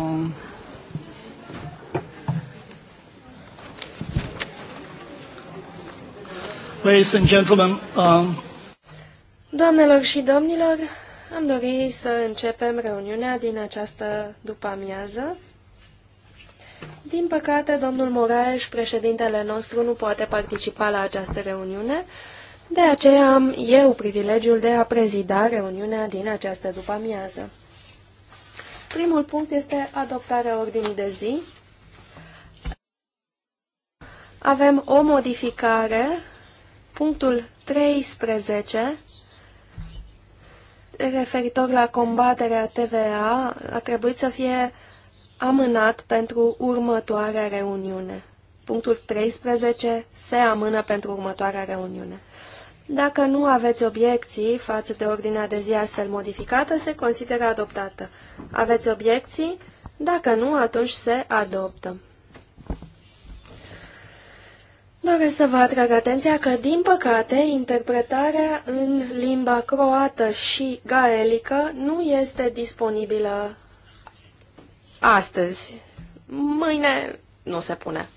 home. Ladies and gentlemen, um... Doamnelor și domnilor, am dorit să începem reuniunea din această după-amiază. Din păcate, domnul Moraes, președintele nostru, nu poate participa la această reuniune, de aceea am eu privilegiul de a prezida reuniunea din această după-amiază. Primul punct este adoptarea ordinii de zi. Avem o modificare, punctul 13, referitor la combaterea TVA, a trebuit să fie amânat pentru următoarea reuniune. Punctul 13 se amână pentru următoarea reuniune. Dacă nu aveți obiecții față de ordinea de zi astfel modificată, se consideră adoptată. Aveți obiecții? Dacă nu, atunci se adoptă. Doresc să vă atrag atenția că, din păcate, interpretarea în limba croată și gaelică nu este disponibilă astăzi. Mâine nu se pune.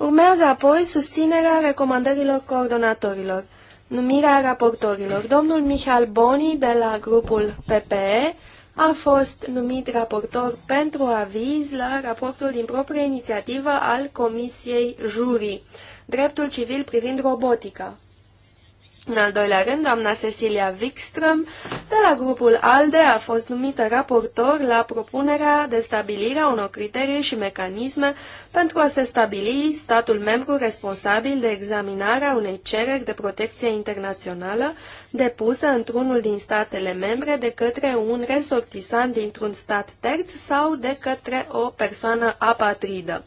Urmează apoi susținerea recomandărilor coordonatorilor, numirea raportorilor. Domnul Mihal Boni de la grupul PPE a fost numit raportor pentru aviz la raportul din proprie inițiativă al Comisiei Jurii, dreptul civil privind robotica. În al doilea rând, doamna Cecilia Wikström, de la grupul ALDE, a fost numită raportor la propunerea de stabilire a unor criterii și mecanisme pentru a se stabili statul membru responsabil de examinarea unei cereri de protecție internațională depusă într-unul din statele membre de către un resortisant dintr-un stat terț sau de către o persoană apatridă.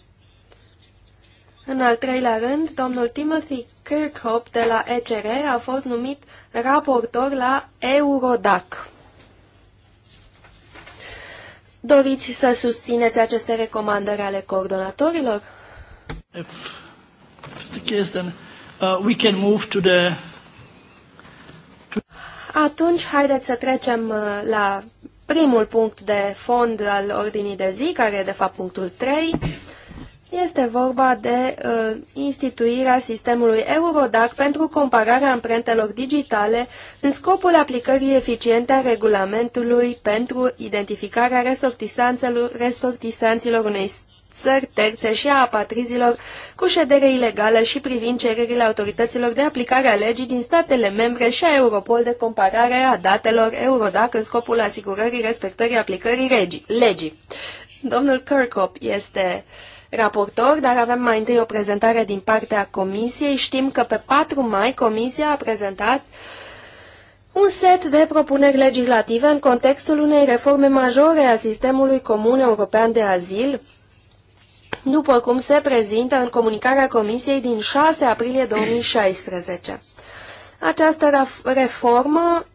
În al treilea rând, domnul Timothy Kirkhope de la ECR a fost numit raportor la Eurodac. Doriți să susțineți aceste recomandări ale coordonatorilor? If, if the case, then, uh, we can move to the... Atunci, haideți să trecem uh, la primul punct de fond al ordinii de zi, care e de fapt punctul 3 este vorba de uh, instituirea sistemului Eurodac pentru compararea amprentelor digitale în scopul aplicării eficiente a regulamentului pentru identificarea resortisanților unei țări terțe și a apatrizilor cu ședere ilegală și privind cererile autorităților de aplicare a legii din statele membre și a Europol de comparare a datelor Eurodac în scopul asigurării respectării aplicării legii. Domnul Kirkhope este uh, raportor, dar avem mai întâi o prezentare din partea Comisiei. Știm că pe 4 mai Comisia a prezentat un set de propuneri legislative în contextul unei reforme majore a sistemului comun european de azil, după cum se prezintă în comunicarea Comisiei din 6 aprilie 2016. Această reformă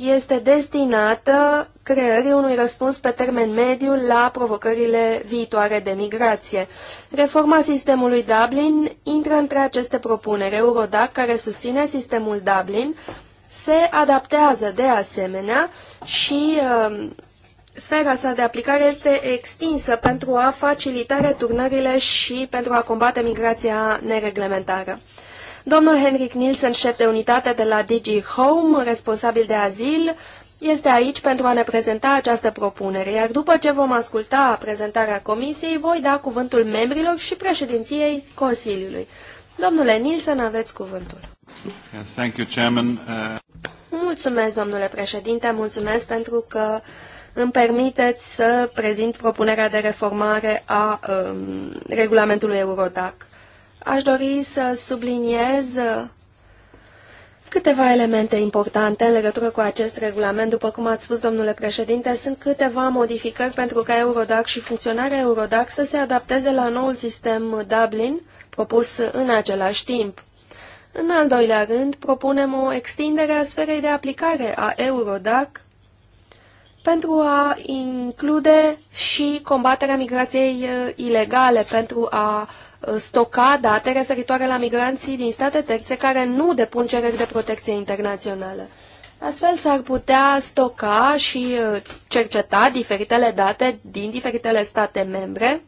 este destinată creării unui răspuns pe termen mediu la provocările viitoare de migrație. Reforma sistemului Dublin intră între aceste propuneri. Eurodac, care susține sistemul Dublin, se adaptează de asemenea și uh, sfera sa de aplicare este extinsă pentru a facilita returnările și pentru a combate migrația nereglementară. Domnul Henrik Nielsen, șef de unitate de la DG Home, responsabil de azil, este aici pentru a ne prezenta această propunere, iar după ce vom asculta prezentarea comisiei, voi da cuvântul membrilor și președinției Consiliului. Domnule Nielsen, aveți cuvântul. Thank you, Chairman. Uh, mulțumesc, domnule președinte, mulțumesc pentru că îmi permiteți să prezint propunerea de reformare a um, regulamentului Eurodac. Aș dori să subliniez câteva elemente importante în legătură cu acest regulament. După cum ați spus, domnule președinte, sunt câteva modificări pentru ca Eurodac și funcționarea Eurodac să se adapteze la noul sistem Dublin propus în același timp. În al doilea rând, propunem o extindere a sferei de aplicare a Eurodac pentru a include și combaterea migrației uh, ilegale, pentru a uh, stoca date referitoare la migranții din state terțe care nu depun cereri de protecție internațională. Astfel s-ar putea stoca și uh, cerceta diferitele date din diferitele state membre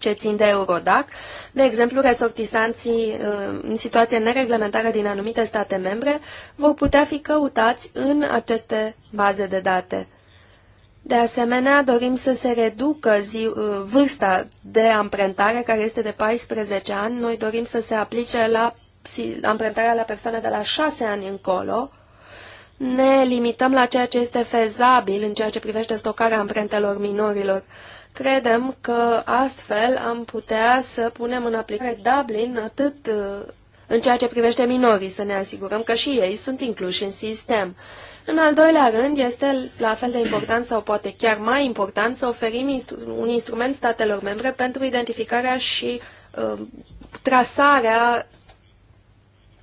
ce țin de Eurodac, de exemplu, resortisanții uh, în situație nereglementară din anumite state membre vor putea fi căutați în aceste baze de date. De asemenea, dorim să se reducă zi, uh, vârsta de amprentare, care este de 14 ani. Noi dorim să se aplice la amprentarea la persoane de la 6 ani încolo. Ne limităm la ceea ce este fezabil în ceea ce privește stocarea amprentelor minorilor. Credem că astfel am putea să punem în aplicare Dublin atât uh, în ceea ce privește minorii, să ne asigurăm că și ei sunt incluși în sistem. În al doilea rând, este la fel de important sau poate chiar mai important să oferim instru un instrument statelor membre pentru identificarea și uh, trasarea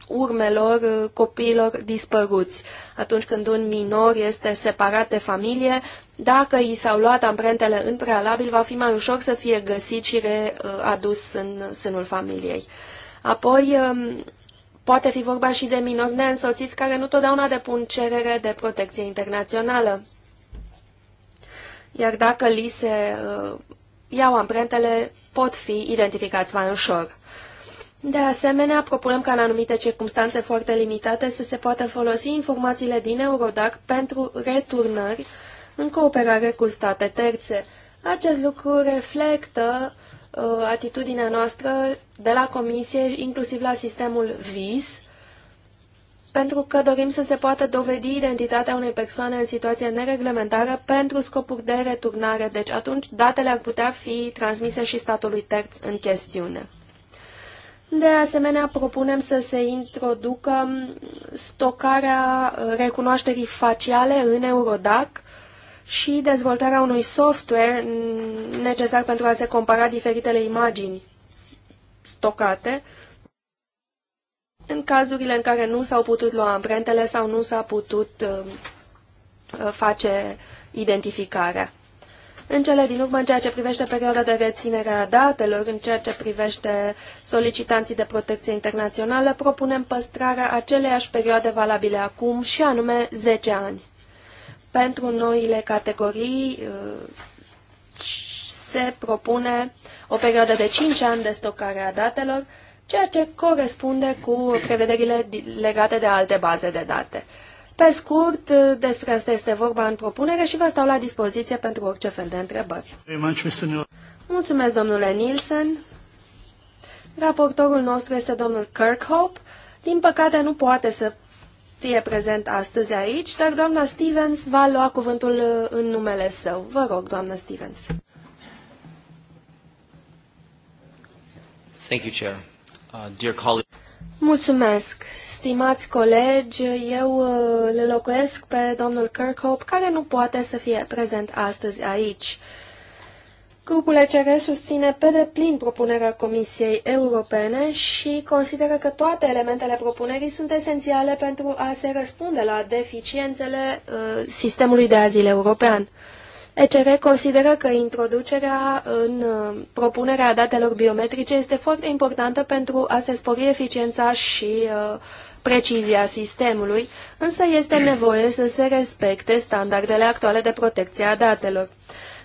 urmelor uh, copiilor dispăruți. Atunci când un minor este separat de familie, dacă i s-au luat amprentele în prealabil, va fi mai ușor să fie găsit și readus în sânul familiei. Apoi, um, poate fi vorba și de minori neînsoțiți care nu totdeauna depun cerere de protecție internațională. Iar dacă li se uh, iau amprentele, pot fi identificați mai ușor. De asemenea, propunem ca în anumite circunstanțe foarte limitate să se poată folosi informațiile din Eurodac pentru returnări în cooperare cu state terțe. Acest lucru reflectă uh, atitudinea noastră de la Comisie, inclusiv la sistemul VIS, pentru că dorim să se poată dovedi identitatea unei persoane în situație nereglementară pentru scopuri de returnare. Deci atunci datele ar putea fi transmise și statului terț în chestiune. De asemenea, propunem să se introducă stocarea uh, recunoașterii faciale în Eurodac și dezvoltarea unui software necesar pentru a se compara diferitele imagini stocate în cazurile în care nu s-au putut lua amprentele sau nu s-a putut um, uh, face identificarea. În cele din urmă, în ceea ce privește perioada de reținere a datelor, în ceea ce privește solicitanții de protecție internațională, propunem păstrarea aceleiași perioade valabile acum și anume 10 ani pentru noile categorii uh, se propune o perioadă de 5 ani de stocare a datelor, ceea ce corespunde cu prevederile legate de alte baze de date. Pe scurt, uh, despre asta este vorba în propunere și vă stau la dispoziție pentru orice fel de întrebări. Mulțumesc, domnule Nielsen. Raportorul nostru este domnul Kirkhope. Din păcate, nu poate să fie prezent astăzi aici, dar doamna Stevens va lua cuvântul uh, în numele său. Vă rog, doamna Stevens. Thank you, Chair. Uh, dear colleague... Mulțumesc, stimați colegi, eu uh, îl locuiesc pe domnul Kirkhope, care nu poate să fie prezent astăzi aici. Uh, Grupul ECR susține pe deplin propunerea Comisiei Europene și consideră că toate elementele propunerii sunt esențiale pentru a se răspunde la deficiențele uh, sistemului de azil european. ECR consideră că introducerea în uh, propunerea datelor biometrice este foarte importantă pentru a se spori eficiența și uh, precizia sistemului, însă este nevoie să se respecte standardele actuale de protecție a datelor.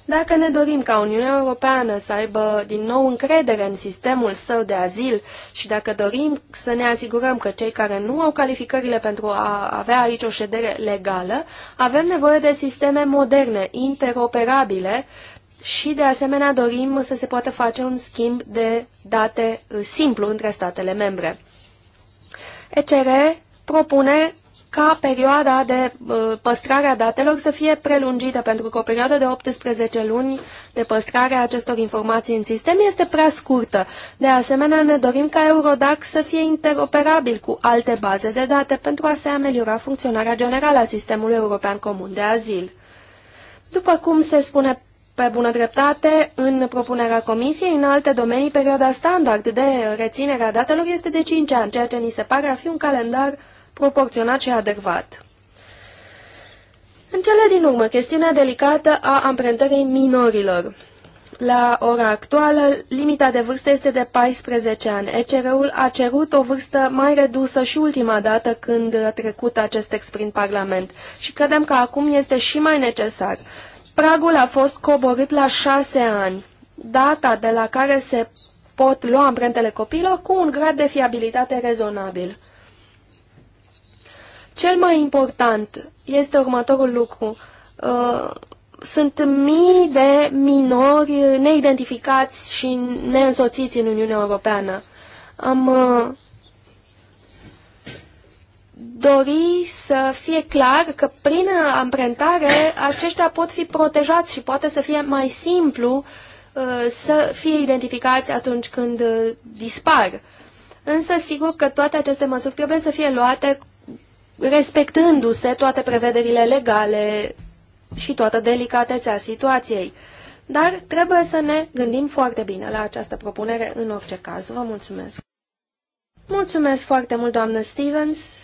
Dacă ne dorim ca Uniunea Europeană să aibă din nou încredere în sistemul său de azil și dacă dorim să ne asigurăm că cei care nu au calificările pentru a avea aici o ședere legală, avem nevoie de sisteme moderne, interoperabile și de asemenea dorim să se poată face un schimb de date uh, simplu între statele membre. ECR propune ca perioada de uh, păstrare a datelor să fie prelungită, pentru că o perioadă de 18 luni de păstrare a acestor informații în sistem este prea scurtă. De asemenea, ne dorim ca Eurodac să fie interoperabil cu alte baze de date pentru a se ameliora funcționarea generală a sistemului european comun de azil. După cum se spune pe bună dreptate, în propunerea Comisiei, în alte domenii, perioada standard de reținere a datelor este de 5 ani, ceea ce ni se pare a fi un calendar proporționat și adecvat. În cele din urmă, chestiunea delicată a amprentării minorilor. La ora actuală, limita de vârstă este de 14 ani. ECR-ul a cerut o vârstă mai redusă și ultima dată când a trecut acest text prin Parlament și credem că acum este și mai necesar. Pragul a fost coborât la 6 ani, data de la care se pot lua amprentele copiilor cu un grad de fiabilitate rezonabil. Cel mai important este următorul lucru. Uh, sunt mii de minori neidentificați și neînsoțiți în Uniunea Europeană. Am uh, dori să fie clar că prin amprentare aceștia pot fi protejați și poate să fie mai simplu uh, să fie identificați atunci când dispar. Însă sigur că toate aceste măsuri trebuie să fie luate respectându-se toate prevederile legale și toată delicatețea situației. Dar trebuie să ne gândim foarte bine la această propunere în orice caz. Vă mulțumesc! Mulțumesc foarte mult, doamnă Stevens!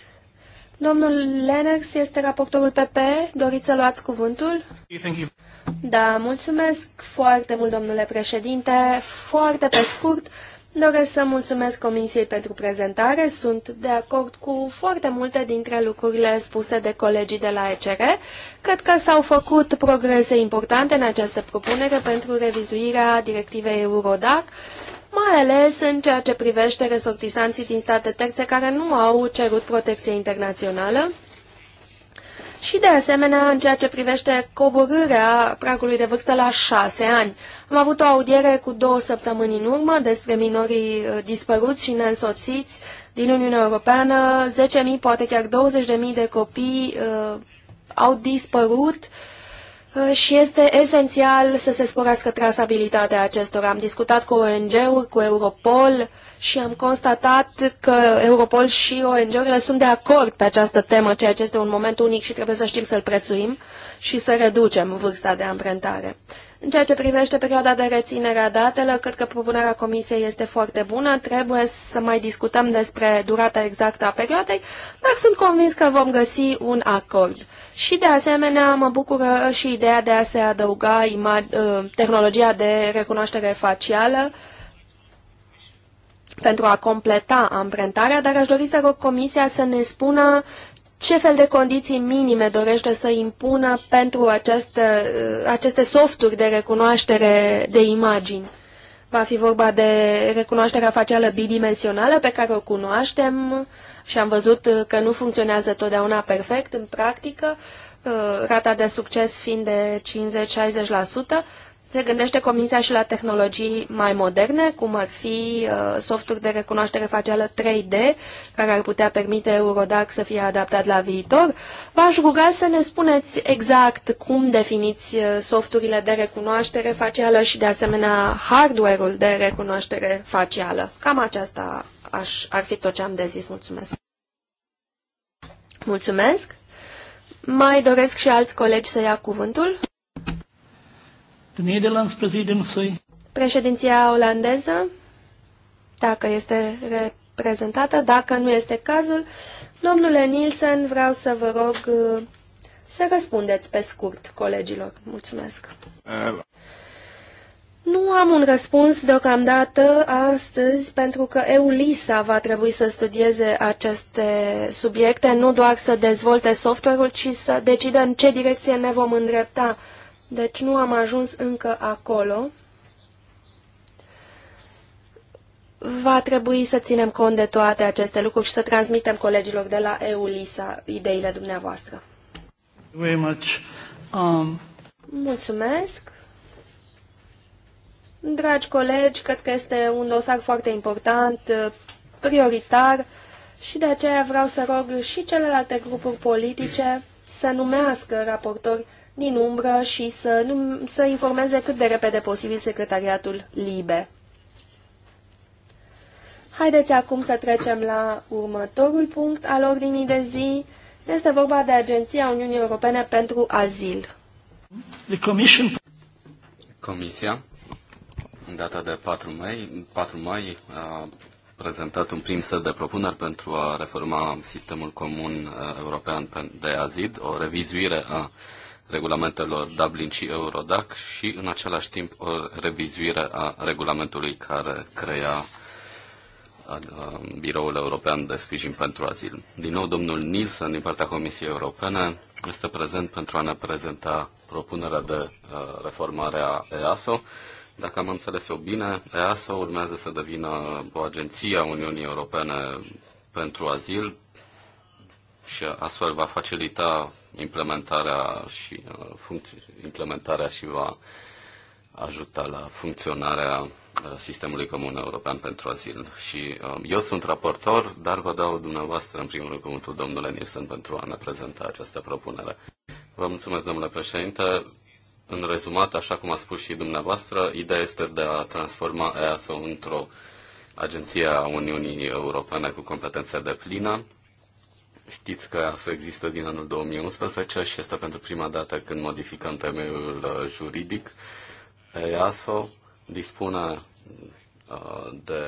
Domnul Lennox este raportorul PP. Doriți să luați cuvântul? Da, mulțumesc foarte mult, domnule președinte. Foarte pe scurt, Doresc să mulțumesc Comisiei pentru prezentare. Sunt de acord cu foarte multe dintre lucrurile spuse de colegii de la ECR. Cred că s-au făcut progrese importante în această propunere pentru revizuirea directivei Eurodac, mai ales în ceea ce privește resortisanții din state terțe care nu au cerut protecție internațională și, de asemenea, în ceea ce privește coborârea pragului de vârstă la șase ani. Am avut o audiere cu două săptămâni în urmă despre minorii uh, dispăruți și neînsoțiți din Uniunea Europeană. 10.000, poate chiar 20.000 de copii uh, au dispărut uh, Uh, și este esențial să se sporească trasabilitatea acestora. Am discutat cu ONG-uri, cu Europol și am constatat că Europol și ONG-urile sunt de acord pe această temă, ceea ce este un moment unic și trebuie să știm să-l prețuim și să reducem vârsta de amprentare. În ceea ce privește perioada de reținere a datelor, cred că propunerea Comisiei este foarte bună. Trebuie să mai discutăm despre durata exactă a perioadei, dar sunt convins că vom găsi un acord. Și de asemenea mă bucură și ideea de a se adăuga ă, tehnologia de recunoaștere facială pentru a completa amprentarea, dar aș dori să rog Comisia să ne spună ce fel de condiții minime dorește să impună pentru aceste, aceste softuri de recunoaștere de imagini. Va fi vorba de recunoașterea facială bidimensională pe care o cunoaștem și am văzut că nu funcționează totdeauna perfect în practică, rata de succes fiind de 50-60%, se gândește Comisia și la tehnologii mai moderne, cum ar fi uh, softuri de recunoaștere facială 3D, care ar putea permite Eurodac să fie adaptat la viitor. V-aș ruga să ne spuneți exact cum definiți uh, softurile de recunoaștere facială și, de asemenea, hardware-ul de recunoaștere facială. Cam aceasta aș, ar fi tot ce am de zis. Mulțumesc! Mulțumesc! Mai doresc și alți colegi să ia cuvântul? Președinția olandeză, dacă este reprezentată, dacă nu este cazul, domnule Nielsen, vreau să vă rog uh, să răspundeți pe scurt colegilor. Mulțumesc. Nu am un răspuns deocamdată astăzi, pentru că EULISA va trebui să studieze aceste subiecte, nu doar să dezvolte software-ul, ci să decidă în ce direcție ne vom îndrepta. Deci nu am ajuns încă acolo. Va trebui să ținem cont de toate aceste lucruri și să transmitem colegilor de la EULISA ideile dumneavoastră. Very much. Um... Mulțumesc. Dragi colegi, cred că este un dosar foarte important, prioritar și de aceea vreau să rog și celelalte grupuri politice să numească raportori din umbră și să, nu, să informeze cât de repede posibil secretariatul LIBE. Haideți acum să trecem la următorul punct al ordinii de zi. Este vorba de Agenția Uniunii Europene pentru Azil. Comisia, în data de 4 mai, 4 mai a prezentat un prim set de propuneri pentru a reforma sistemul comun uh, european de azil, o revizuire a regulamentelor Dublin și Eurodac și în același timp o revizuire a regulamentului care crea uh, Biroul European de Sprijin pentru Azil. Din nou, domnul Nielsen, din partea Comisiei Europene, este prezent pentru a ne prezenta propunerea de uh, reformare a EASO. Dacă am înțeles o bine, EASO urmează să devină o agenție a Uniunii Europene pentru azil și astfel va facilita implementarea și, uh, implementarea și va ajuta la funcționarea uh, sistemului comun european pentru azil. Și uh, eu sunt raportor, dar vă dau dumneavoastră în primul cuvântul, domnule Nielsen, pentru a ne prezenta această propunere. Vă mulțumesc, domnule președinte. În rezumat, așa cum a spus și dumneavoastră, ideea este de a transforma EASO într-o agenție a Uniunii Europene cu competențe de plină, Știți că ASO există din anul 2011 și este pentru prima dată când modificăm temeiul uh, juridic. ASO dispune uh, de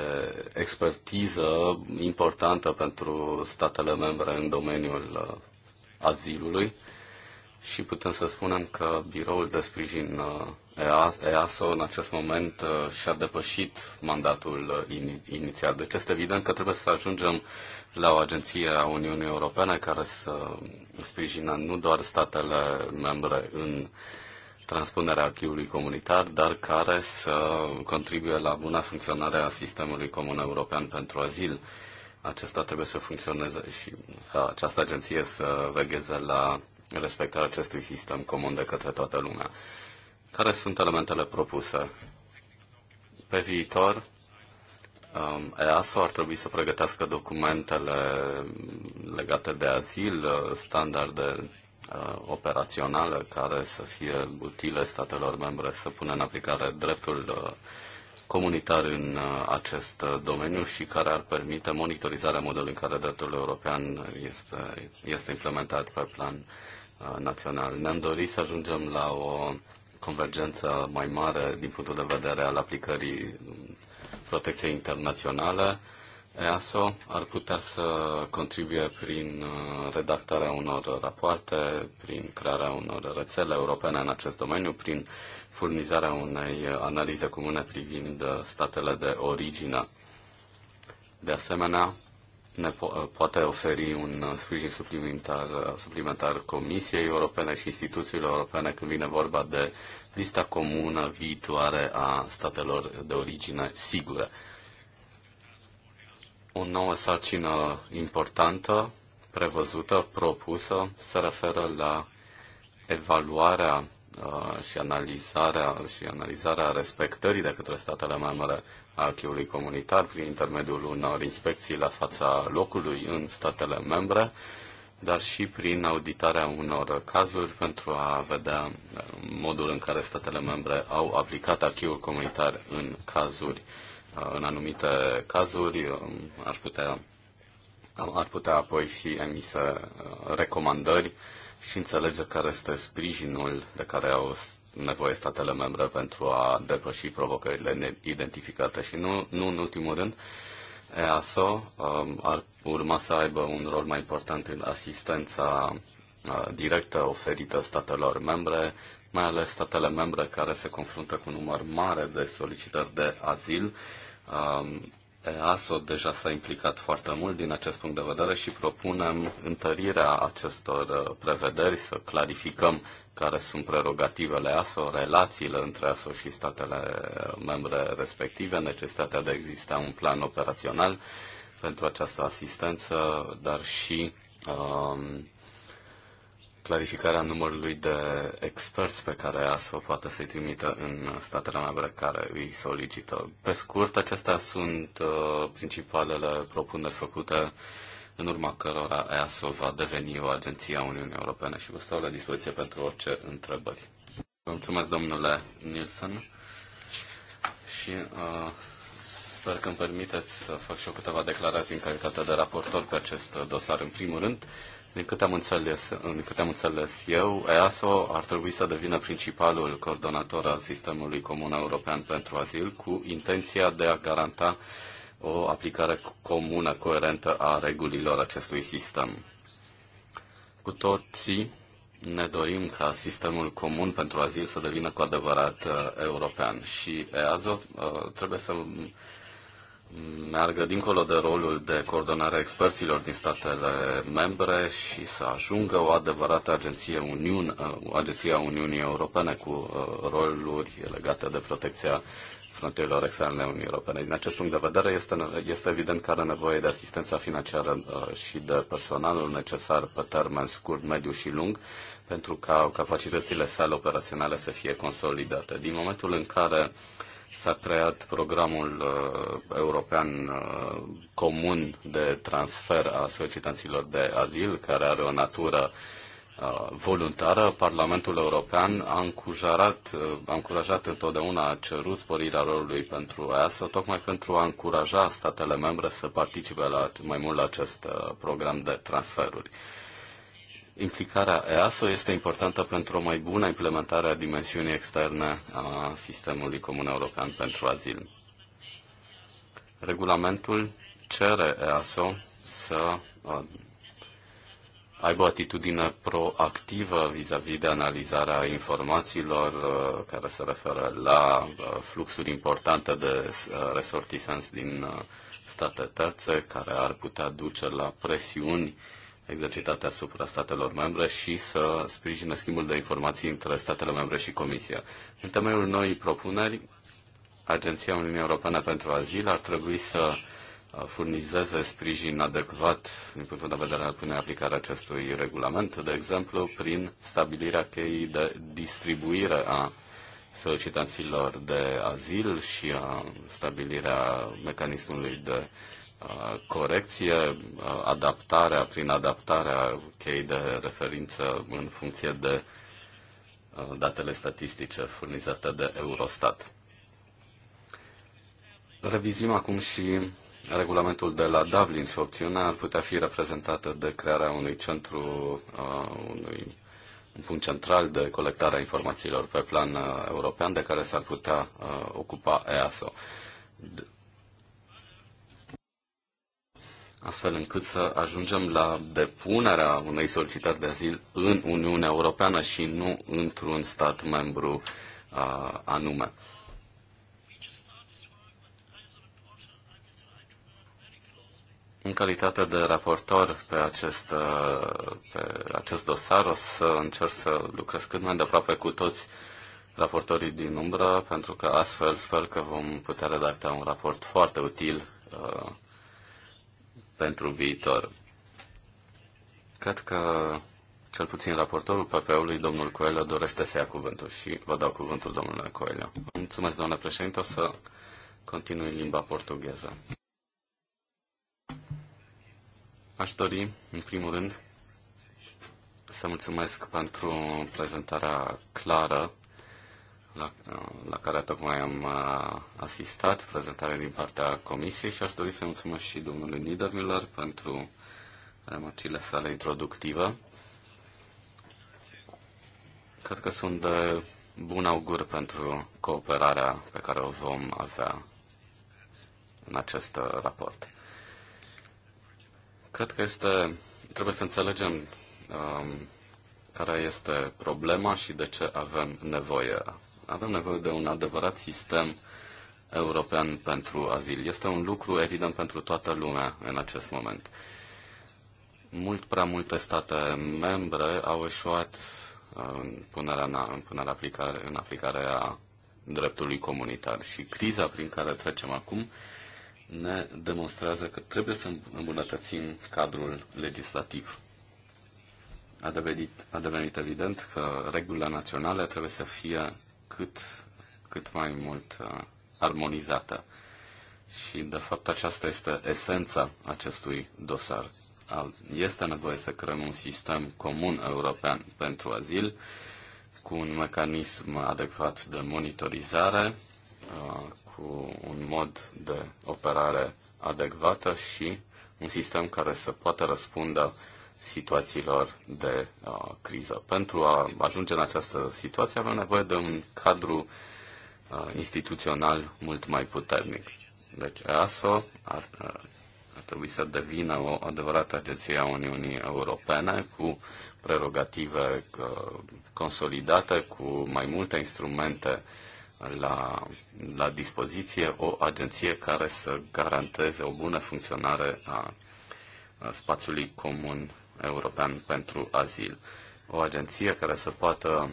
expertiză importantă pentru statele membre în domeniul uh, azilului și putem să spunem că biroul de sprijin EASO în acest moment și-a depășit mandatul inițial. Deci este evident că trebuie să ajungem la o agenție a Uniunii Europene care să sprijină nu doar statele membre în transpunerea acquis comunitar, dar care să contribuie la buna funcționare a sistemului comun european pentru azil. Acesta trebuie să funcționeze și această agenție să vegheze la respectarea acestui sistem comun de către toată lumea. Care sunt elementele propuse? Pe viitor, Um, EASO ar trebui să pregătească documentele legate de azil, standarde uh, operaționale care să fie utile statelor membre să pună în aplicare dreptul uh, comunitar în uh, acest domeniu și care ar permite monitorizarea modului în care dreptul european este, este implementat pe plan național. Ne-am dorit să ajungem la o convergență mai mare din punctul de vedere al aplicării protecție internațională, EASO ar putea să contribuie prin uh, redactarea unor rapoarte, prin crearea unor rețele europene în acest domeniu, prin furnizarea unei analize comune privind statele de origine. De asemenea, ne po- uh, poate oferi un uh, sprijin suplimentar, uh, suplimentar Comisiei Europene și instituțiilor europene când vine vorba de lista comună viitoare a statelor de origine sigură. O nouă sarcină importantă, prevăzută, propusă, se referă la evaluarea Uh, și analizarea, și analizarea respectării de către statele membre a acquis comunitar prin intermediul unor inspecții la fața locului în statele membre, dar și prin auditarea unor cazuri pentru a vedea uh, modul în care statele membre au aplicat acquis comunitar în cazuri uh, în anumite cazuri um, ar putea, ar putea apoi fi emise recomandări și înțelege care este sprijinul de care au nevoie statele membre pentru a depăși provocările identificate. Și nu, nu în ultimul rând, EASO um, ar urma să aibă un rol mai important în asistența uh, directă oferită statelor membre, mai ales statele membre care se confruntă cu un număr mare de solicitări de azil, um, EASO deja s-a implicat foarte mult din acest punct de vedere și propunem întărirea acestor uh, prevederi, să clarificăm care sunt prerogativele ASO, relațiile între ASO și statele uh, membre respective, necesitatea de a exista un plan operațional pentru această asistență, dar și um, clarificarea numărului de experți pe care ASFO poate să-i trimită în statele membre care îi solicită. Pe scurt, acestea sunt uh, principalele propuneri făcute în urma cărora EASO va deveni o agenție a Uniunii Europene și vă stau la dispoziție pentru orice întrebări. Vă mulțumesc, domnule Nielsen, și uh, sper că îmi permiteți să fac și eu câteva declarații în calitate de raportor pe acest dosar. În primul rând, din câte am înțeles, din câte am înțeles eu, EASO ar trebui să devină principalul coordonator al sistemului comun european pentru azil cu intenția de a garanta o aplicare comună, coerentă a regulilor acestui sistem. Cu toții ne dorim ca sistemul comun pentru azil să devină cu adevărat uh, european și EASO uh, trebuie să meargă dincolo de rolul de coordonare a experților din statele membre și să ajungă o adevărată agenție, Uniune, uh, agenție a Uniunii Europene cu uh, roluri legate de protecția frontierelor externe ale Uniunii Europene. Din acest punct de vedere, este, este evident că are nevoie de asistența financiară uh, și de personalul necesar pe termen scurt, mediu și lung pentru ca capacitățile sale operaționale să fie consolidate. Din momentul în care uh, S-a creat programul uh, european uh, comun de transfer a solicitanților de azil, care are o natură uh, voluntară. Parlamentul European a încurajat, uh, a încurajat întotdeauna, a cerut sporirea rolului pentru EASO, tocmai pentru a încuraja statele membre să participe la, mai mult la acest uh, program de transferuri. Uh, implicarea EASO este importantă pentru o mai bună implementare a dimensiunii externe a sistemului comun european pentru azil. Regulamentul cere EASO să uh, aibă o atitudine proactivă vis-a-vis -vis de analizarea informațiilor uh, care se referă la uh, fluxuri importante de resortisanți din state terțe care ar putea duce la presiuni exercitate asupra statelor membre și să sprijine schimbul de informații între statele membre și Comisia. În temeiul noii propuneri, Agenția Uniunii Europene pentru Azil ar trebui să uh, furnizeze sprijin adecvat din punctul de vedere al punerii aplicare acestui regulament, de exemplu, prin stabilirea cheii de distribuire a solicitanților de azil și a stabilirea mecanismului de uh, corecție, adaptarea prin adaptarea chei de referință în funcție de uh, datele statistice furnizate de Eurostat. Revizim acum și regulamentul de la Dublin și opțiunea ar putea fi reprezentată de crearea unui centru, uh, unui un punct central de colectare a informațiilor pe plan uh, european de care s-ar putea ocupa EASO astfel încât să ajungem la depunerea unei solicitări de azil în Uniunea Europeană și nu într-un stat membru uh, anume. În calitate de raportor pe acest, pe acest dosar, o să încerc să lucrez cât mai de aproape cu toți raportorii din umbră, pentru că astfel sper că vom putea redacta un raport foarte util uh, pentru viitor. Cred că cel puțin raportorul PP-ului, domnul Coelho, dorește să ia cuvântul și vă dau cuvântul, domnule Coelho. Mulțumesc, domnule președinte, o să continui în limba portugheză. Aș dori, în primul rând, să mulțumesc pentru prezentarea clară la, la care tocmai am uh, asistat, prezentarea din partea comisiei și aș dori să mulțumesc și domnului Niedermüller pentru remarcile sale introductive. Cred că sunt de bun augur pentru cooperarea pe care o vom avea în acest raport. Cred că este, trebuie să înțelegem um, care este problema și de ce avem nevoie avem nevoie de un adevărat sistem european pentru azil. Este un lucru evident pentru toată lumea în acest moment. Mult prea multe state membre au eșuat uh, în punerea, în, în punerea aplicare, în aplicare a dreptului comunitar și criza prin care trecem acum ne demonstrează că trebuie să îmbunătățim cadrul legislativ. A devenit, a devenit evident că regulile naționale trebuie să fie cât, cât mai mult uh, armonizată. Și, de fapt, aceasta este esența acestui dosar. Este nevoie să creăm un sistem comun european pentru azil, cu un mecanism adecvat de monitorizare, uh, cu un mod de operare adecvată și un sistem care să poată răspunde. uh, situațiilor de uh, criză. Pentru a ajunge în această situație avem nevoie de un cadru uh, instituțional mult mai puternic. Deci EASO ar, uh, ar trebui să devină o adevărată agenție a Uniunii Europene cu prerogative uh, consolidate, cu mai multe instrumente la, la dispoziție, o agenție care să garanteze o bună funcționare a spațiului comun European pentru Azil. O agenție care să poată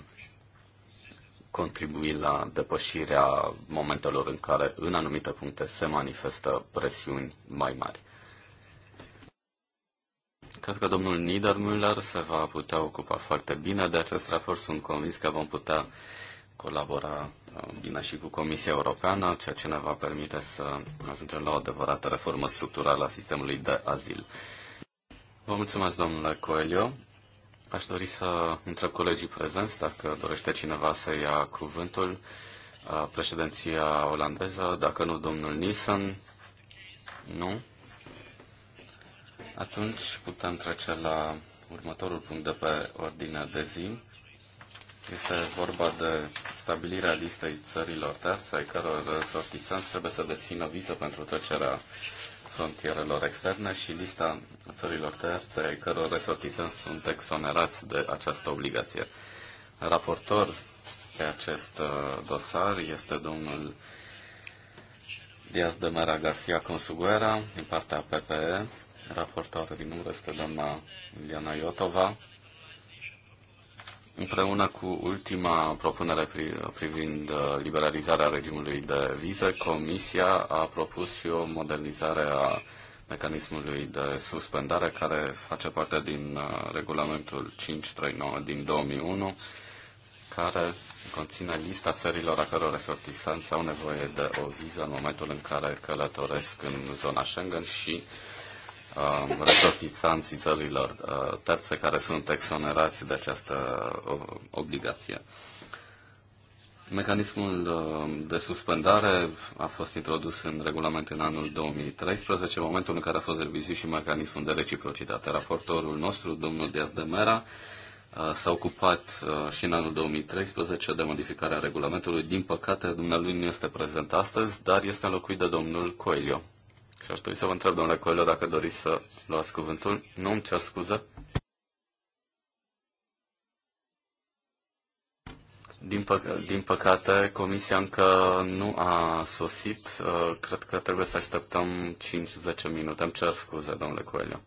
contribui la depășirea momentelor în care în anumite puncte se manifestă presiuni mai mari. Cred că domnul Niedermüller se va putea ocupa foarte bine de acest raport. Sunt convins că vom putea colabora uh, bine și cu Comisia Europeană, ceea ce ne va permite să ajungem la o adevărată reformă structurală a sistemului de azil. Vă mulțumesc, domnule Coelio. Aș dori să întreb colegii prezenți dacă dorește cineva să ia cuvântul. Președinția olandeză, dacă nu, domnul Nissan, Nu? Atunci putem trece la următorul punct de pe ordinea de zi. Este vorba de stabilirea listei țărilor terțe, ai căror sortisanți trebuie să dețină viză pentru trecerea frontierelor externe și lista țărilor terțe căror resortizanți sunt exonerați de această obligație. Raportor pe acest uh, dosar este domnul Diaz de Mera Garcia Consuguera din partea PPE, raportor din urmă este doamna Iliana Iotova Împreună cu ultima propunere privind uh, liberalizarea regimului de vize, Comisia a propus și o modernizare a mecanismului de suspendare care face parte din uh, regulamentul 539 din 2001, care conține lista țărilor a căror resortisanți au nevoie de o viză în momentul în care călătoresc în zona Schengen și uh, resortisanții țărilor uh, terțe care sunt exonerați de această uh, obligație. Mecanismul uh, de suspendare a fost introdus în regulament în anul 2013, momentul în care a fost revizuit și mecanismul de reciprocitate. Raportorul nostru, domnul Diaz de Mera, s-a ocupat și în anul 2013 de modificarea regulamentului. Din păcate, dumnealui nu este prezent astăzi, dar este înlocuit de domnul Coelho. Și aș dori să vă întreb, domnule Coelho, dacă doriți să luați cuvântul. Nu îmi cer scuză. Din, pă- din păcate, comisia încă nu a sosit. Cred că trebuie să așteptăm 5-10 minute. Îmi cer scuze, domnule Coelho.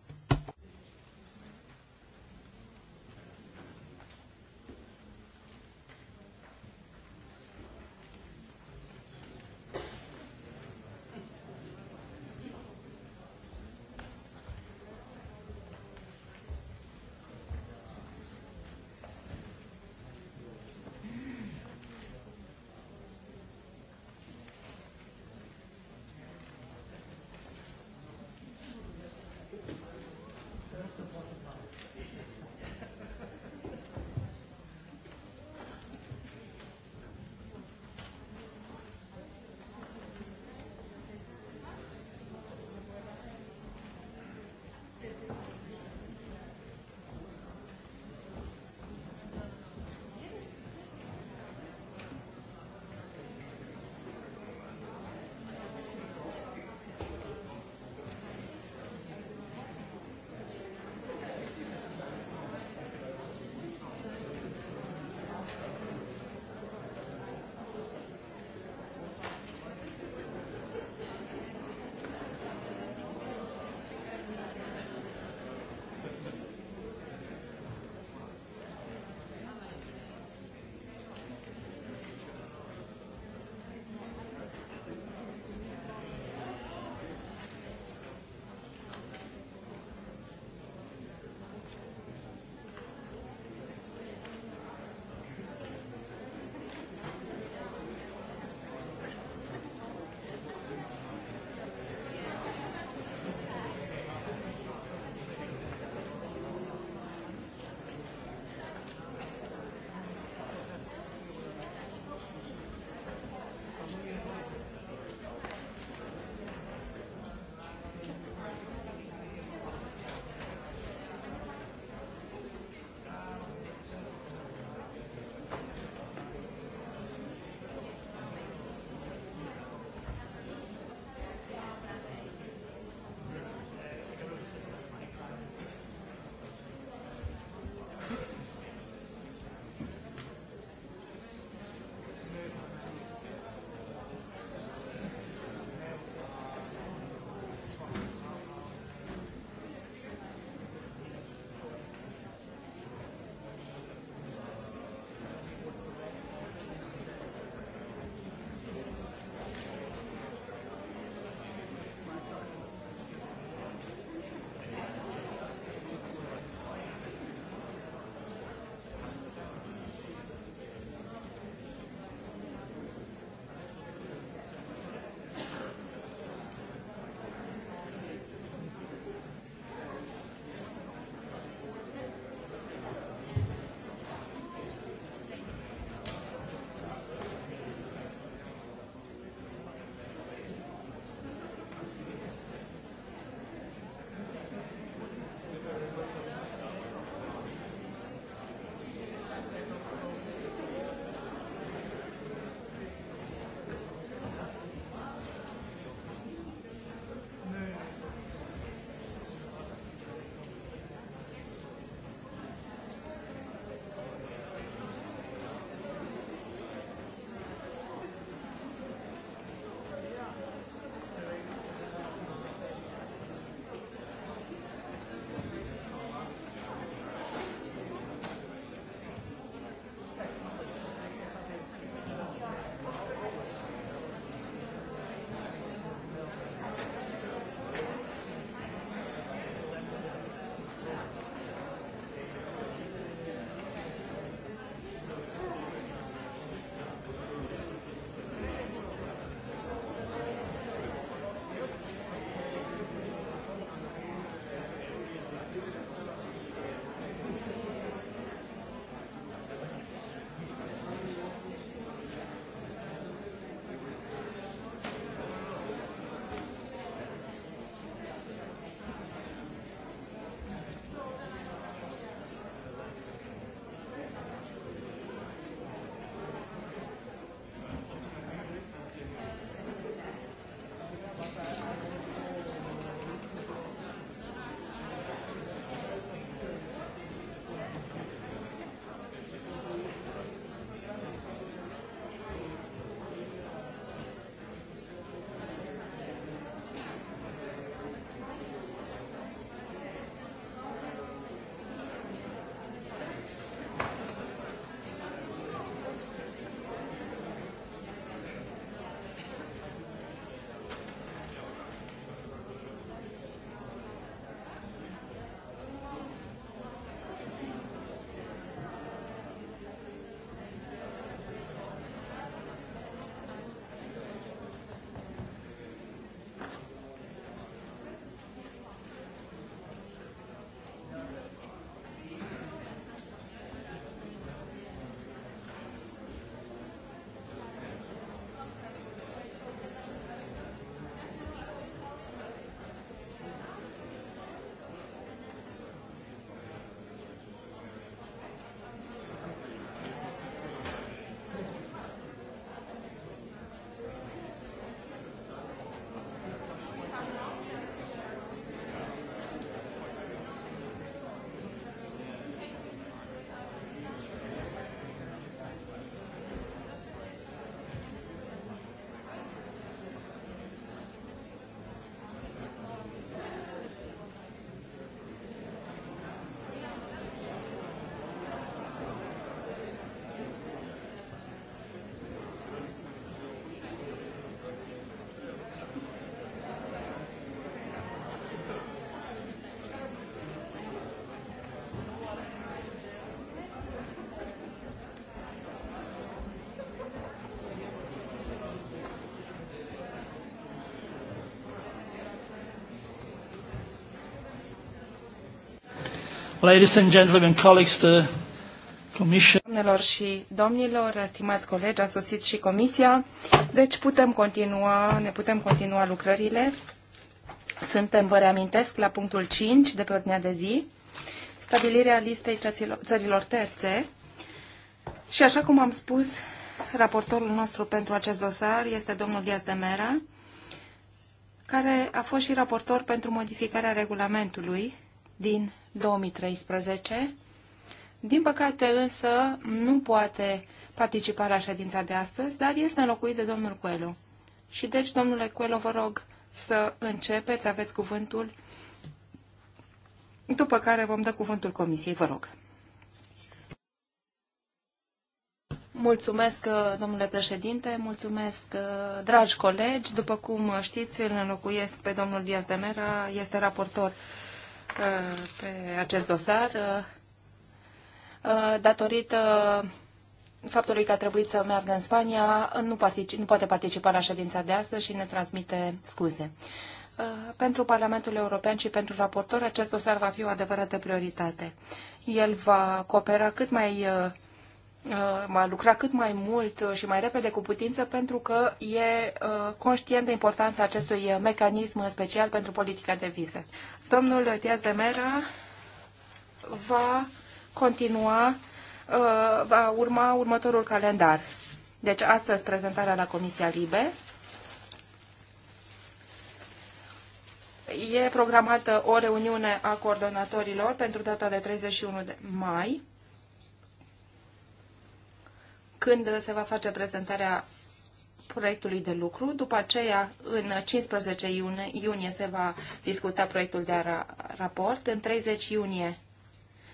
Ladies and gentlemen, colleagues, the Commission. și domnilor, stimați colegi, a sosit și comisia, deci putem continua, ne putem continua lucrările. Suntem, vă reamintesc, la punctul 5 de pe ordinea de zi, stabilirea listei țărilor terțe. Și așa cum am spus, raportorul nostru pentru acest dosar este domnul Diaz de Mera, care a fost și raportor pentru modificarea regulamentului din 2013. Din păcate însă nu poate participa la ședința de astăzi, dar este înlocuit de domnul Coelho. Și deci, domnule Coelho, vă rog să începeți, aveți cuvântul, după care vom da cuvântul comisiei, vă rog. Mulțumesc, domnule președinte, mulțumesc, dragi colegi. După cum știți, îl înlocuiesc pe domnul Diaz de Mera, este raportor Uh, pe acest dosar uh, uh, datorită faptului că a trebuit să meargă în Spania, nu, particip, nu poate participa la ședința de astăzi și ne transmite scuze. Pentru Parlamentul European și pentru raportor, acest dosar va fi o adevărată prioritate. El va coopera cât mai Uh, a lucra cât mai mult uh, și mai repede cu putință pentru că e uh, conștient de importanța acestui mecanism special pentru politica de vize. Domnul Tias de Mera va continua, va urma următorul calendar. Deci astăzi prezentarea la Comisia Libe. E programată o reuniune a coordonatorilor pentru data de 31 de mai când se va face prezentarea proiectului de lucru. După aceea, în 15 iunie, iunie se va discuta proiectul de raport. În 30 iunie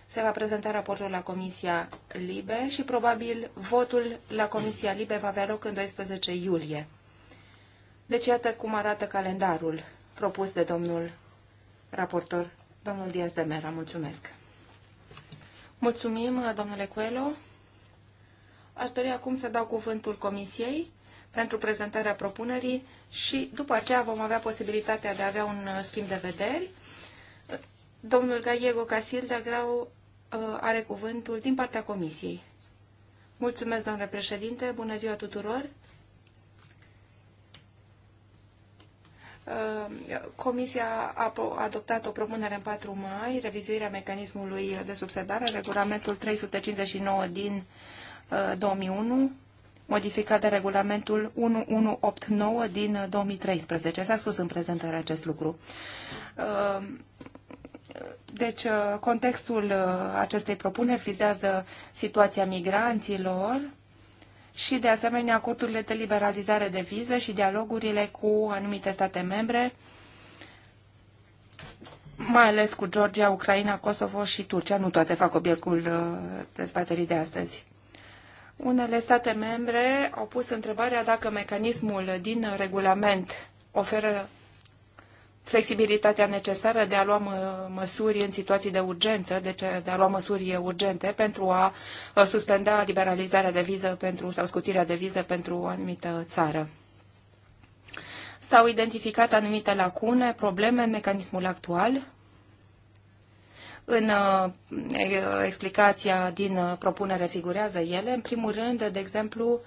se va prezenta raportul la Comisia Libe și probabil votul la Comisia Libe va avea loc în 12 iulie. Deci iată cum arată calendarul propus de domnul raportor, domnul Diaz de Mera. Mulțumesc! Mulțumim, domnule Coelho. Aș dori acum să dau cuvântul Comisiei pentru prezentarea propunerii și după aceea vom avea posibilitatea de a avea un uh, schimb de vederi. Domnul Gallego Casil de Grau uh, are cuvântul din partea Comisiei. Mulțumesc, domnule președinte, bună ziua tuturor! Uh, comisia a adoptat o propunere în 4 mai, revizuirea mecanismului de subsedare, regulamentul 359 din 2001, uh, modificat de regulamentul 1189 din 2013. Uh, S-a spus în prezentare acest lucru. Uh, deci, contextul acestei propuneri vizează situația migranților și, de asemenea, acordurile de liberalizare de viză și dialogurile cu anumite state membre, mai ales cu Georgia, Ucraina, Kosovo și Turcia. Nu toate fac obiectul dezbaterii de astăzi. Unele state membre au pus întrebarea dacă mecanismul din regulament oferă flexibilitatea necesară de a lua măsuri în situații de urgență, deci de a lua măsuri urgente pentru a suspenda liberalizarea de viză pentru, sau scutirea de viză pentru o anumită țară. S-au identificat anumite lacune, probleme în mecanismul actual, în uh, explicația din uh, propunere figurează ele. În primul rând, de exemplu,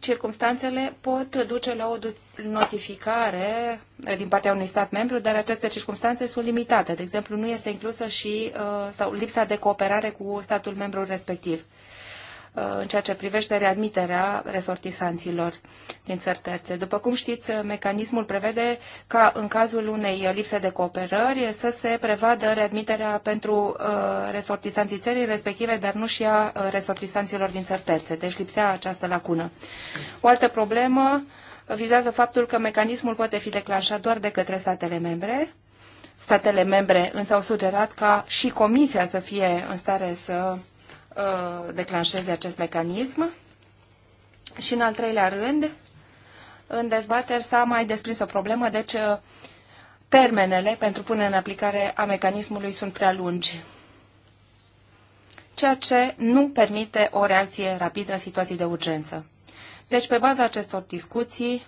circumstanțele pot duce la o notificare uh, din partea unui stat membru, dar aceste circumstanțe sunt limitate. De exemplu, nu este inclusă și sau lipsa de cooperare cu statul membru respectiv în ceea ce privește readmiterea resortisanților din țări terțe. După cum știți, mecanismul prevede ca în cazul unei lipse de cooperări să se prevadă readmiterea pentru uh, resortisanții țării respective, dar nu și a uh, resortisanților din țări terțe. Deci lipsea această lacună. O altă problemă vizează faptul că mecanismul poate fi declanșat doar de către statele membre, statele membre însă au sugerat ca și Comisia să fie în stare să Uh, declanșeze acest mecanism. Și în al treilea rând, în dezbateri s-a mai desprins o problemă, deci uh, termenele pentru punerea în aplicare a mecanismului sunt prea lungi, ceea ce nu permite o reacție rapidă a situației de urgență. Deci, pe baza acestor discuții,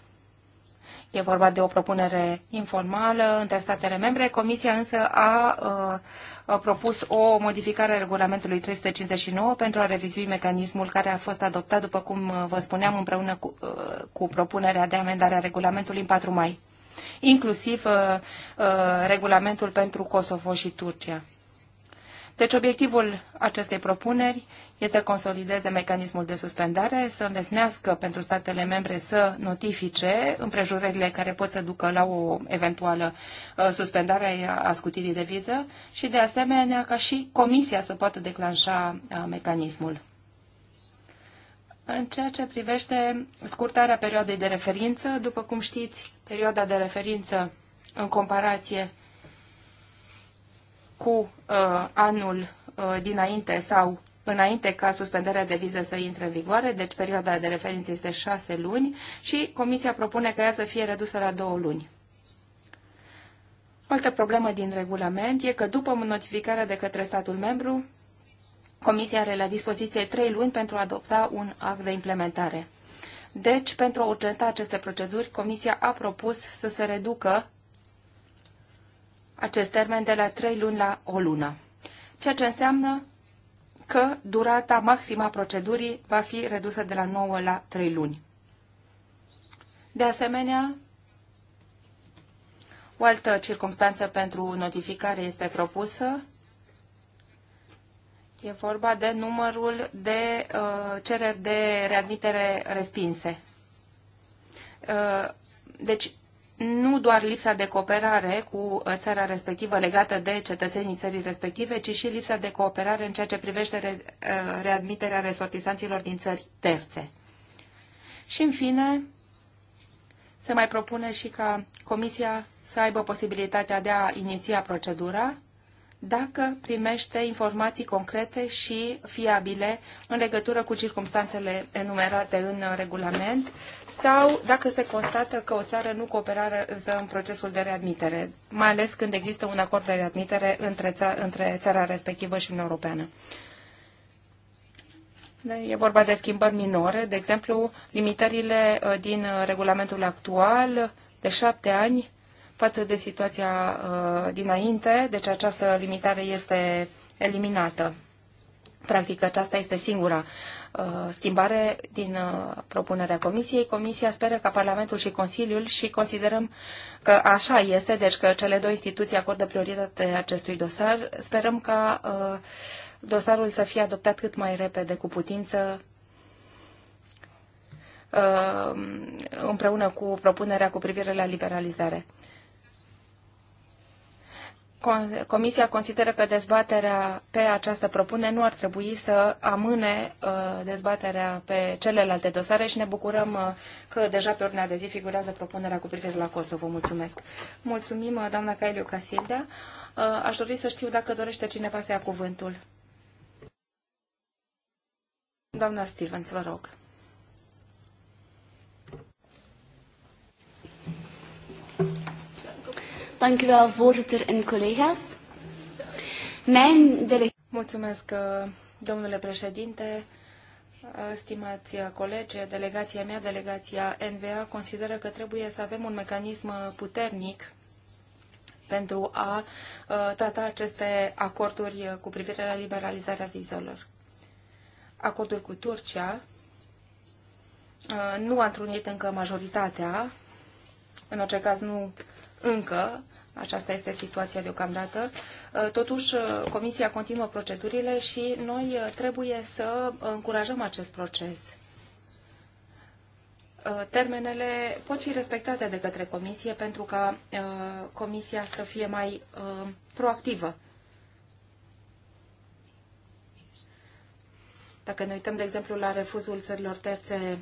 E vorba de o propunere informală între statele membre. Comisia însă a, a uh, propus o modificare a regulamentului 359 pentru a revizui mecanismul care a fost adoptat, după cum uh, vă spuneam, împreună cu, uh, cu propunerea de amendare a regulamentului în 4 mai, inclusiv a, a, regulamentul pentru Kosovo și Turcia. Deci obiectivul acestei propuneri este să consolideze mecanismul de suspendare, să îndesnească pentru statele membre să notifice împrejurările care pot să ducă la o eventuală uh, suspendare a scutirii de viză și de asemenea ca și Comisia să poată declanșa uh, mecanismul. În ceea ce privește scurtarea perioadei de referință, după cum știți, perioada de referință în comparație cu uh, anul uh, dinainte sau înainte ca suspendarea de viză să intre în vigoare, deci perioada de referință este șase luni și Comisia propune ca ea să fie redusă la două luni. O altă problemă din regulament e că după notificarea de către statul membru, Comisia are la dispoziție trei luni pentru a adopta un act de implementare. Deci, pentru a urgenta aceste proceduri, Comisia a propus să se reducă acest termen de la 3 luni la o lună, ceea ce înseamnă că durata maximă a procedurii va fi redusă de la 9 la 3 luni. De asemenea, o altă circunstanță pentru notificare este propusă. E vorba de numărul de uh, cereri de readmitere respinse. Uh, deci, nu doar lipsa de cooperare cu țara respectivă legată de cetățenii țării respective, ci și lipsa de cooperare în ceea ce privește re, uh, readmiterea resortisanților din țări terțe. Și, în fine, se mai propune și ca Comisia să aibă posibilitatea de a iniția procedura dacă primește informații concrete și fiabile în legătură cu circumstanțele enumerate în regulament sau dacă se constată că o țară nu cooperează în procesul de readmitere, mai ales când există un acord de readmitere între, ța- între țara respectivă și Uniunea Europeană. Da, e vorba de schimbări minore, de exemplu, limitările uh, din uh, regulamentul actual de șapte ani față de situația uh, dinainte, deci această limitare este eliminată. Practic, aceasta este singura uh, schimbare din uh, propunerea Comisiei. Comisia speră ca Parlamentul și Consiliul și considerăm că așa este, deci că cele două instituții acordă prioritate acestui dosar. Sperăm ca dosarul să fie adoptat cât mai repede cu putință împreună cu propunerea cu privire la liberalizare. Comisia consideră că dezbaterea pe această propunere nu ar trebui să amâne uh, dezbaterea pe celelalte dosare și ne bucurăm uh, că deja pe ordinea de zi figurează propunerea cu privire la Kosovo. Mulțumesc! Mulțumim, uh, doamna Caeliu Casilda. Aș dori să știu dacă dorește cineva să ia cuvântul. Doamna Stevens, vă rog. Dank u wel, voorzitter en collega's. Mijn Mulțumesc, uh, domnule președinte. Uh, stimați uh, colegi, delegația mea, delegația NVA, consideră că trebuie să avem un mecanism puternic pentru a trata aceste acorduri cu privire la liberalizarea vizelor. Acordul cu Turcia nu a întrunit încă majoritatea, în orice caz nu încă, aceasta este situația deocamdată. Uh, totuși, uh, Comisia continuă procedurile și noi uh, trebuie să încurajăm acest proces. Termenele pot fi respectate de către Comisie pentru ca Comisia să fie mai proactivă. Dacă ne uităm, de exemplu, la refuzul țărilor terțe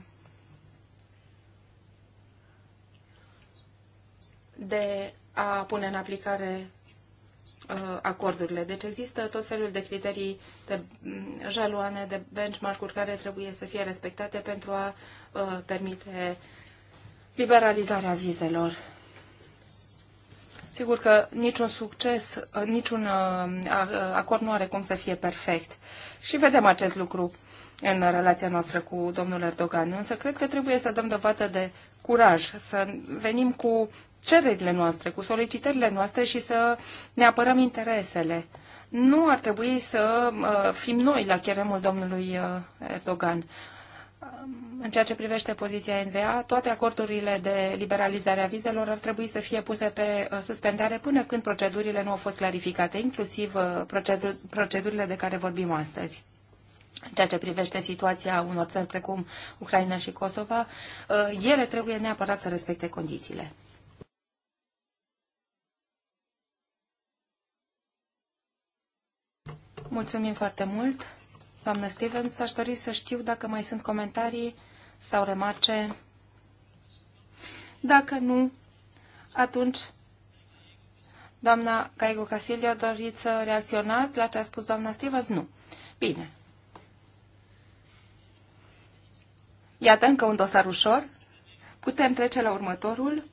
de a pune în aplicare uh, acordurile. Deci există tot felul de criterii de mm, jaloane, de benchmark-uri care trebuie să fie respectate pentru a uh, permite liberalizarea vizelor. Sigur că niciun succes, uh, niciun acord nu are cum să fie perfect. Și vedem acest lucru în relația noastră cu domnul Erdogan. Însă cred că trebuie să dăm dovadă de curaj, să venim cu cererile noastre, cu solicitările noastre și să ne apărăm interesele. Nu ar trebui să uh, fim noi la cheremul domnului uh, Erdogan. Um, în ceea ce privește poziția NVA, toate acordurile de liberalizare a vizelor ar trebui să fie puse pe uh, suspendare până când procedurile nu au fost clarificate, inclusiv procedurile de care vorbim astăzi. În ceea ce privește situația unor țări precum Ucraina și Kosova, ele trebuie neapărat să respecte condițiile. Mulțumim foarte mult. Doamnă Stevens, aș dori să știu dacă mai sunt comentarii sau remarce. Dacă nu, atunci, doamna Caigo Casilio, doriți să reacționați la ce a spus doamna Stevens? Nu. Bine. Iată încă un dosar ușor. Putem trece la următorul,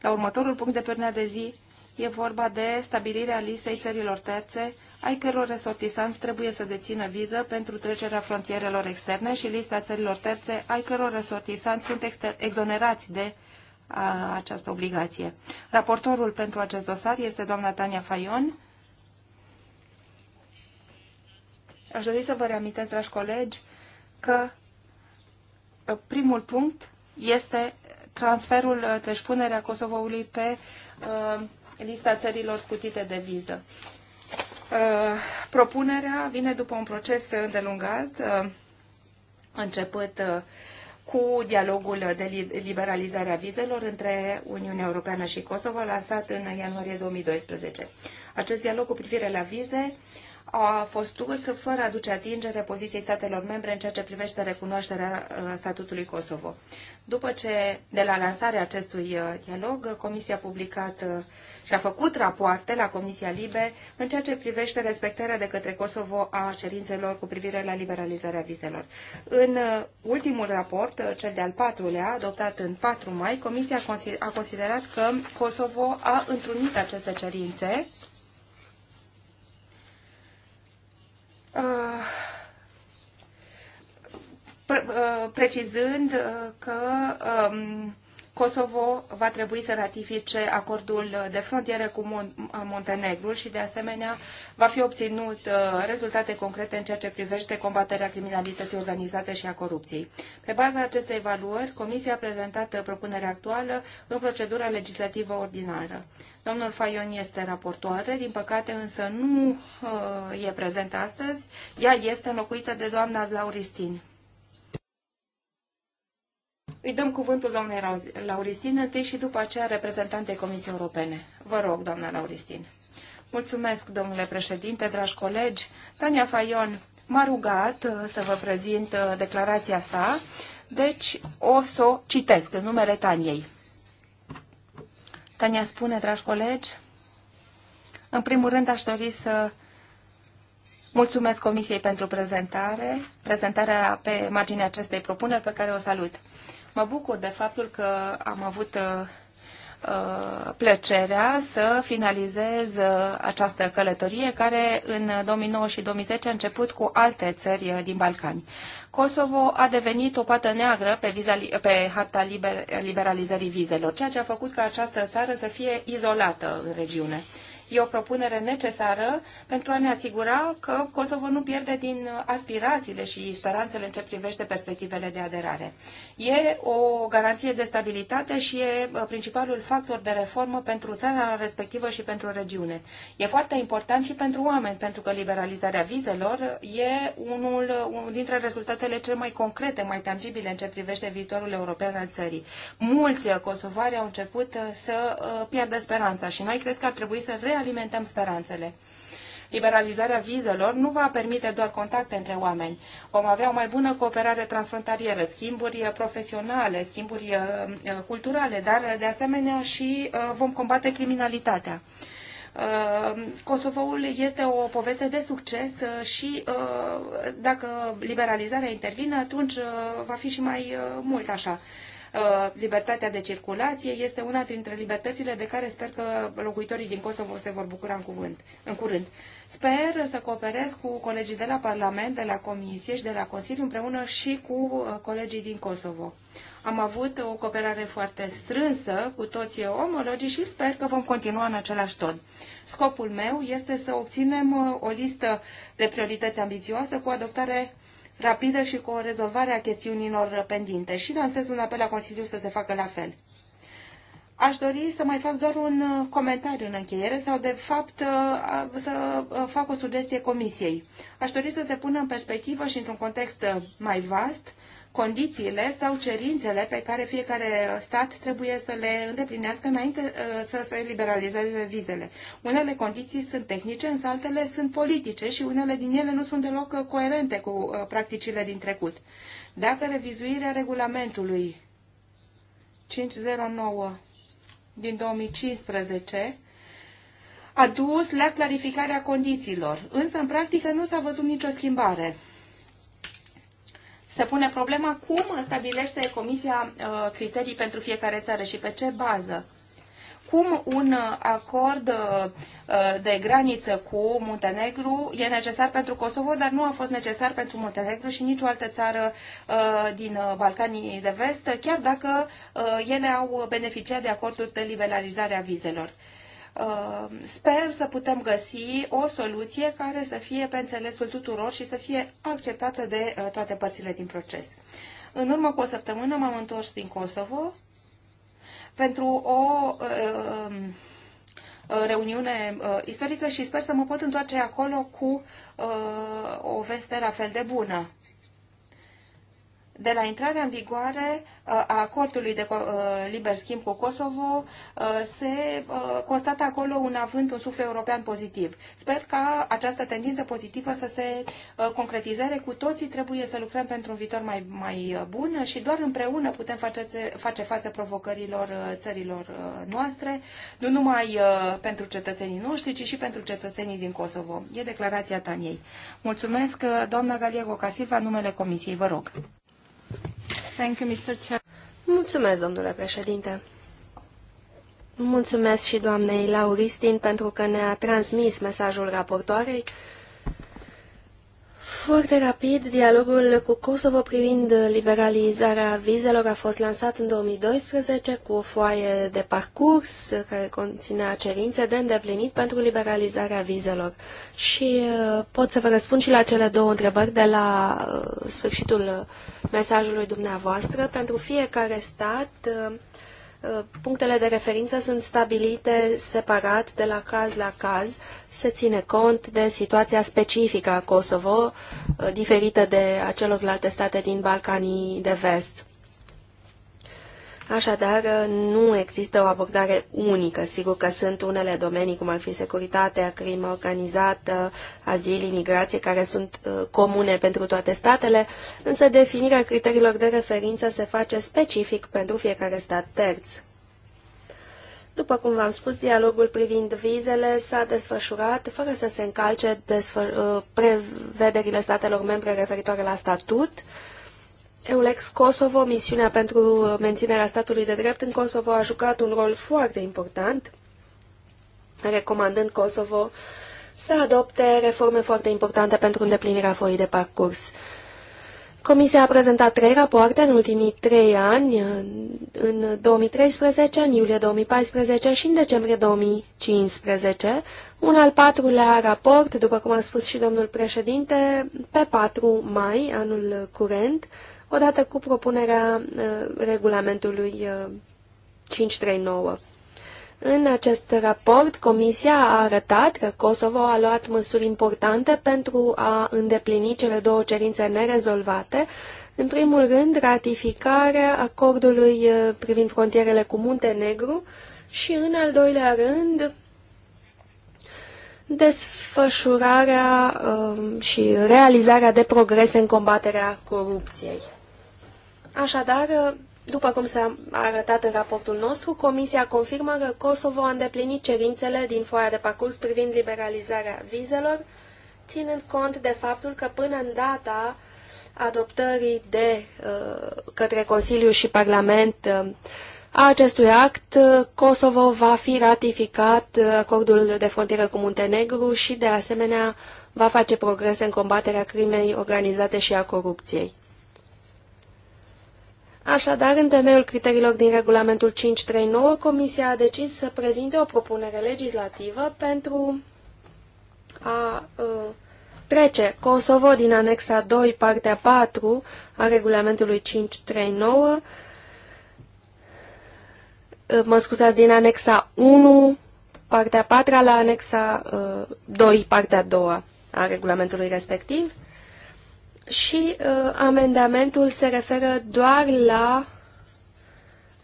la următorul punct de pe de zi, E vorba de stabilirea listei țărilor terțe, ai căror resortisanți trebuie să dețină viză pentru trecerea frontierelor externe și lista țărilor terțe, ai căror resortisanți sunt exonerați de a, această obligație. Raportorul pentru acest dosar este doamna Tania Fayon. Aș dori să vă reamintesc, dragi colegi, că uh, primul punct este transferul, uh, deci punerea Kosovoului pe uh, lista țărilor scutite de viză. Uh, propunerea vine după un proces îndelungat, uh, început uh, cu dialogul de liberalizare a vizelor între Uniunea Europeană și Kosovo, lansat în ianuarie 2012. Acest dialog cu privire la vize a fost dus fără a duce atingere poziției statelor membre în ceea ce privește recunoașterea statutului Kosovo. După ce, de la lansarea acestui dialog, Comisia a publicat și a făcut rapoarte la Comisia Libe în ceea ce privește respectarea de către Kosovo a cerințelor cu privire la liberalizarea vizelor. În uh, ultimul raport, uh, cel de-al patrulea, adoptat în 4 mai, Comisia a considerat că Kosovo a întrunit aceste cerințe uh, precizând că um, Kosovo va trebui să ratifice acordul de frontieră cu Mon- Montenegrul și, de asemenea, va fi obținut uh, rezultate concrete în ceea ce privește combaterea criminalității organizate și a corupției. Pe baza acestei evaluări, Comisia a prezentat uh, propunerea actuală în procedura legislativă ordinară. Domnul Faion este raportoare, din păcate însă nu uh, e prezent astăzi. Ea este înlocuită de doamna Lauristin. Îi dăm cuvântul doamnei Lauristin întâi și după aceea reprezentantei Comisiei Europene. Vă rog, doamna Lauristin. Mulțumesc, domnule președinte, dragi colegi. Tania Faion m-a rugat uh, să vă prezint uh, declarația sa, deci o să o citesc în numele Taniei. Tania spune, dragi colegi, în primul rând aș dori să mulțumesc Comisiei pentru prezentare, prezentarea pe marginea acestei propuneri pe care o salut. Mă bucur de faptul că am avut uh, uh, plăcerea să finalizez uh, această călătorie care în 2009 și 2010 a început cu alte țări din Balcani. Kosovo a devenit o pată neagră pe, viza, pe harta liber, liberalizării vizelor, ceea ce a făcut ca această țară să fie izolată în regiune. E o propunere necesară pentru a ne asigura că Kosovo nu pierde din aspirațiile și speranțele în ce privește perspectivele de aderare. E o garanție de stabilitate și e uh, principalul factor de reformă pentru țara respectivă și pentru regiune. E foarte important și pentru oameni, pentru că liberalizarea vizelor e unul, uh, unul dintre rezultatele cel mai concrete, mai tangibile în ce privește viitorul european al țării. Mulți uh, kosovari au început să pierdă speranța și noi cred că ar trebui să rea alimentăm speranțele. Liberalizarea vizelor nu va permite doar contacte între oameni. Vom avea o mai bună cooperare transfrontalieră, schimburi profesionale, schimburi uh, uh, culturale, dar de asemenea și uh, vom combate criminalitatea. Kosovoul este o poveste de succes și dacă liberalizarea intervine, atunci va fi și mai mult așa. Uh, libertatea de circulație este una dintre libertățile de care sper că locuitorii din Kosovo se vor bucura în, cuvânt, în curând. Sper să cooperez cu colegii de la Parlament, de la Comisie și de la Consiliu împreună și cu uh, colegii din Kosovo. Am avut o cooperare foarte strânsă cu toți omologii și sper că vom continua în același ton. Scopul meu este să obținem uh, o listă de priorități ambițioasă cu adoptare rapidă și cu o rezolvare a chestiunilor pendinte și lansez un apel la Consiliu să se facă la fel. Aș dori să mai fac doar un uh, comentariu în încheiere sau, de fapt, uh, să uh, fac o sugestie comisiei. Aș dori să se pună în perspectivă și într-un context mai vast condițiile sau cerințele pe care fiecare stat trebuie să le îndeplinească înainte uh, să se liberalizeze vizele. Unele condiții sunt tehnice, însă altele sunt politice și unele din ele nu sunt deloc uh, coerente cu uh, practicile din trecut. Dacă revizuirea regulamentului 509 din 2015 a dus la clarificarea condițiilor, însă în practică nu s-a văzut nicio schimbare se pune problema cum stabilește Comisia uh, criterii pentru fiecare țară și pe ce bază. Cum un uh, acord uh, de graniță cu Muntenegru e necesar pentru Kosovo, dar nu a fost necesar pentru Muntenegru și nicio altă țară din Balcanii de Vest, chiar dacă ele au beneficiat de acorduri de liberalizare a vizelor. Uh, sper să putem găsi o soluție care să fie pe înțelesul tuturor și să fie acceptată de uh, toate părțile din proces. În urmă cu o săptămână m-am întors din Kosovo pentru o uh, reuniune istorică și sper să mă pot întoarce acolo cu o veste la fel de bună de la intrarea în vigoare uh, a acordului de uh, liber schimb cu Kosovo, uh, se constată acolo un avânt, un suflet european pozitiv. Sper ca această tendință pozitivă să se concretizeze. Cu toții trebuie să lucrăm pentru un viitor mai, mai bun și doar împreună putem face, face față provocărilor țărilor noastre, nu numai pentru cetățenii noștri, ci și pentru cetățenii din Kosovo. E declarația Taniei. Mulțumesc, doamna Galiego Casilva, numele Comisiei. Vă rog. Thank you, Mr. Chair. Mulțumesc, domnule președinte. Mulțumesc și doamnei Lauristin pentru că ne-a transmis mesajul raportoarei foarte rapid, dialogul cu Kosovo privind liberalizarea vizelor a fost lansat în 2012 cu o foaie de parcurs care conținea cerințe de îndeplinit pentru liberalizarea vizelor. Și uh, pot să vă răspund și la cele două întrebări de la uh, sfârșitul mesajului dumneavoastră. Pentru fiecare stat uh, Punctele de referință sunt stabilite separat de la caz la caz. Se ține cont de situația specifică a Kosovo, uh, diferită de a celorlalte state din Balcanii de vest. Așadar, nu există o abordare unică. Sigur că sunt unele domenii, cum ar fi securitatea, crimă organizată, azil, imigrație, care sunt uh, comune pentru toate statele, însă definirea criteriilor de referință se face specific pentru fiecare stat terț. După cum v-am spus, dialogul privind vizele s-a desfășurat fără să se încalce uh, prevederile statelor membre referitoare la statut, Eulex Kosovo, misiunea pentru menținerea statului de drept în Kosovo, a jucat un rol foarte important, recomandând Kosovo să adopte reforme foarte importante pentru îndeplinirea foii de parcurs. Comisia a prezentat trei rapoarte în ultimii trei ani, în 2013, în iulie 2014 și în decembrie 2015. Un al patrulea raport, după cum a spus și domnul președinte, pe 4 mai anul curent, odată cu propunerea uh, regulamentului 539. Uh, în acest raport, Comisia a arătat că Kosovo a luat măsuri importante pentru a îndeplini cele două cerințe nerezolvate, în primul rând ratificarea acordului uh, privind frontierele cu Muntenegru și, în al doilea rând, desfășurarea um, și realizarea de progrese în combaterea corupției. Așadar, după cum s-a arătat în raportul nostru, Comisia confirmă că Kosovo a îndeplinit cerințele din foaia de parcurs privind liberalizarea vizelor, ținând cont de faptul că până în data adoptării de uh, către Consiliu și Parlament uh, a acestui act, uh, Kosovo va fi ratificat acordul de frontieră cu Muntenegru și, de asemenea, va face progrese în combaterea crimei organizate și a corupției. Așadar, în temeiul criteriilor din regulamentul 539, Comisia a decis să prezinte o propunere legislativă pentru a uh, trece Kosovo din anexa 2, partea 4 a regulamentului 539, uh, mă scuzați, din anexa 1, partea 4 la anexa uh, 2, partea 2 a regulamentului respectiv, și uh, amendamentul se referă doar la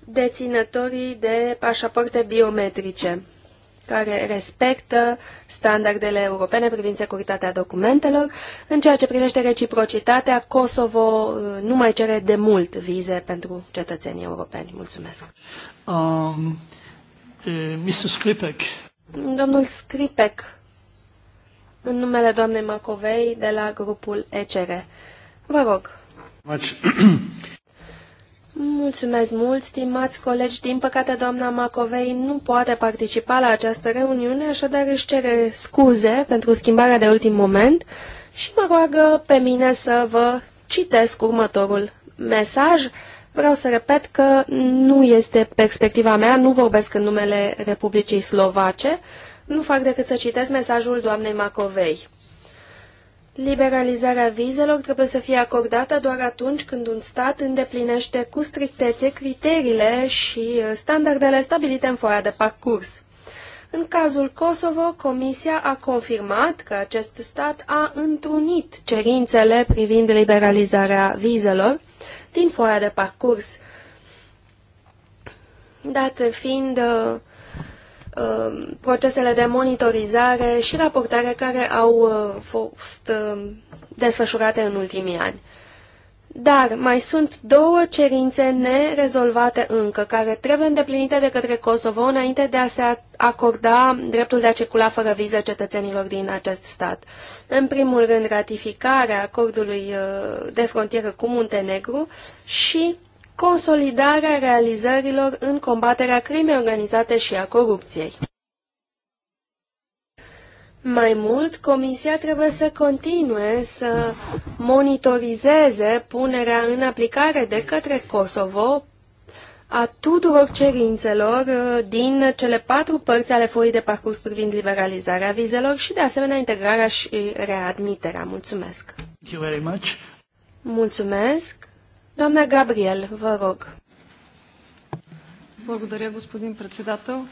deținătorii de pașapoarte biometrice care respectă standardele europene privind securitatea documentelor. În ceea ce privește reciprocitatea, Kosovo uh, nu mai cere de mult vize pentru cetățenii europeni. Mulțumesc. Um, uh, Mr. Skripek. Domnul Skripek în numele doamnei Macovei de la grupul ECR. Vă rog. Mulțumesc mult, stimați colegi. Din păcate, doamna Macovei nu poate participa la această reuniune, așadar își cere scuze pentru schimbarea de ultim moment și mă roagă pe mine să vă citesc următorul mesaj. Vreau să repet că nu este perspectiva mea, nu vorbesc în numele Republicii Slovace, uh, nu fac decât să citesc mesajul doamnei Macovei. Liberalizarea vizelor trebuie să fie acordată doar atunci când un stat îndeplinește cu strictețe criteriile și standardele stabilite în foaia de parcurs. În cazul Kosovo, Comisia a confirmat că acest stat a întrunit cerințele privind liberalizarea vizelor din foaia de parcurs, dat fiind uh, Um, procesele de monitorizare și raportare care au uh, fost um, desfășurate în ultimii ani. Dar mai sunt două cerințe nerezolvate încă, care trebuie îndeplinite de către Kosovo înainte de a se acorda dreptul de a circula fără viză cetățenilor din acest stat. În primul rând, ratificarea acordului uh, de frontieră cu Muntenegru și consolidarea realizărilor în combaterea crimei organizate și a corupției. Mai mult, Comisia trebuie să continue să monitorizeze punerea în aplicare de către Kosovo a tuturor cerințelor uh, din cele patru părți ale foii de parcurs privind liberalizarea vizelor și, de asemenea, integrarea și readmiterea. Mulțumesc! Mulțumesc! Doamna Gabriel, vă rog. Благодаря, господин председател.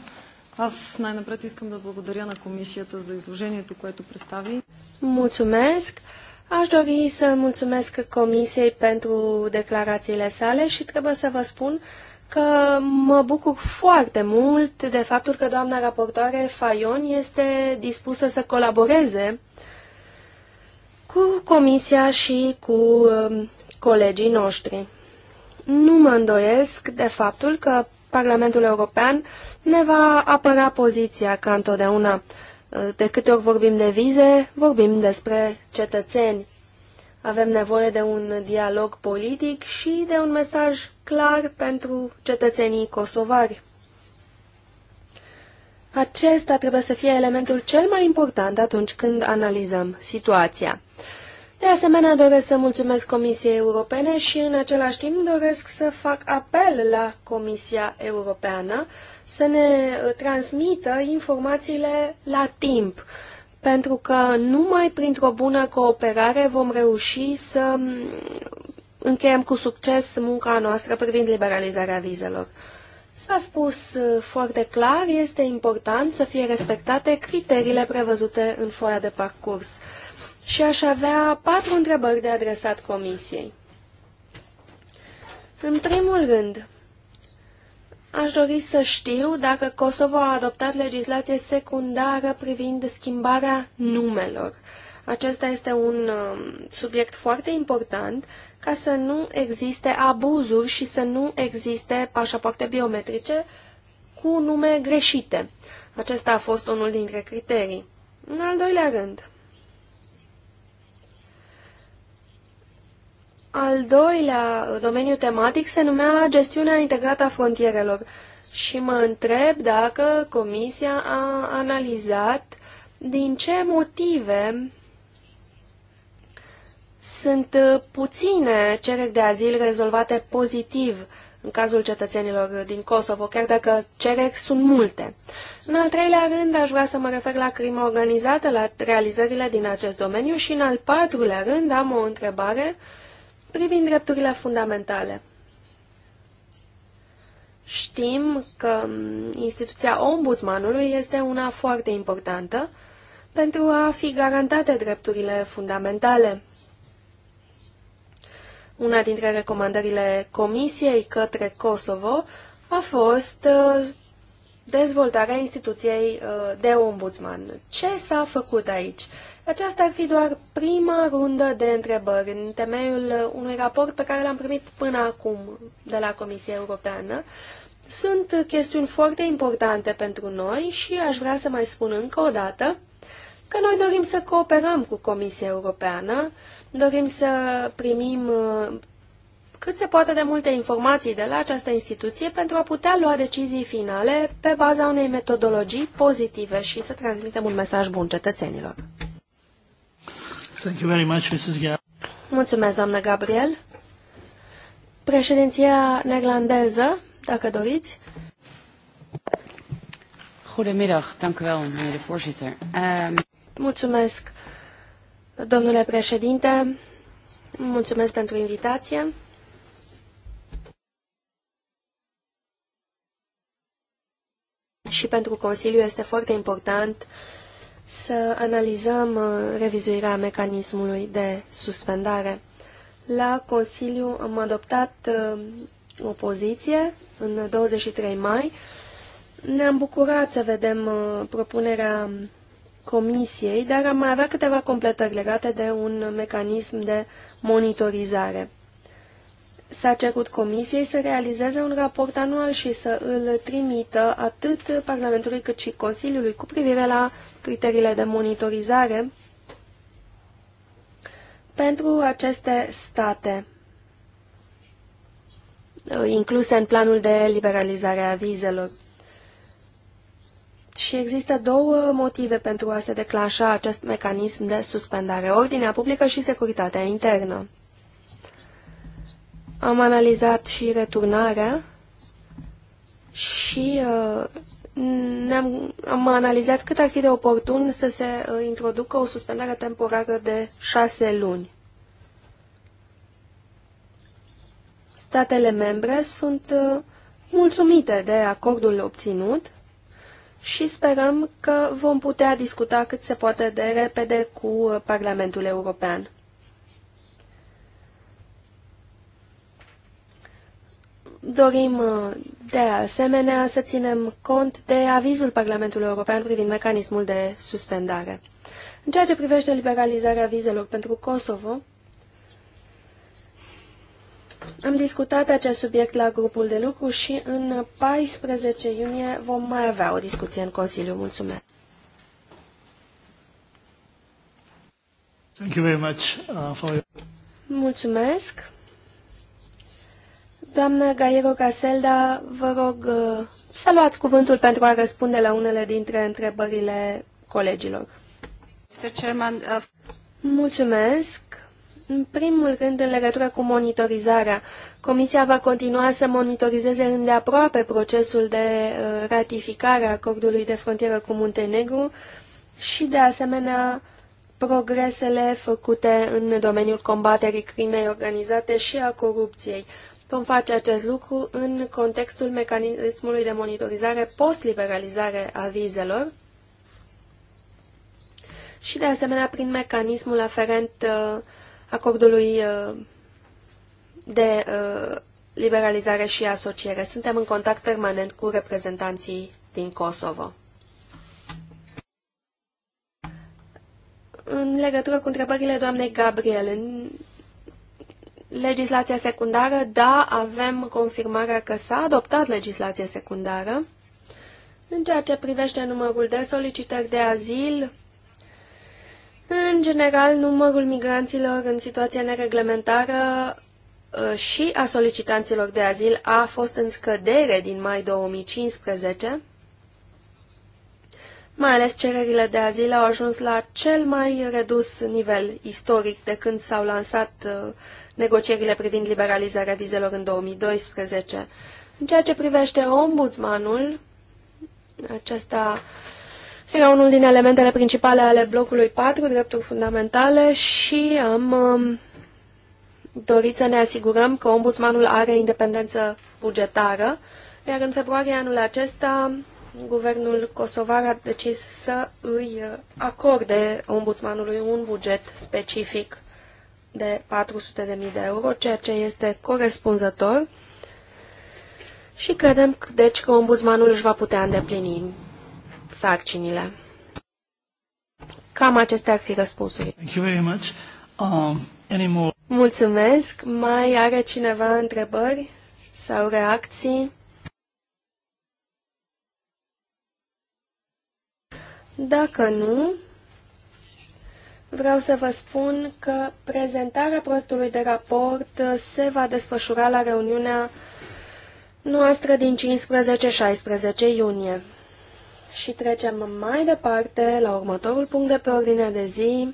Аз най-напред искам да благодаря на комисията за изложението, което представи. Mulțumesc! Aș dori să mulțumesc comisiei pentru declarațiile sale și trebuie să vă spun că mă bucur foarte mult de faptul că doamna raportoare Fayon este dispusă să colaboreze cu comisia și cu um, colegii noștri. Nu mă îndoiesc de faptul că Parlamentul European ne va apăra poziția ca întotdeauna. De câte ori vorbim de vize, vorbim despre cetățeni. Avem nevoie de un dialog politic și de un mesaj clar pentru cetățenii kosovari. Acesta trebuie să fie elementul cel mai important atunci când analizăm situația. De asemenea, doresc să mulțumesc Comisiei Europene și în același timp doresc să fac apel la Comisia Europeană să ne uh, transmită informațiile la timp, pentru că numai printr-o bună cooperare vom reuși să mm, încheiem cu succes munca noastră privind liberalizarea vizelor. S-a spus uh, foarte clar, este important să fie respectate criteriile prevăzute în foaia de parcurs și aș avea patru întrebări de adresat comisiei. În primul rând, aș dori să știu dacă Kosovo a adoptat legislație secundară privind schimbarea numelor. Acesta este un um, subiect foarte important ca să nu existe abuzuri și să nu existe pașapoarte biometrice cu nume greșite. Acesta a fost unul dintre criterii. În al doilea rând, Al doilea domeniu tematic se numea gestiunea integrată a frontierelor și mă întreb dacă Comisia a analizat din ce motive sunt puține cereri de azil rezolvate pozitiv în cazul cetățenilor din Kosovo, chiar dacă cereri sunt multe. În al treilea rând, aș vrea să mă refer la crimă organizată, la realizările din acest domeniu și în al patrulea rând am o întrebare uh, Privind drepturile fundamentale, știm că instituția ombudsmanului este una foarte importantă pentru a fi garantate drepturile fundamentale. Una dintre recomandările Comisiei către Kosovo a fost uh, dezvoltarea instituției uh, de ombudsman. Ce s-a făcut aici? Aceasta ar fi doar prima rundă de întrebări în temeiul unui raport pe care l-am primit până acum de la Comisia Europeană. Sunt chestiuni foarte importante pentru noi și aș vrea să mai spun încă o dată că noi dorim să cooperăm cu Comisia Europeană, dorim să primim uh, cât se poate de multe informații de la această instituție pentru a putea lua decizii finale pe baza unei metodologii pozitive și să transmitem un mesaj bun cetățenilor. Thank you very much, Mrs. Mulțumesc, doamnă Gabriel. Președinția neerlandeză, dacă doriți. Goedemiddag, dank u wel, meneer de voorzitter. Um... Mulțumesc, domnule președinte. Mulțumesc pentru invitație. Și pentru Consiliu este foarte important uh, să analizăm uh, revizuirea mecanismului de suspendare. La Consiliu am adoptat uh, o poziție în 23 mai. Ne-am bucurat să vedem uh, propunerea Comisiei, dar am mai avea câteva completări legate de un mecanism de monitorizare. S-a cerut Comisiei să realizeze un raport anual și să îl trimită atât Parlamentului cât și Consiliului cu privire la criteriile de monitorizare pentru aceste state uh, incluse în planul de liberalizare a vizelor. Și există două motive pentru a se declanșa acest mecanism de suspendare, ordinea publică și securitatea internă. Am analizat și returnarea și uh, ne-am am analizat cât ar fi de oportun să se uh, introducă o suspendare temporară de șase luni. Statele membre sunt uh, mulțumite de acordul obținut și sperăm că vom putea discuta cât se poate de repede cu uh, Parlamentul European. Dorim uh, de asemenea să ținem cont de avizul Parlamentului European privind mecanismul de suspendare. În ceea ce privește liberalizarea vizelor pentru Kosovo, am discutat acest subiect la grupul de lucru și în 14 iunie vom mai avea o discuție în Consiliu. Mulțumesc! Thank you very much, uh, for... Mulțumesc! Doamna Gaiero Caselda, vă rog uh, să luați cuvântul pentru a răspunde la unele dintre întrebările colegilor. Uh, Mulțumesc. În primul rând, în legătură cu monitorizarea, Comisia va continua să monitorizeze îndeaproape procesul de uh, ratificare a acordului de frontieră cu Muntenegru și, de asemenea, progresele făcute în domeniul combaterii crimei organizate și a corupției. Vom face acest lucru în contextul mecanismului de monitorizare post-liberalizare a vizelor și, de asemenea, prin mecanismul aferent uh, acordului uh, de uh, liberalizare și asociere. Suntem în contact permanent cu reprezentanții din Kosovo. În legătură cu întrebările doamnei Gabriel, în legislația secundară, da, avem confirmarea că s-a adoptat legislația secundară. În ceea ce privește numărul de solicitări de azil, în general, numărul migranților în situație nereglementară uh, și a solicitanților de azil a fost în scădere din mai 2015, mai ales cererile de azil au ajuns la cel mai redus nivel istoric de când s-au lansat uh, negocierile privind liberalizarea vizelor în 2012. În ceea ce privește ombudsmanul, acesta era unul din elementele principale ale blocului 4, drepturi fundamentale, și am um, dorit să ne asigurăm că ombudsmanul are independență bugetară, iar în februarie anul acesta guvernul kosovar a decis să îi acorde ombudsmanului un buget specific de 400.000 de euro, ceea ce este corespunzător și credem, deci, că ombudsmanul își va putea îndeplini sarcinile. Cam acestea ar fi răspunsurile. Thank you very much. Um, any more? Mulțumesc. Mai are cineva întrebări sau reacții? Dacă nu, vreau să vă spun că prezentarea proiectului de raport uh, se va desfășura la reuniunea noastră din 15-16 iunie. Și trecem mai departe la următorul punct de pe ordinea de zi.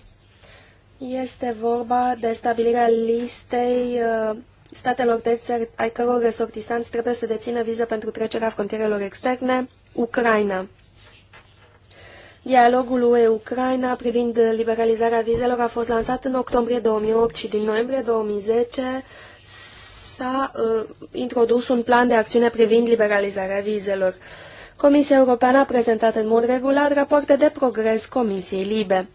Este vorba de stabilirea listei uh, statelor de țări ai căror resortisanți trebuie să dețină viză pentru trecerea frontierelor externe, Ucraina. Dialogul UE-Ucraina privind liberalizarea vizelor a fost lansat în octombrie 2008 și din noiembrie 2010 s-a uh, introdus un plan de acțiune privind liberalizarea vizelor. Comisia Europeană a prezentat în mod regulat rapoarte de progres Comisiei Libe.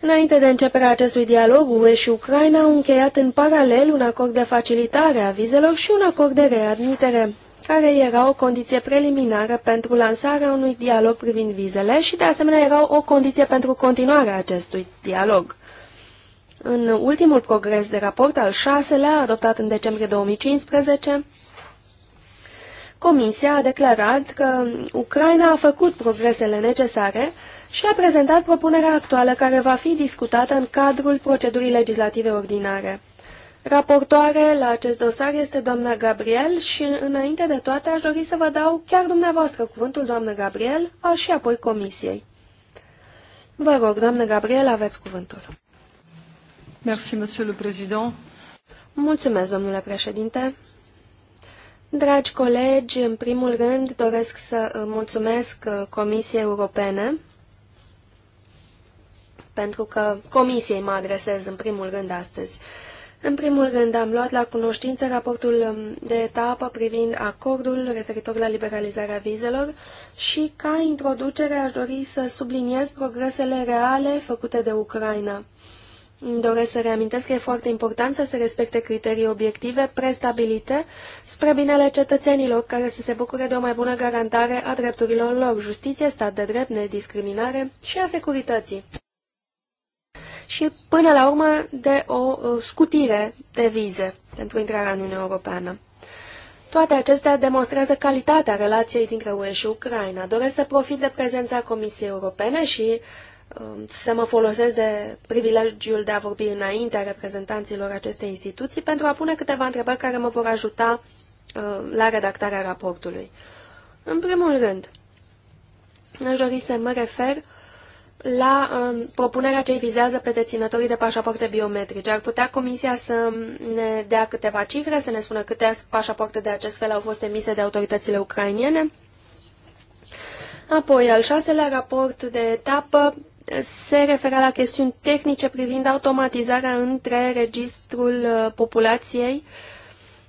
Înainte de începerea acestui dialog, UE și Ucraina au încheiat în paralel un acord de facilitare a vizelor și un acord de readmitere care era o condiție preliminară pentru lansarea unui dialog privind vizele și, de asemenea, era o condiție pentru continuarea acestui dialog. În ultimul progres de raport, al șaselea, adoptat în decembrie 2015, Comisia a declarat că Ucraina a făcut progresele necesare și a prezentat propunerea actuală care va fi discutată în cadrul procedurii legislative ordinare. Raportoare la acest dosar este doamna Gabriel și, înainte de toate, aș dori să vă dau chiar dumneavoastră cuvântul, doamnă Gabriel, și apoi comisiei. Vă rog, doamnă Gabriel, aveți cuvântul. Merci, monsieur le président. Mulțumesc, domnule președinte. Dragi colegi, în primul rând doresc să mulțumesc Comisiei Europene pentru că Comisiei mă adresez în primul rând astăzi. Uh, în primul rând, am luat la cunoștință raportul um, de etapă privind acordul referitor la liberalizarea vizelor și, ca introducere, aș dori să subliniez progresele reale făcute de Ucraina. Îmi doresc să reamintesc că e foarte important să se respecte criterii obiective prestabilite spre binele cetățenilor care să se bucure de o mai bună garantare a drepturilor lor, justiție, stat de drept, nediscriminare și a securității și până la urmă de o scutire de vize pentru intrarea în Uniunea Europeană. Toate acestea demonstrează calitatea relației dintre UE și Ucraina. Doresc să profit de prezența Comisiei Europene și um, să mă folosesc de privilegiul de a vorbi înaintea reprezentanților acestei instituții pentru a pune câteva întrebări care mă vor ajuta uh, la redactarea raportului. În primul rând, aș dori să mă refer la um, propunerea ce vizează pe deținătorii de pașapoarte biometrice. Ar putea Comisia să ne dea câteva cifre, să ne spună câte pașapoarte de acest fel au fost emise de autoritățile ucrainiene? Apoi, al șaselea raport de etapă se referă la chestiuni tehnice privind automatizarea între registrul uh, populației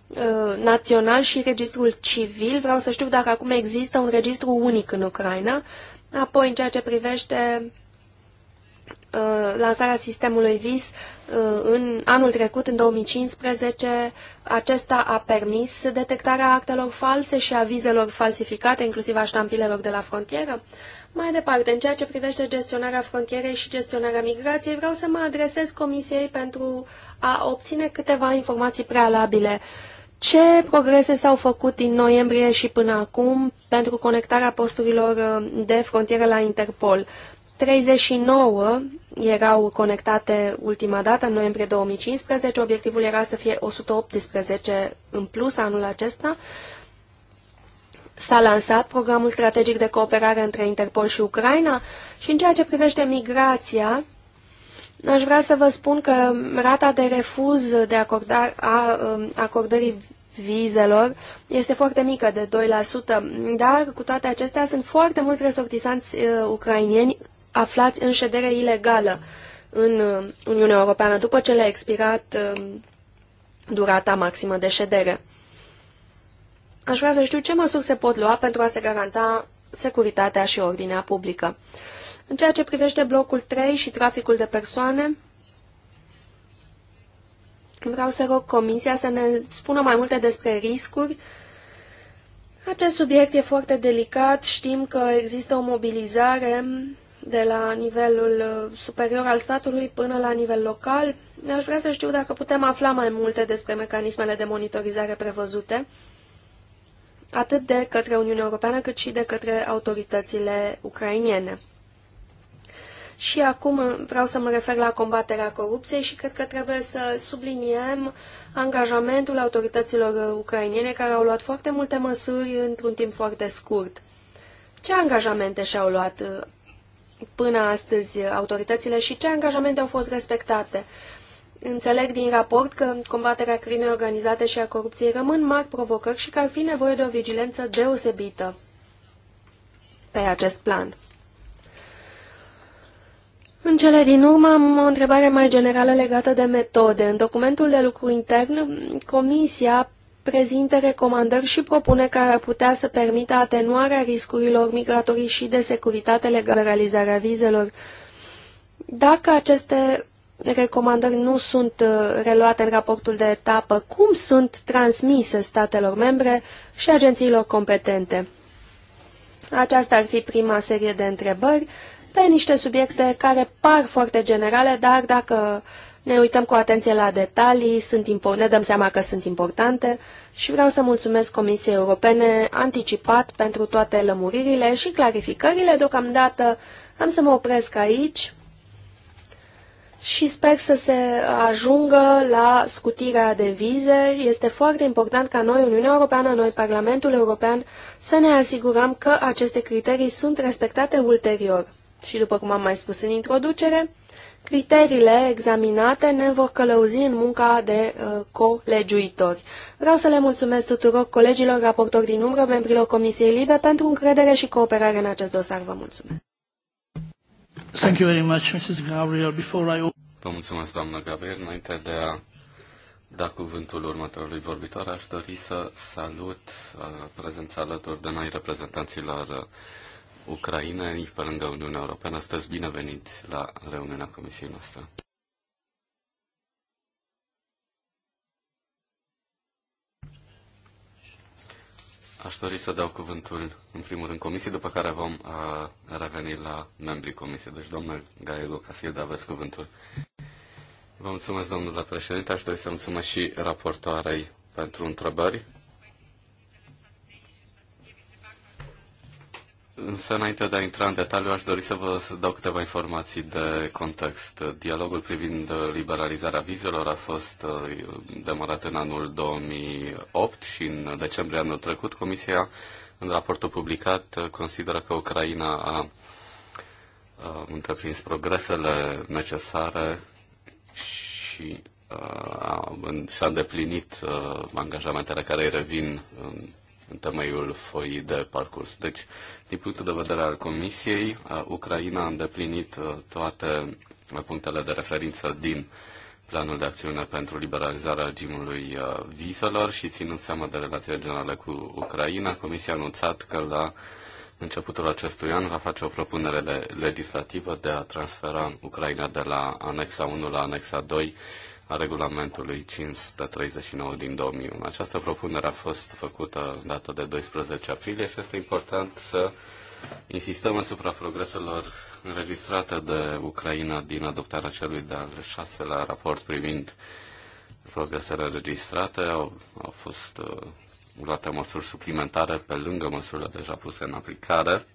uh, național și registrul civil. Vreau să știu dacă acum există un registru unic în Ucraina Apoi, în ceea ce privește uh, lansarea sistemului VIS uh, în anul trecut, în 2015, acesta a permis detectarea actelor false și a vizelor falsificate, inclusiv a ștampilelor de la frontieră. Mai departe, în ceea ce privește gestionarea frontierei și gestionarea migrației, vreau să mă adresez Comisiei pentru a obține câteva informații prealabile uh, ce progrese s-au făcut din noiembrie și până acum pentru conectarea posturilor uh, de frontieră la Interpol? 39 erau conectate ultima dată, în noiembrie 2015. Obiectivul era să fie 118 în plus anul acesta. S-a lansat programul strategic de cooperare între Interpol și Ucraina și în ceea ce privește migrația, Aș vrea să vă spun că rata de refuz de acorda, a um, acordării vizelor este foarte mică, de 2%, dar cu toate acestea sunt foarte mulți resortisanți uh, ucrainieni aflați în ședere ilegală în uh, Uniunea Europeană după ce le-a expirat uh, durata maximă de ședere. Aș vrea să știu ce măsuri se pot lua pentru a se garanta securitatea și ordinea publică. În ceea ce privește blocul 3 și traficul de persoane, vreau să rog Comisia să ne spună mai multe despre riscuri. Acest subiect e foarte delicat. Știm că există o mobilizare de la nivelul uh, superior al statului până la nivel local. Aș vrea să știu dacă putem afla mai multe despre mecanismele de monitorizare prevăzute, atât de către Uniunea Europeană cât și de către autoritățile ucrainiene. Și acum vreau să mă refer la combaterea corupției și cred că trebuie să subliniem angajamentul autorităților ucrainene care au luat foarte multe măsuri într-un timp foarte scurt. Ce angajamente și-au luat uh, până astăzi autoritățile și ce angajamente au fost respectate? Înțeleg din raport că combaterea crimei organizate și a corupției rămân mari provocări și că ar fi nevoie de o vigilență deosebită pe acest plan. În cele din urmă am o întrebare mai generală legată de metode. În documentul de lucru intern, Comisia prezintă recomandări și propune care ar putea să permită atenuarea riscurilor migratorii și de securitate legată de realizarea vizelor. Dacă aceste recomandări nu sunt uh, reluate în raportul de etapă, cum sunt transmise statelor membre și agențiilor competente? Aceasta ar fi prima serie de întrebări pe niște subiecte care par foarte generale, dar dacă ne uităm cu atenție la detalii, sunt ne dăm seama că sunt importante și vreau să mulțumesc Comisiei Europene anticipat pentru toate lămuririle și clarificările. Deocamdată am să mă opresc aici și sper să se ajungă la scutirea de vize. Este foarte important ca noi, Uniunea Europeană, noi, Parlamentul European, să ne asigurăm că aceste criterii sunt respectate ulterior. Și după cum am mai spus în introducere, criteriile examinate ne vor călăuzi în munca de uh, colegiuitori. Vreau să le mulțumesc tuturor colegilor, raportori din umbră, membrilor Comisiei Libe pentru încredere și cooperare în acest dosar. Vă mulțumesc! Thank you very much, Mrs. Gabriel. Before I... Vă mulțumesc, doamnă Gabriel. Înainte de a da cuvântul următorului vorbitor, aș dori să salut uh, prezența alături de noi reprezentanților uh, Ucraina nici pe lângă Uniunea Europeană. bine venit la reuniunea comisiei noastre. Aș dori să dau cuvântul în primul rând comisiei, după care vom a, uh, reveni la membrii comisiei. Deci, domnul Gaego Casilda, aveți cuvântul. Vă mulțumesc, domnule președinte. Aș dori să mulțumesc și raportoarei pentru întrebări. Însă, înainte de a intra în detaliu, aș dori să vă dau câteva informații de context. Dialogul privind liberalizarea vizelor a fost uh, demarat în anul 2008 și în decembrie anul trecut Comisia, în raportul publicat, consideră că Ucraina a uh, întreprins progresele necesare și uh, a, și-a îndeplinit angajamentele care îi revin în în temeiul foii de parcurs. Deci, din punctul de vedere al Comisiei, uh, Ucraina a îndeplinit uh, toate uh, punctele de referință din planul de acțiune pentru liberalizarea regimului vizelor și ținând seama de relațiile generale cu Ucraina, Comisia a anunțat că la începutul acestui an va face o propunere legislativă de a transfera Ucraina de la anexa 1 la anexa 2 a regulamentului 539 din 2001. Această propunere a fost făcută dată de 12 aprilie și este important să insistăm asupra progreselor înregistrate de Ucraina din adoptarea celui de-al șaselea raport privind progresele înregistrate. Au, au fost uh, luate măsuri suplimentare pe lângă măsurile deja puse în aplicare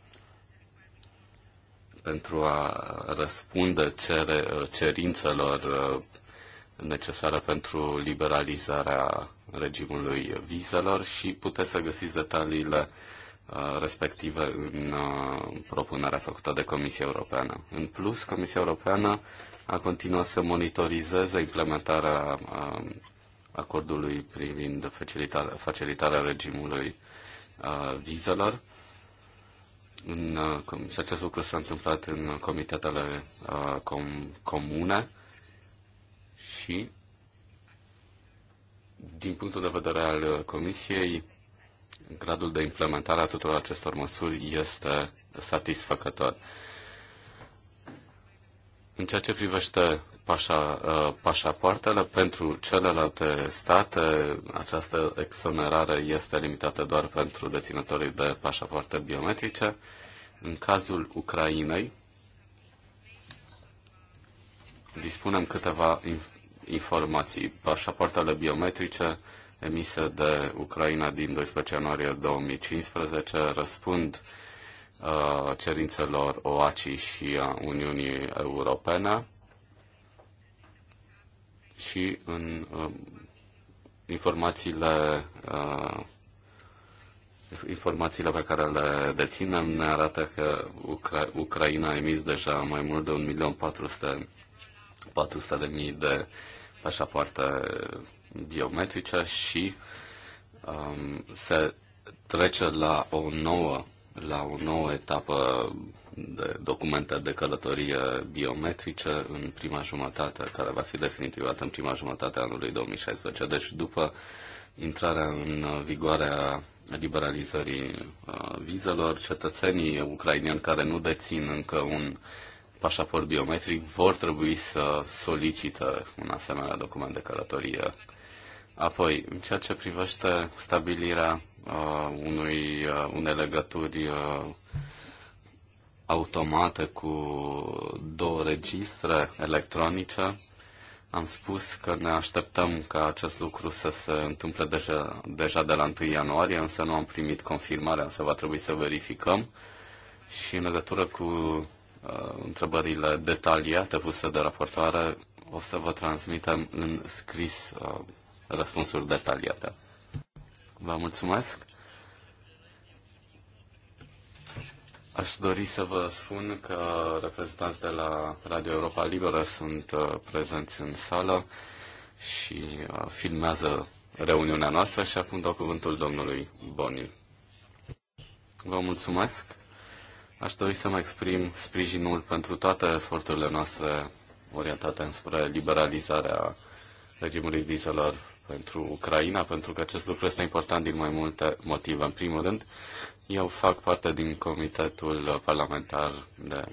pentru a răspunde cere, uh, cerințelor uh, necesară pentru liberalizarea regimului vizelor și puteți să găsiți detaliile uh, respective în uh, propunerea făcută de Comisia Europeană. În plus, Comisia Europeană a continuat să monitorizeze implementarea uh, acordului privind facilitarea, facilitarea regimului vizelor. În, și acest lucru s-a întâmplat în comitetele comune și din punctul de vedere al Comisiei, gradul de implementare a tuturor acestor măsuri este satisfăcător. În ceea ce privește pașa, uh, pașapoartele, pentru celelalte state, această exonerare este limitată doar pentru deținătorii de pașapoarte biometrice. În cazul Ucrainei, dispunem câteva informații. Pașapoartele biometrice emise de Ucraina din 12 ianuarie 2015 răspund uh, cerințelor OACI și a Uniunii Europene și în uh, informațiile uh, informațiile pe care le deținem ne arată că Ucra- Ucraina a emis deja mai mult de 1.400.000 400.000 de pașapoarte biometrice și um, se trece la o nouă la o nouă etapă de documente de călătorie biometrice în prima jumătate, care va fi definitivată în prima jumătate a anului 2016. Deci după intrarea în vigoare a liberalizării uh, vizelor, cetățenii ucrainieni care nu dețin încă un pașaport biometric vor trebui să solicită un asemenea document de călătorie. Apoi, în ceea ce privește stabilirea uh, unui, uh, unei legături uh, automate cu două registre electronice, am spus că ne așteptăm ca acest lucru să se întâmple deja, deja de la 1 ianuarie, însă nu am primit confirmarea, însă va trebui să verificăm. Și în legătură cu Uh, întrebările detaliate puse de raportoare, o să vă transmitem în scris uh, răspunsuri detaliate. Vă mulțumesc! Aș dori să vă spun că reprezentanți de la Radio Europa Liberă sunt uh, prezenți în sală și filmează reuniunea noastră și acum dau cuvântul domnului Boni. Vă mulțumesc! Aș dori să mă exprim sprijinul pentru toate eforturile noastre orientate înspre liberalizarea regimului vizelor pentru Ucraina, pentru că acest lucru este important din mai multe motive. În primul rând, eu fac parte din Comitetul Parlamentar de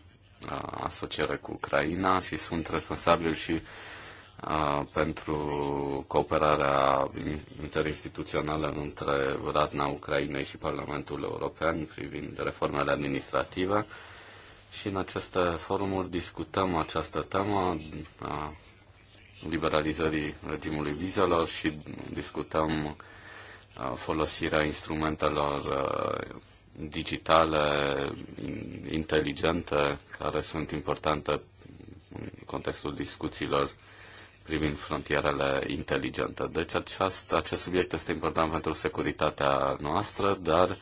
Asociere cu Ucraina și sunt responsabil și pentru cooperarea interinstituțională între Radna Ucrainei și Parlamentul European privind reformele administrative și în aceste forumuri discutăm această temă a liberalizării regimului vizelor și discutăm folosirea instrumentelor digitale inteligente care sunt importante în contextul discuțiilor privind frontierele inteligente. Deci aceast, acest subiect este important pentru securitatea noastră, dar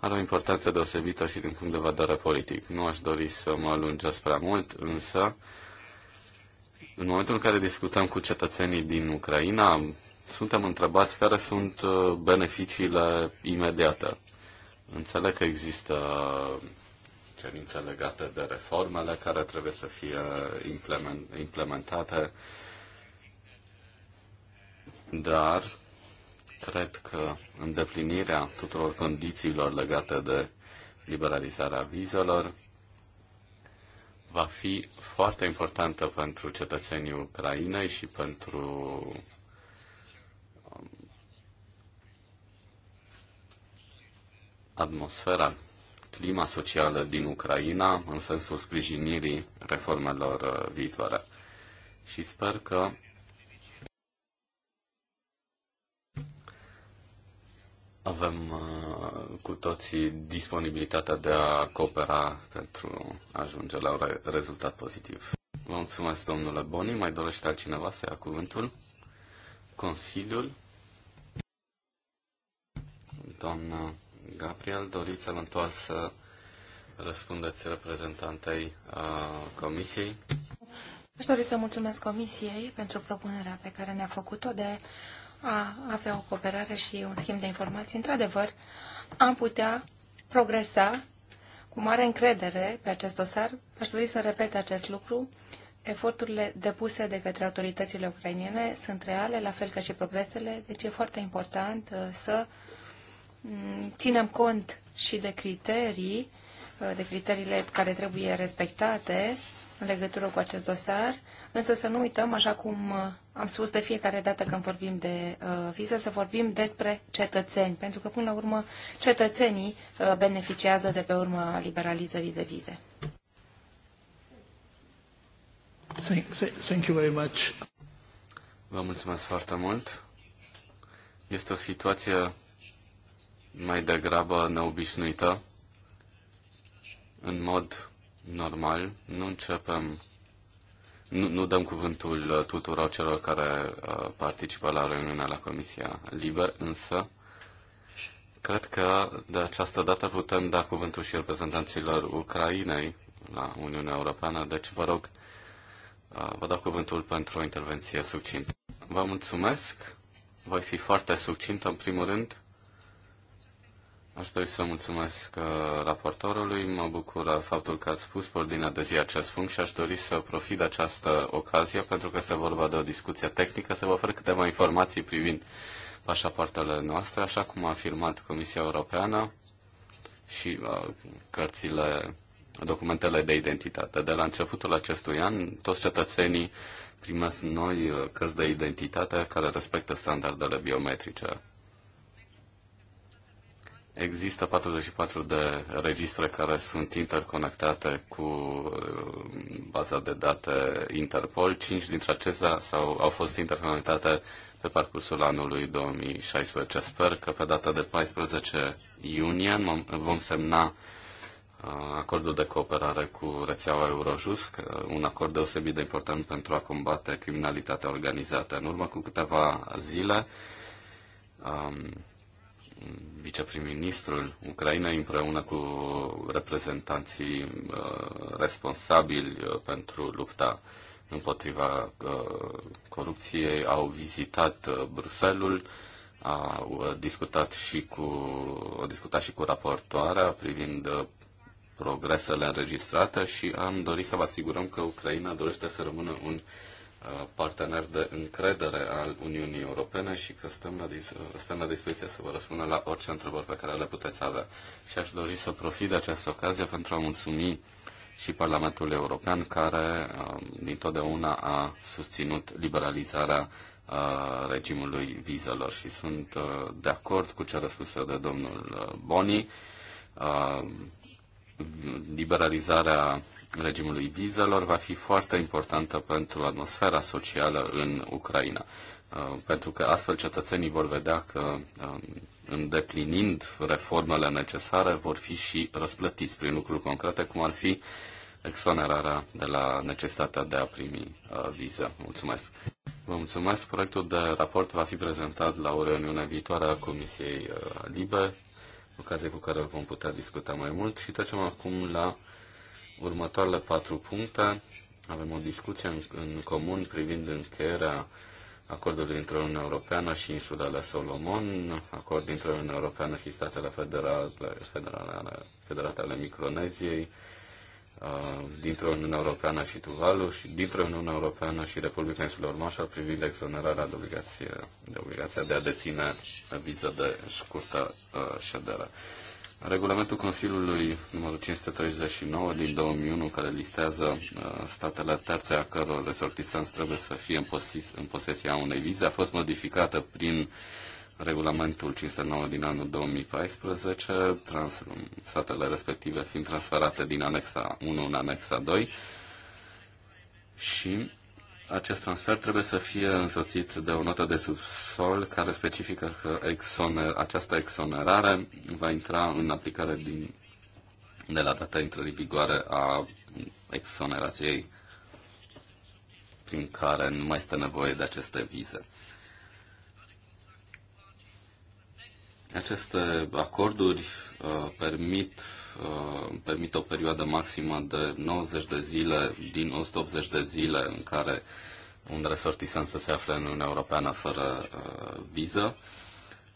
are o importanță deosebită și din punct de vedere politic. Nu aș dori să mă alungesc prea mult, însă în momentul în care discutăm cu cetățenii din Ucraina, suntem întrebați care sunt uh, beneficiile imediate. Înțeleg că există cerințe legate de reformele care trebuie să fie implementate, dar cred că îndeplinirea tuturor condițiilor legate de liberalizarea vizelor va fi foarte importantă pentru cetățenii Ucrainei și pentru um, atmosfera, clima socială din Ucraina în sensul sprijinirii reformelor uh, viitoare. Și sper că avem uh, cu toții disponibilitatea de a coopera pentru a ajunge la un rezultat pozitiv. Vă mulțumesc, domnule Boni. Mai dorește altcineva să ia cuvântul? Consiliul? Doamna Gabriel, doriți eventual să răspundeți reprezentantei uh, Comisiei? Aș dori să mulțumesc Comisiei pentru propunerea pe care ne-a făcut-o de a avea o cooperare și un schimb de informații, într-adevăr, am putea progresa cu mare încredere pe acest dosar. Aș dori să repet acest lucru. Eforturile depuse de către autoritățile ucrainene sunt reale, la fel ca și progresele, deci e foarte important uh, să mm, ținem cont și de criterii, uh, de criteriile care trebuie respectate în legătură cu acest dosar Însă să nu uităm, așa cum uh, am spus de fiecare dată când vorbim de uh, viză, să vorbim despre cetățeni, pentru că până la urmă cetățenii uh, beneficiază de pe urma liberalizării de vize. Thank you very much. Vă mulțumesc foarte mult. Este o situație mai degrabă neobișnuită. În mod normal, nu începem nu, nu dăm cuvântul uh, tuturor celor care uh, participă la reuniunea la Comisia Liber, însă cred că de această dată putem da cuvântul și reprezentanților Ucrainei la Uniunea Europeană, deci vă rog, uh, vă dau cuvântul pentru o intervenție succintă. Vă mulțumesc, voi fi foarte succintă în primul rând. Aș dori să mulțumesc uh, raportorului. Mă bucur faptul că ați spus pe ordinea de zi acest punct și aș dori să profit de această ocazie, pentru că este vorba de o discuție tehnică, să vă ofer câteva informații privind pașapoartele noastre, așa cum a afirmat Comisia Europeană și uh, cărțile, documentele de identitate. De la începutul acestui an, toți cetățenii primesc noi uh, cărți de identitate care respectă standardele biometrice Există 44 de registre care sunt interconectate cu uh, baza de date Interpol. 5 dintre acestea sau au fost interconectate pe parcursul anului 2016. Sper că pe data de 14 iunie vom semna uh, acordul de cooperare cu rețeaua Eurojust, un acord deosebit de important pentru a combate criminalitatea organizată. În urmă cu câteva zile, um, viceprim-ministrul Ucrainei împreună cu reprezentanții uh, responsabili uh, pentru lupta împotriva uh, corupției au vizitat uh, Bruselul, au uh, discutat și cu, au discutat și cu raportoarea privind uh, progresele înregistrate și am dorit să vă asigurăm că Ucraina dorește să rămână un uh, partener de încredere al Uniunii Europene și că stăm la, dis- stăm la dispoziție să vă răspundă la orice întrebări pe care le puteți avea. Și aș dori să profit de această ocazie pentru a mulțumi și Parlamentul European, care um, dintotdeauna a susținut liberalizarea uh, regimului vizelor și sunt uh, de acord cu ce a răspuns de domnul uh, Boni. Liberalizarea regimului vizelor va fi foarte importantă pentru atmosfera socială în Ucraina. Uh, pentru că astfel cetățenii vor vedea că um, îndeplinind reformele necesare vor fi și răsplătiți prin lucruri concrete, cum ar fi exonerarea de la necesitatea de a primi uh, viză. Mulțumesc! Vă mulțumesc! Proiectul de raport va fi prezentat la o reuniune viitoare a Comisiei uh, Libe, ocazie cu care vom putea discuta mai mult și trecem acum la următoarele patru puncte. Avem o discuție în, în comun privind încheierea acordului între Uniunea Europeană și insulele Solomon, acord dintre Uniunea Europeană și statele federale, federale, federate ale Microneziei, uh, dintre Uniunea Europeană și Tuvalu și dintre Uniunea Europeană și Republica Insular Marshall privind exonerarea de obligație, de obligația de a deține viză de scurtă uh, ședere. Regulamentul Consiliului numărul 539 din 2001, care listează uh, statele terțe a căror resortisanți trebuie să fie în, pos- în posesia unei vize, a fost modificată prin regulamentul 509 din anul 2014, trans- statele respective fiind transferate din anexa 1 în anexa 2 și acest transfer trebuie să fie însoțit de o notă de subsol care specifică că exoner, această exonerare va intra în aplicare din, de la data intrării vigoare a exonerației prin care nu mai este nevoie de aceste vize. Aceste acorduri uh, permit, uh, permit o perioadă maximă de 90 de zile din 180 de zile în care un resortisant să se afle în Uniunea Europeană fără uh, viză.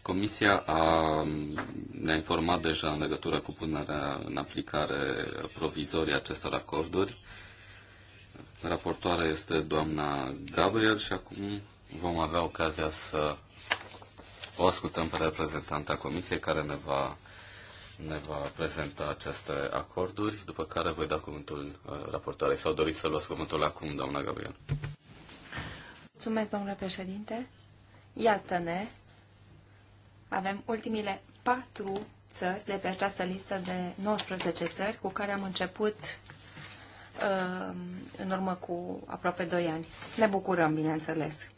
Comisia a, ne-a informat deja în legătură cu punerea în aplicare provizorie acestor acorduri. Raportoarea este doamna Gabriel și acum vom avea ocazia să o ascultăm pe reprezentanta Comisiei care ne va, ne va prezenta aceste acorduri, după care voi da cuvântul uh, raportoarei. Sau doriți să luați cuvântul acum, doamna Gabriel? Mulțumesc, domnule președinte. Iată-ne, avem ultimile patru țări de pe această listă de 19 țări cu care am început uh, în urmă cu aproape 2 ani. Ne bucurăm, bineînțeles.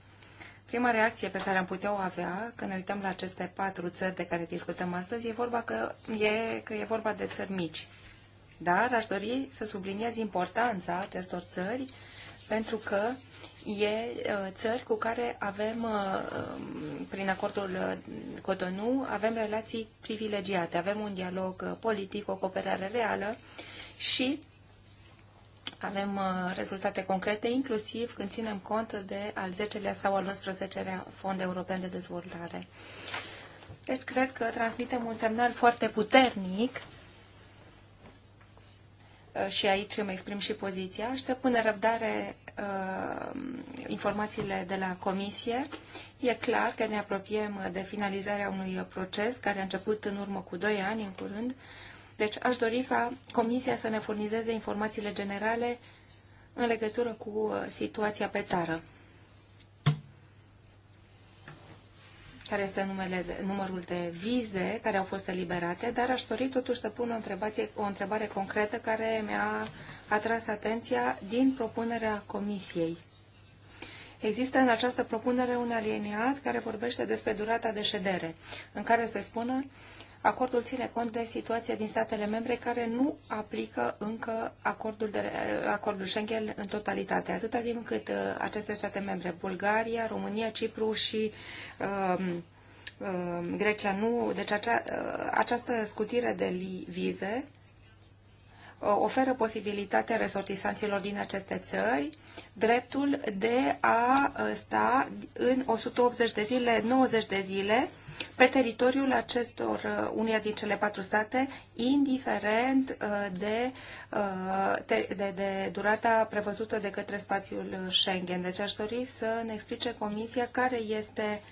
Prima reacție pe care am putea o avea când ne uităm la aceste patru țări de care discutăm astăzi e, vorba că e că e vorba de țări mici. Dar aș dori să subliniez importanța acestor țări pentru că e țări cu care avem, prin acordul Cotonou, avem relații privilegiate, avem un dialog politic, o cooperare reală și avem uh, rezultate concrete, inclusiv când ținem cont de al 10-lea sau al 11-lea Fond European de Dezvoltare. Deci cred că transmitem un semnal foarte puternic uh, și aici îmi exprim și poziția. Aștept cu nerăbdare uh, informațiile de la Comisie. E clar că ne apropiem de finalizarea unui proces care a început în urmă cu 2 ani, în curând, deci aș dori ca Comisia să ne furnizeze informațiile generale în legătură cu uh, situația pe țară. care este numele, numărul de vize care au fost eliberate, dar aș dori totuși să pun o întrebare, o întrebare concretă care mi-a atras atenția din propunerea Comisiei. Există în această propunere un aliniat care vorbește despre durata de ședere, în care se spune Acordul ține cont de situația din statele membre care nu aplică încă acordul, de, acordul Schengen în totalitate, atâta timp cât uh, aceste state membre, Bulgaria, România, Cipru și uh, uh, Grecia nu. Deci acea, uh, această scutire de vize Uh, oferă posibilitatea resortisanților din aceste țări dreptul de a uh, sta în 180 de zile, 90 de zile pe teritoriul acestor uh, unia din cele patru state, indiferent de, de, de durata prevăzută de către spațiul Schengen. Deci aș dori să ne explice Comisia care este,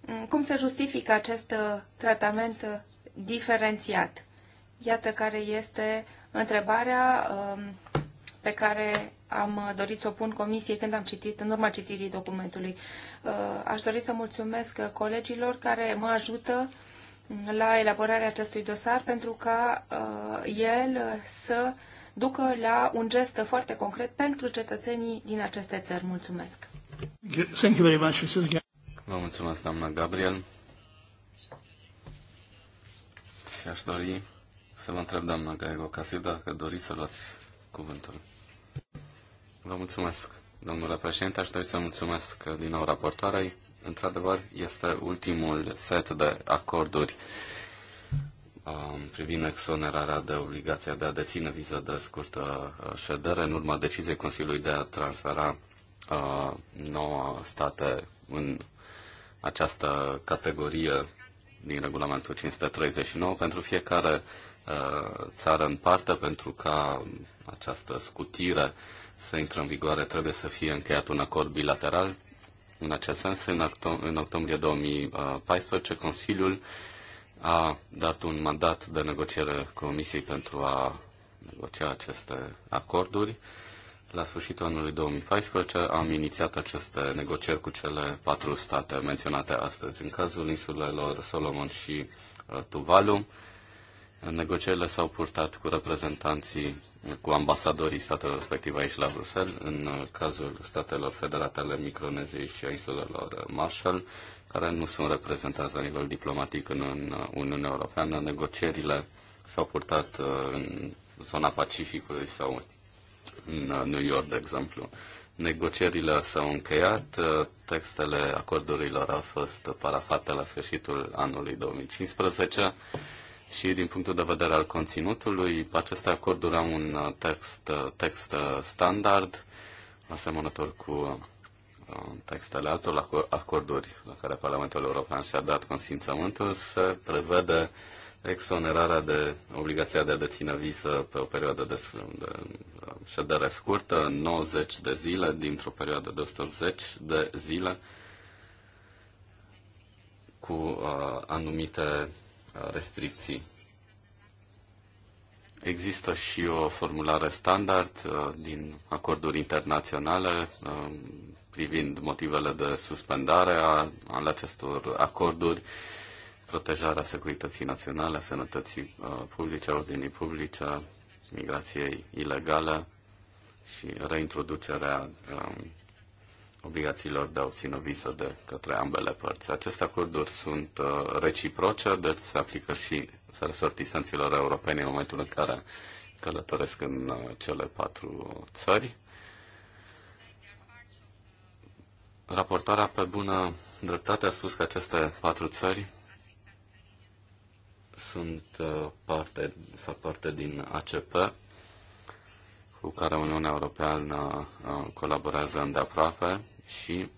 mm, cum se justifică acest tratament diferențiat Iată care este întrebarea um, pe care am dorit să o pun comisiei când am citit, în urma citirii documentului. Uh, aș dori să mulțumesc colegilor care mă ajută la elaborarea acestui dosar pentru ca uh, el să ducă la un gest foarte concret pentru cetățenii din aceste țări. Mulțumesc! Thank you very much, Mrs. Vă mulțumesc, doamna Gabriel. Și aș dori să vă întreb, doamna Gaigo Casil, dacă doriți să luați cuvântul. Vă mulțumesc, domnule președinte. Aș dori să mulțumesc din nou raportoarei. Într-adevăr, este ultimul set de acorduri um, privind exonerarea de obligația de a deține viză de scurtă uh, ședere în urma deciziei Consiliului de a transfera uh, noua state în această categorie din regulamentul 539. Pentru fiecare Uh, țară în parte pentru ca această scutire să intre în vigoare trebuie să fie încheiat un acord bilateral. În acest sens, în, octo- în octombrie 2014, Consiliul a dat un mandat de negociere Comisiei pentru a negocia aceste acorduri. La sfârșitul anului 2014 am inițiat aceste negocieri cu cele patru state menționate astăzi. În cazul insulelor Solomon și uh, Tuvalu, Negocierile s-au purtat cu reprezentanții, cu ambasadorii statelor respective aici la Bruxelles, în cazul statelor federate ale Microneziei și a insulelor Marshall, care nu sunt reprezentați la nivel diplomatic în Uniunea Europeană. Negocierile s-au purtat uh, în zona Pacificului sau în uh, New York, de exemplu. Negocierile s-au încheiat, uh, textele acordurilor au fost parafate la sfârșitul anului 2015 și din punctul de vedere al conținutului, aceste acorduri au un uh, text, uh, text uh, standard, asemănător cu textele altor acorduri la care Parlamentul European și-a dat consimțământul, se prevede exonerarea de obligația de a deține viză pe o perioadă de, de ședere scurtă, 90 de zile, dintr-o perioadă de 110 de zile, cu uh, anumite restricții. Există și o formulare standard uh, din acorduri internaționale uh, privind motivele de suspendare a, acestor acorduri, protejarea securității naționale, a sănătății uh, publice, a ordinii publice, migrației ilegale și reintroducerea um, obligațiilor de a obține viză de către ambele părți. Aceste acorduri sunt uh, reciproce, deci se aplică și resortisanților europene în momentul în care călătoresc în uh, cele patru țări. Raportarea pe bună dreptate a spus că aceste patru țări sunt uh, parte, fac parte din ACP, cu care Uniunea Europeană colaborează îndeaproape și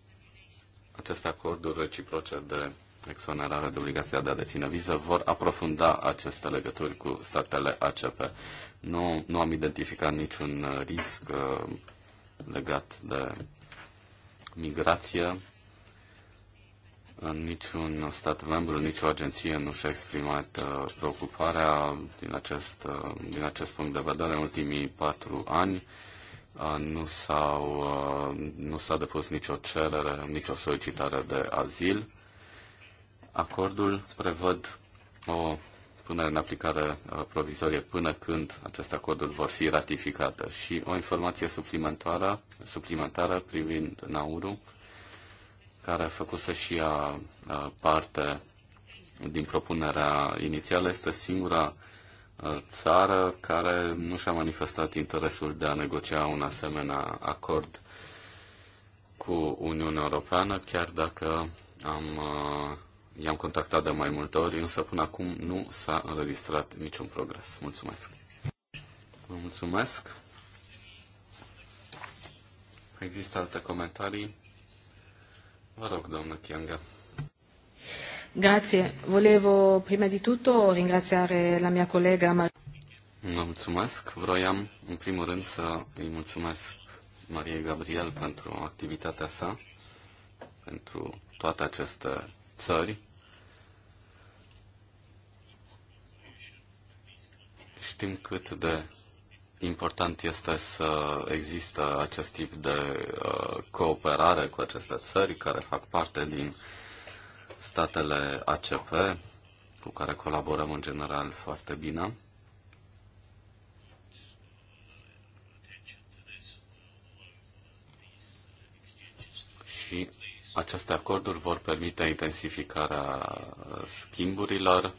aceste acorduri reciproce de exonerare de obligația de a deține viză vor aprofunda aceste legături cu statele ACP. Nu, nu am identificat niciun risc uh, legat de migrație. În niciun stat membru, nicio agenție nu și-a exprimat uh, preocuparea din acest, uh, din acest punct de vedere în ultimii patru ani. Uh, nu, s-au, nu s-a depus nicio cerere, nicio solicitare de azil. Acordul prevăd o punere în aplicare provizorie până când aceste acorduri vor fi ratificate. Și o informație suplimentară, suplimentară privind Nauru, care a făcut să și a parte din propunerea inițială, este singura Uh, țară care nu și-a manifestat interesul de a negocia un asemenea acord cu Uniunea Europeană, chiar dacă am, uh, i-am contactat de mai multe ori, însă până acum nu s-a înregistrat niciun progres. Mulțumesc! Vă mulțumesc! Există alte comentarii? Vă rog, doamnă Chianga. Grazie. Volevo prima di tutto ringraziare la mia collega mulțumesc. Vroiam, în primul rând, să îi mulțumesc Mariei Gabriel pentru activitatea sa, pentru toate aceste țări. Știm cât de important este să există acest tip de uh, cooperare cu aceste țări care fac parte din uh, statele ACP, cu care colaborăm în general foarte bine. Și aceste acorduri vor permite intensificarea schimburilor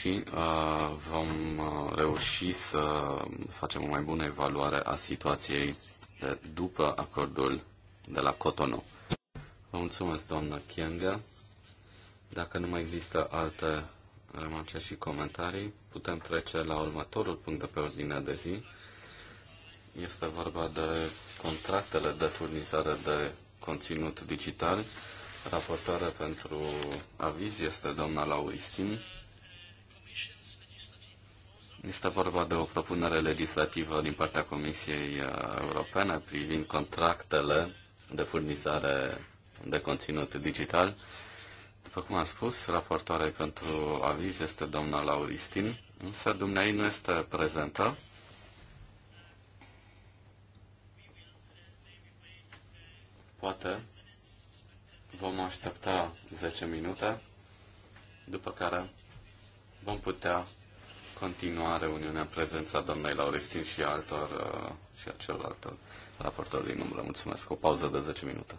și uh, vom uh, reuși să facem o mai bună evaluare a situației de după acordul de la Cotonou. Vă mulțumesc, doamna Chiengă. Dacă nu mai există alte remarce și comentarii, putem trece la următorul punct de pe ordinea de zi. Este vorba de contractele de furnizare de conținut digital. Raportoare pentru aviz este doamna Lauristin. Este vorba de o propunere legislativă din partea Comisiei Europene privind contractele de furnizare de conținut digital. După cum am spus, raportoare pentru aviz este doamna Lauristin, însă dumneai nu este prezentă. Poate vom aștepta 10 minute, după care vom putea continua reuniunea în prezența doamnei Lauristin și altor uh, și a celorlaltor raportori din umbră. Mulțumesc. O pauză de 10 minute.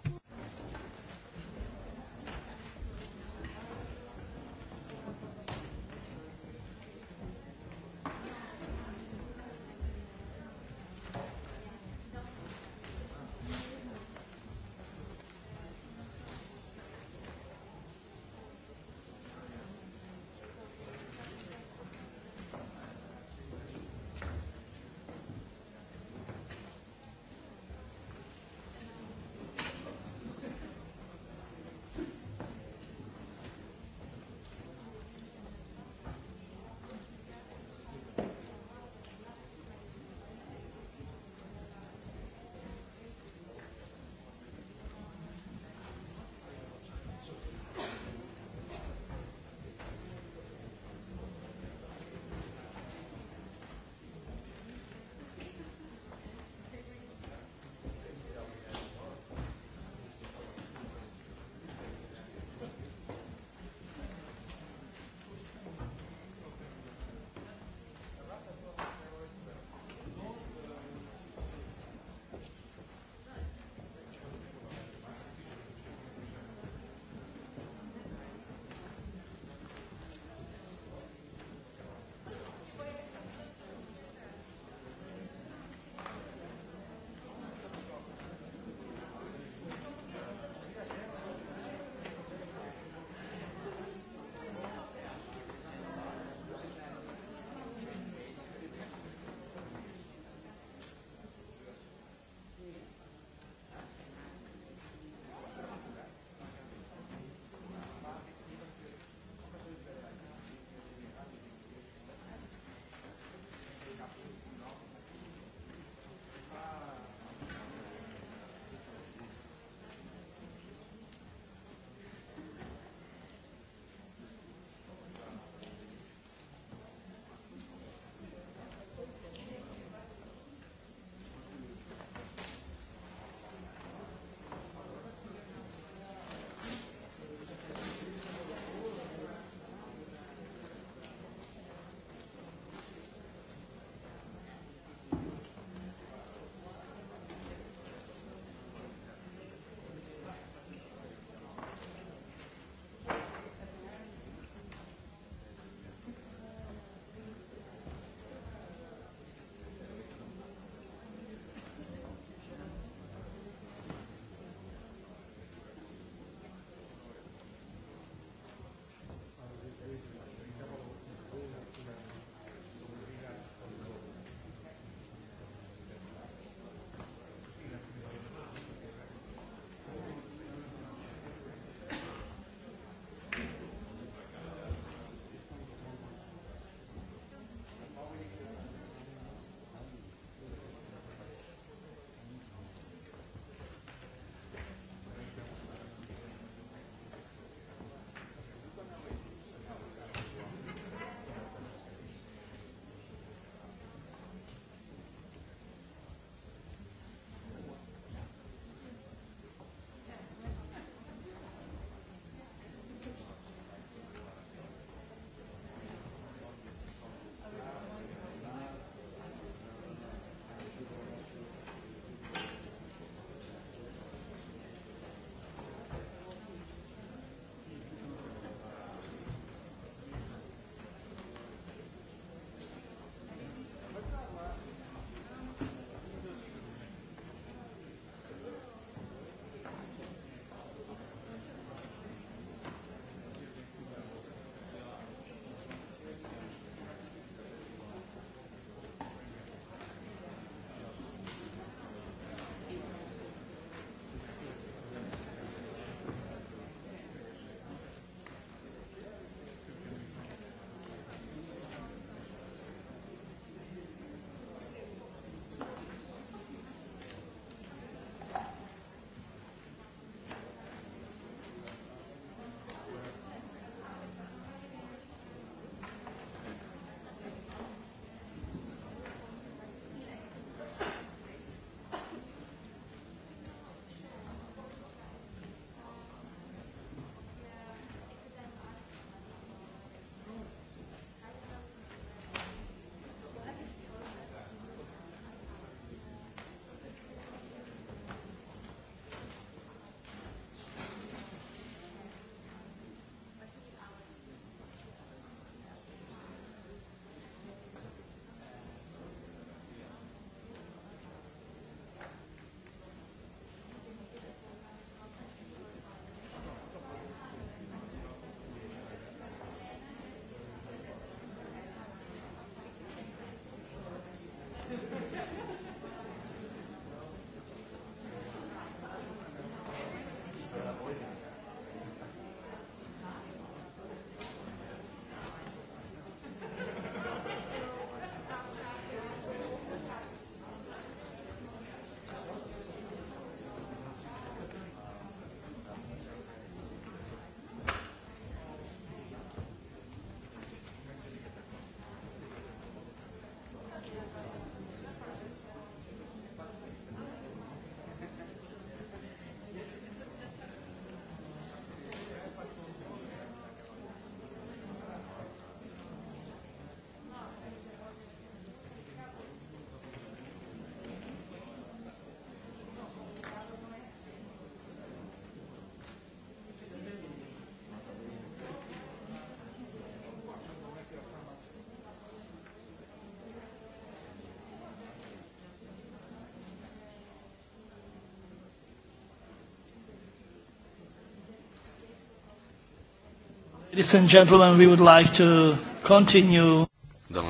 Ladies and gentlemen, we would like to continue.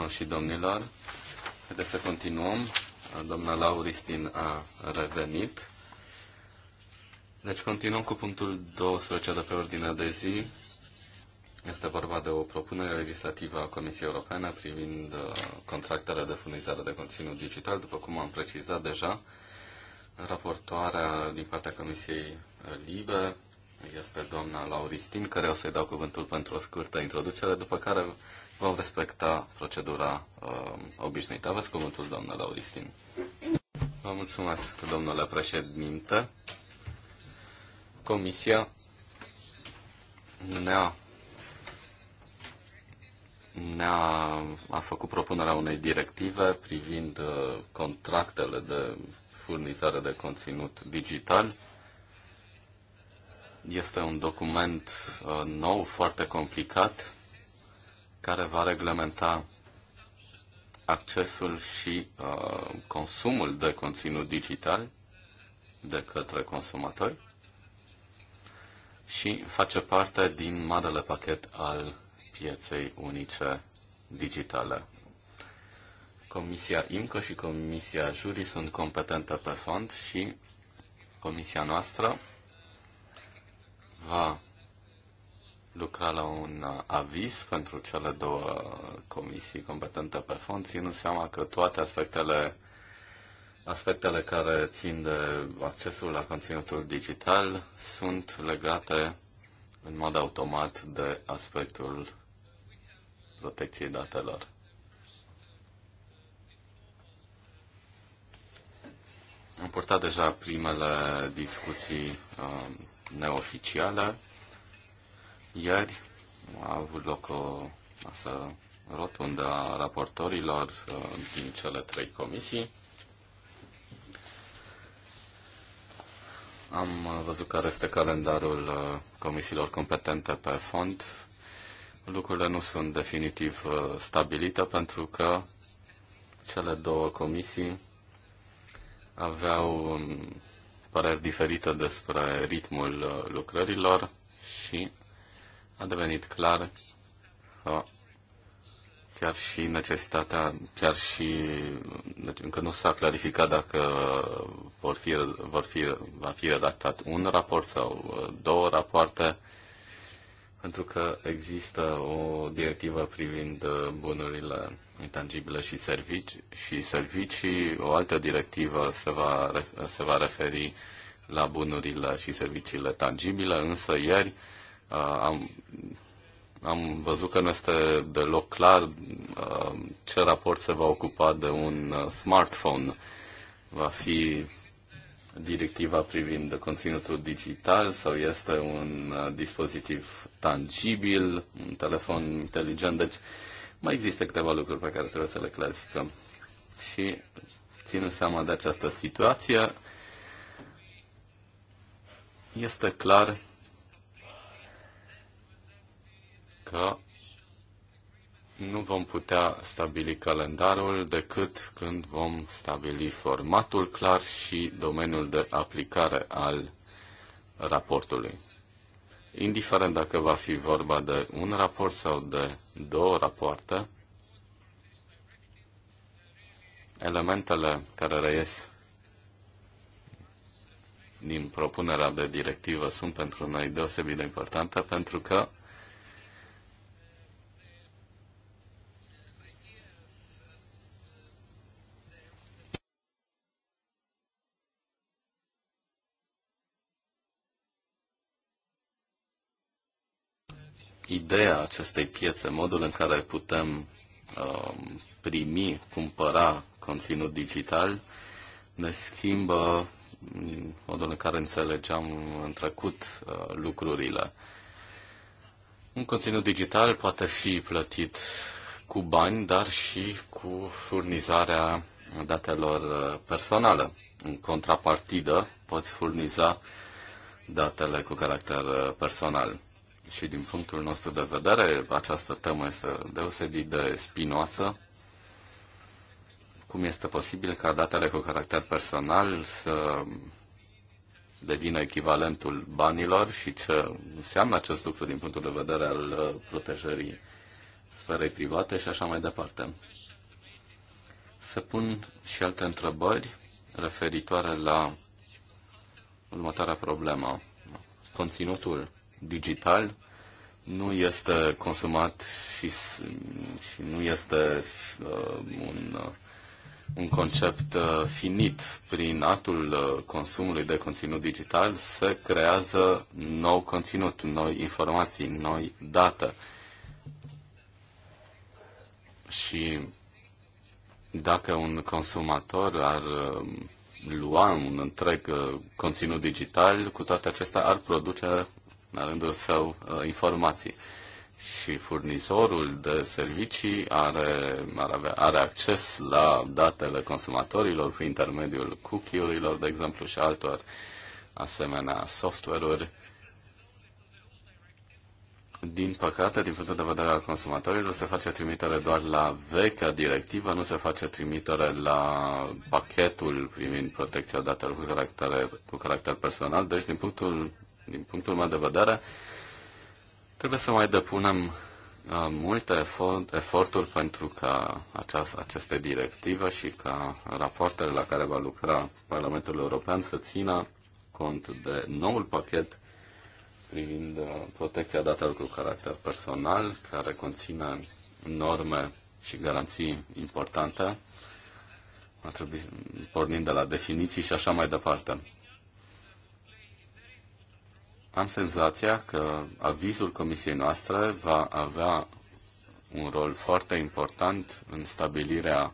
și domnilor, haideți să continuăm. Doamna Lauristin a revenit. Deci continuăm cu punctul 12 de pe ordinea de zi. Este vorba de o propunere legislativă a Comisiei Europene privind uh, contractele de furnizare de conținut digital. După cum am precizat deja, raportoarea din partea Comisiei Libe este doamna Lauristin, care o să-i dau cuvântul pentru o scurtă introducere, după care vom respecta procedura uh, obișnuită. Aveți cuvântul, doamna Lauristin. Vă mulțumesc, domnule președinte. Comisia ne-a ne-a a făcut propunerea unei directive privind uh, contractele de furnizare de conținut digital. Este un document uh, nou, foarte complicat, care va reglementa accesul și uh, consumul de conținut digital de către consumatori și face parte din marele pachet al pieței unice digitale. Comisia IMCO și Comisia Juri sunt competente pe fond și Comisia noastră va lucra la un aviz pentru cele două comisii competente pe fond, ținând seama că toate aspectele, aspectele care țin de accesul la conținutul digital sunt legate în mod automat de aspectul protecției datelor. Am purtat deja primele discuții um, neoficială. Ieri a avut loc o masă rotundă a raportorilor uh, din cele trei comisii. Am uh, văzut care este calendarul uh, comisiilor competente pe fond. Lucrurile nu sunt definitiv stabilite pentru că cele două comisii aveau păreri diferite despre ritmul uh, lucrărilor și a devenit clar că chiar și necesitatea, chiar și deci încă nu s-a clarificat dacă vor fi, vor fi, va fi redactat un raport sau uh, două rapoarte pentru că există o directivă privind uh, bunurile intangibile și servicii, și servicii o altă directivă se va, se va referi la bunurile și serviciile tangibile, însă ieri uh, am, am văzut că nu este deloc clar uh, ce raport se va ocupa de un smartphone. Va fi directiva privind conținutul digital sau este un uh, dispozitiv tangibil, un telefon inteligent. Deci mai există câteva lucruri pe care trebuie să le clarificăm. Și ținând seama de această situație, este clar că nu vom putea stabili calendarul decât când vom stabili formatul clar și domeniul de aplicare al raportului. Indiferent dacă va fi vorba de un raport sau de două rapoarte, elementele care reies din propunerea de directivă sunt pentru noi deosebit de importante pentru că ideea acestei piețe, modul în care putem um, primi, cumpăra conținut digital, ne schimbă mm, modul în care înțelegeam în trecut uh, lucrurile. Un conținut digital poate fi plătit cu bani, dar și cu furnizarea datelor uh, personale. În contrapartidă, poți furniza datele cu caracter uh, personal și din punctul nostru de vedere, această temă este deosebit de spinoasă. Cum este posibil ca datele cu caracter personal să devină echivalentul banilor și ce înseamnă acest lucru din punctul de vedere al uh, protejării sferei private și așa mai departe. Se pun și alte întrebări referitoare la următoarea problemă. Conținutul digital nu este consumat și, și nu este uh, un, uh, un concept uh, finit. Prin actul uh, consumului de conținut digital se creează nou conținut, noi informații, noi date. Și dacă un consumator ar uh, lua un întreg uh, conținut digital, cu toate acestea ar produce la rândul său uh, informații. Și furnizorul de servicii are, are, avea, are acces la datele consumatorilor prin intermediul cookie-urilor, de exemplu, și altor asemenea software-uri. Din păcate, din punctul de vedere al consumatorilor, se face trimitere doar la vechea directivă, nu se face trimitere la pachetul privind protecția datelor cu caracter, cu caracter personal. Deci, din punctul din punctul meu de vedere, trebuie să mai depunem uh, multe efort, eforturi pentru ca aceast, aceste directive și ca rapoartele la care va lucra Parlamentul European să țină cont de noul pachet privind uh, protecția datelor cu caracter personal, care conține norme și garanții importante, trebui, pornind de la definiții și așa mai departe am senzația că avizul comisiei noastre va avea un rol foarte important în stabilirea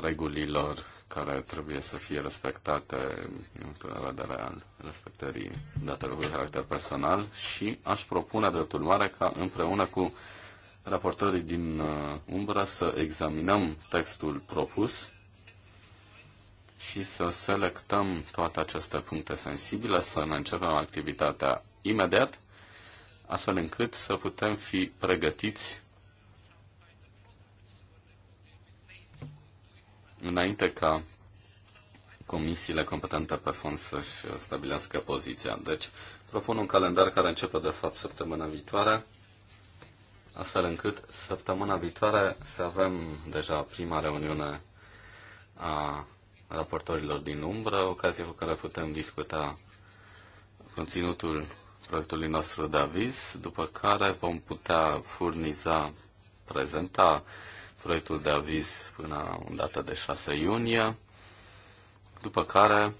regulilor care trebuie să fie respectate în punct de vedere al respectării datelor cu caracter personal și aș propune drept urmare ca împreună cu raportorii din uh, umbră să examinăm textul propus și să selectăm toate aceste puncte sensibile, să ne începem activitatea imediat, astfel încât să putem fi pregătiți înainte ca comisiile competente pe fond să-și stabilească poziția. Deci, propun un calendar care începe, de fapt, săptămâna viitoare, astfel încât săptămâna viitoare să avem deja prima reuniune a raportorilor din umbră, ocazie cu care putem discuta conținutul proiectului nostru de aviz, după care vom putea furniza, prezenta proiectul de aviz până în data de 6 iunie, după care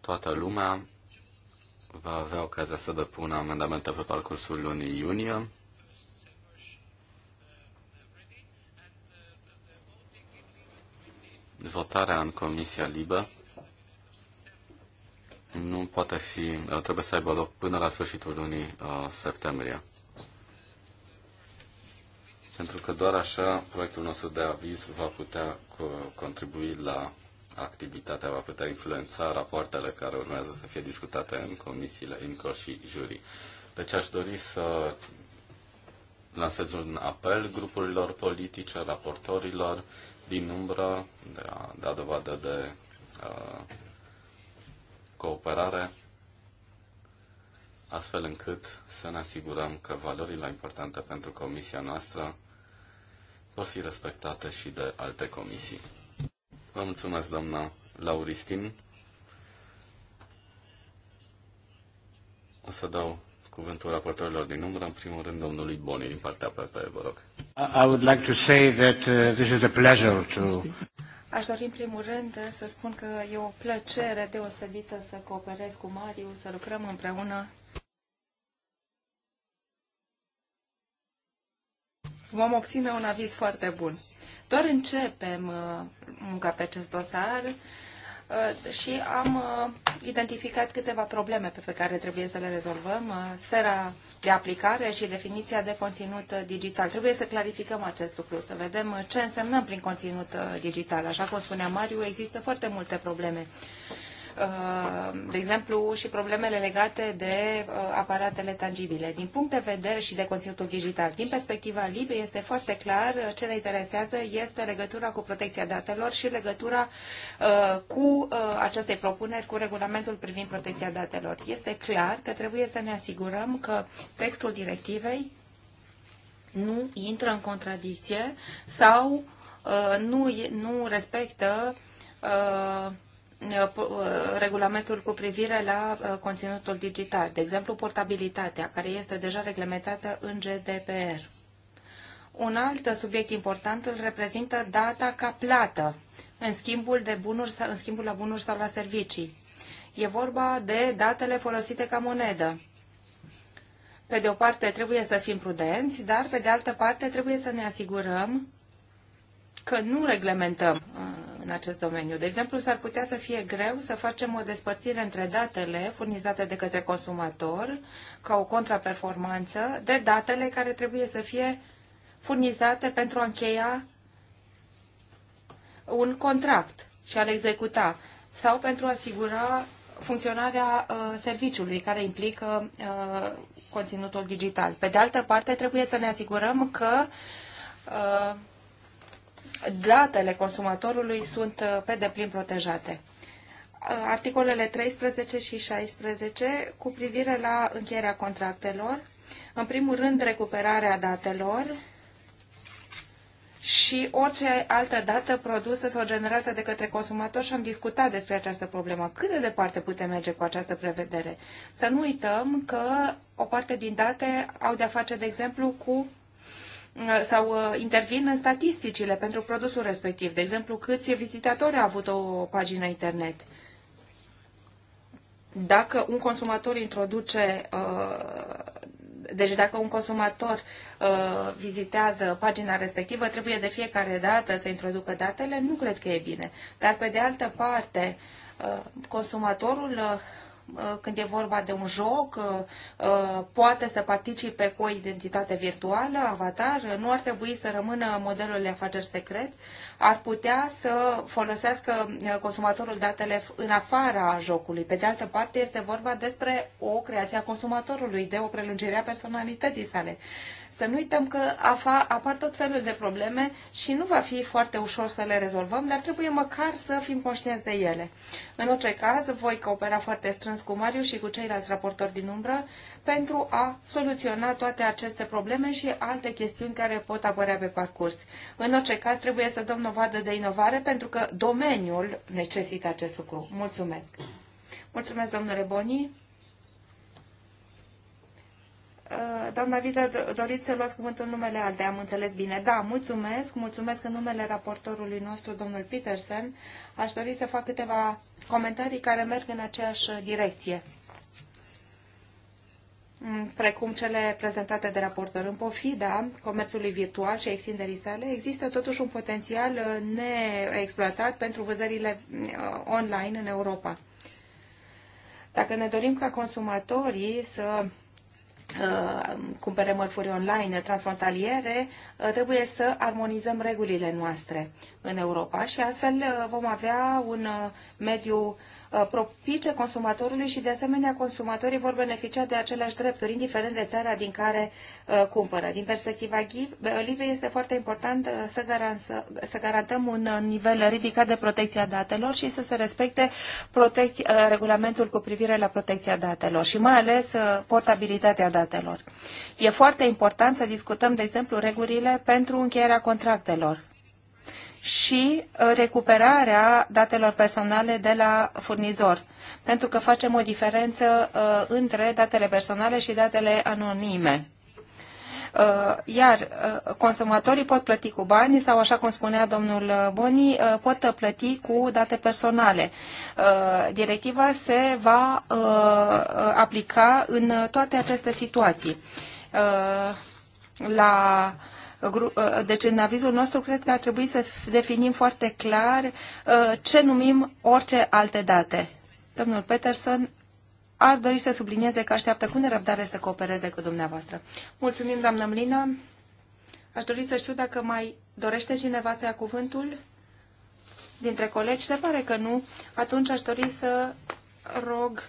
toată lumea va avea ocazia să depună amendamente pe parcursul lunii iunie votarea în Comisia Libă nu poate fi, uh, trebuie să aibă loc până la sfârșitul lunii uh, septembrie. Pentru că doar așa proiectul nostru de aviz va putea contribui la activitatea, va putea influența rapoartele care urmează să fie discutate în comisiile INCO și jurii. Deci aș dori să lansez un apel grupurilor politice, raportorilor, din umbră, de a da dovadă de cooperare, astfel încât să ne asigurăm că valorile importante pentru comisia noastră vor fi respectate și de alte comisii. Vă mulțumesc, doamna Lauristin. O să dau cuvântul raportorilor din umbră, în primul rând domnului Boni din partea PP, vă rog. I would like to say that uh, this is a pleasure to Aș dori în primul rând să spun că e o plăcere deosebită să cooperez cu Mariu, să lucrăm împreună. Vom obține un aviz foarte bun. Doar începem uh, munca pe acest dosar. Uh, și am uh, identificat câteva probleme pe care trebuie să le rezolvăm. Uh, sfera de aplicare și definiția de conținut digital. Trebuie să clarificăm acest lucru, să vedem ce însemnăm prin conținut digital. Așa cum spunea Mariu, există foarte multe probleme Uh, de exemplu, și problemele legate de uh, aparatele tangibile. Din punct de vedere și de conținutul digital, din perspectiva Libiei, este foarte clar uh, ce ne interesează este legătura cu protecția datelor și legătura cu aceste propuneri, cu regulamentul privind protecția datelor. Este clar că trebuie să ne asigurăm că textul directivei nu intră în contradicție sau nu, nu respectă Uh, uh, regulamentul cu privire la uh, conținutul digital, de exemplu portabilitatea, care este deja reglementată în GDPR. Un alt subiect important îl reprezintă data ca plată în schimbul, de bunuri, în schimbul la bunuri sau la servicii. E vorba de datele folosite ca monedă. Pe de o parte trebuie să fim prudenți, dar pe de altă parte trebuie să ne asigurăm că nu reglementăm uh, în acest domeniu. De exemplu, s-ar putea să fie greu să facem o despărțire între datele furnizate de către consumator ca o contraperformanță de datele care trebuie să fie furnizate pentru a încheia un contract și a-l executa sau pentru a asigura funcționarea uh, serviciului care implică uh, conținutul digital. Pe de altă parte, trebuie să ne asigurăm că uh, datele consumatorului sunt uh, pe deplin protejate. Uh, articolele 13 și 16 cu privire la încheierea contractelor, în primul rând recuperarea datelor, și orice altă dată produsă sau generată de către consumator și am discutat despre această problemă. Cât de departe putem merge cu această prevedere? Să nu uităm că o parte din date au de-a face, de exemplu, cu Uh, sau uh, intervin în statisticile pentru produsul respectiv. De exemplu, câți vizitatori a avut o pagină internet. Dacă un consumator introduce uh, deci dacă un consumator vizitează pagina respectivă, trebuie de fiecare dată să introducă datele, nu cred că e bine. Dar pe de altă parte, consumatorul Uh, când e vorba de un joc, uh, uh, poate să participe cu o identitate virtuală, avatar, nu ar trebui să rămână modelul de afaceri secret, ar putea să folosească consumatorul datele în afara jocului. Pe de altă parte, este vorba despre o creație a consumatorului, de o prelungire a personalității sale. Să nu uităm că apar tot felul de probleme și nu va fi foarte ușor să le rezolvăm, dar trebuie măcar să fim conștienți de ele. În orice caz, voi coopera foarte strâns cu Mariu și cu ceilalți raportori din umbră pentru a soluționa toate aceste probleme și alte chestiuni care pot apărea pe parcurs. În orice caz, trebuie să dăm novadă de inovare pentru că domeniul necesită acest lucru. Mulțumesc! Mulțumesc, domnule Boni! Eh, doamna Vita, doriți să luați cuvântul numele ALDE, am înțeles bine. Da, mulțumesc, mulțumesc în numele raportorului nostru, domnul Peterson. Aș dori să fac câteva comentarii care merg în aceeași direcție mm, precum cele prezentate de raportor. În pofida comerțului virtual și extinderii sale, există totuși un potențial eh, neexploatat pentru vânzările eh, online în Europa. Dacă ne dorim ca consumatorii să Uh, cumpere mărfuri online transfrontaliere, uh, trebuie să armonizăm regulile noastre în Europa și astfel uh, vom avea un mediu Uh, propice consumatorului și, de asemenea, consumatorii vor beneficia de aceleași drepturi, indiferent de țara din care uh, cumpără. Din perspectiva Olive, uh, este foarte important să, garanță, să garantăm un nivel ridicat de protecție a datelor și să se respecte regulamentul cu privire la protecția datelor și mai ales portabilitatea datelor. E foarte important să discutăm, de exemplu, regulile pentru încheierea contractelor și uh, recuperarea datelor personale de la furnizor, pentru că facem o diferență uh, între datele personale și datele anonime uh, iar consumatorii pot plăti cu bani sau, așa cum spunea domnul Boni, pot plăti cu date personale. Directiva se va aplica în toate aceste situații. La Ă, deci în avizul nostru cred că ar trebui să definim foarte clar ă, ce numim orice alte date. Domnul Peterson ar dori să sublinieze că așteaptă cu nerăbdare să coopereze cu dumneavoastră. Mulțumim, doamnă Mlina. Aș dori să știu dacă mai dorește cineva să ia cuvântul dintre colegi. Se pare că nu. Atunci aș dori să rog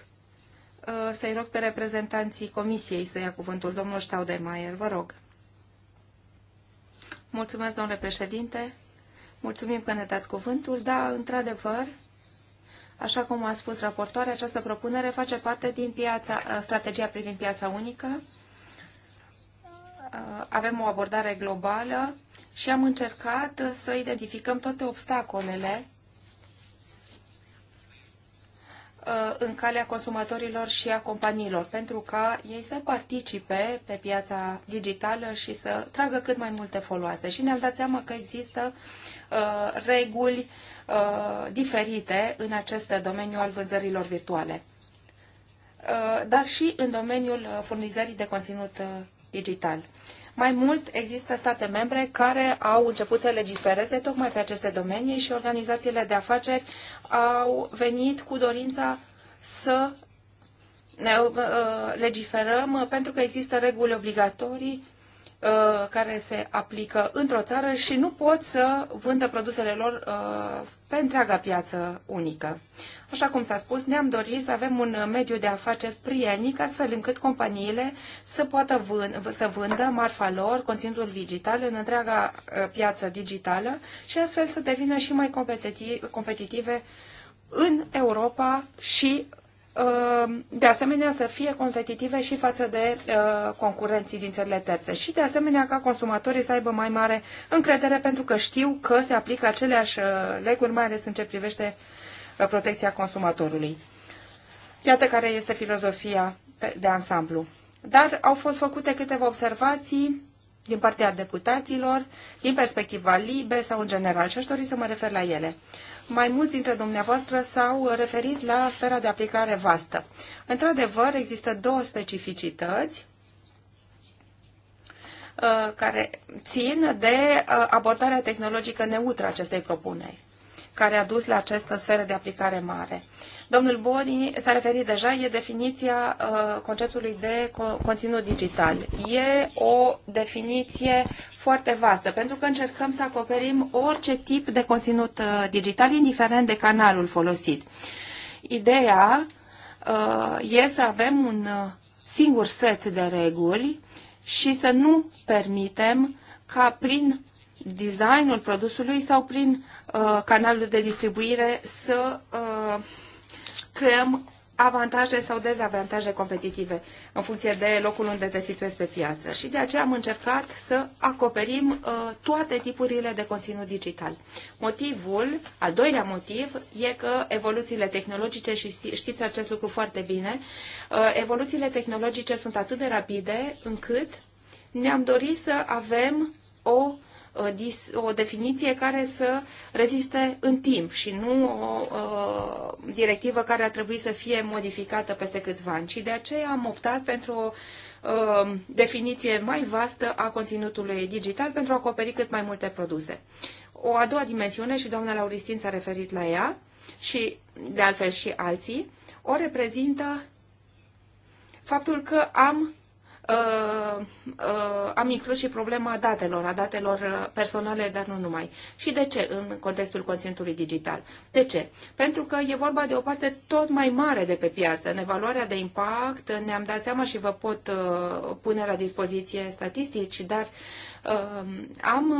ă, să-i rog pe reprezentanții comisiei să ia cuvântul. Domnul Staudemaier, vă rog. Mulțumesc, domnule președinte. Mulțumim că ne dați cuvântul. Da, într-adevăr, așa cum a spus raportoarea, această propunere face parte din piața, strategia privind piața unică. Avem o abordare globală și am încercat să identificăm toate obstacolele Uh, în calea consumatorilor și a companiilor, pentru ca ei să participe pe piața digitală și să tragă cât mai multe foloase. Și ne-am dat seama că există uh, reguli uh, diferite în acest domeniu al vânzărilor virtuale, dar și în domeniul furnizării de conținut digital. Mai mult, există state membre care au început să legifereze tocmai pe aceste domenii și organizațiile de afaceri au venit cu dorința să ne, uh, legiferăm uh, pentru că există reguli obligatorii Uh, care se aplică într-o țară și nu pot să vândă produsele lor uh, pe întreaga piață unică. Așa cum s-a spus, ne-am dorit să avem un mediu de afaceri prienic, astfel încât companiile să poată vând, să vândă marfa lor, conținutul digital, în întreaga uh, piață digitală și astfel să devină și mai competitive în Europa și Uh, de asemenea să fie competitive și față de uh, concurenții din țările terțe și de asemenea ca consumatorii să aibă mai mare încredere pentru că știu că se aplică aceleași leguri, uh, mai ales în ce privește protecția consumatorului. Iată care este filozofia de ansamblu. Dar au fost făcute câteva observații din partea deputaților, din perspectiva LIBE sau în general și aș dori să mă refer la ele. Mai mulți dintre dumneavoastră s-au referit la sfera de aplicare vastă. Într-adevăr, există două specificități uh, care țin de uh, abordarea tehnologică neutră acestei propuneri, care a dus la această sferă de aplicare mare. Domnul Boni s-a referit deja, e definiția uh, conceptului de conținut digital. E o definiție foarte vastă, pentru că încercăm să acoperim orice tip de conținut uh, digital, indiferent de canalul folosit. Ideea uh, e să avem un singur set de reguli și să nu permitem ca prin designul produsului sau prin uh, canalul de distribuire să uh, creăm avantaje sau dezavantaje competitive în funcție de locul unde te situezi pe piață. Și de aceea am încercat să acoperim uh, toate tipurile de conținut digital. Motivul, al doilea motiv, e că evoluțiile tehnologice, și știți acest lucru foarte bine, uh, evoluțiile tehnologice sunt atât de rapide încât ne-am dorit să avem o Uh, o definiție care să reziste în timp și nu o uh, directivă care ar trebui să fie modificată peste câțiva ani. Și de aceea am optat pentru o uh, definiție mai vastă a conținutului digital pentru a acoperi cât mai multe produse. O a doua dimensiune, și doamna Lauristin s-a referit la ea, și de altfel și alții, o reprezintă faptul că am uh, uh, am inclus și problema datelor, a datelor uh, personale, dar nu numai. Și de ce în contextul conținutului digital? De ce? Pentru că e vorba de o parte tot mai mare de pe piață. În evaluarea de impact ne-am dat seama și vă pot uh, pune la dispoziție statistici, dar uh, Ehm, am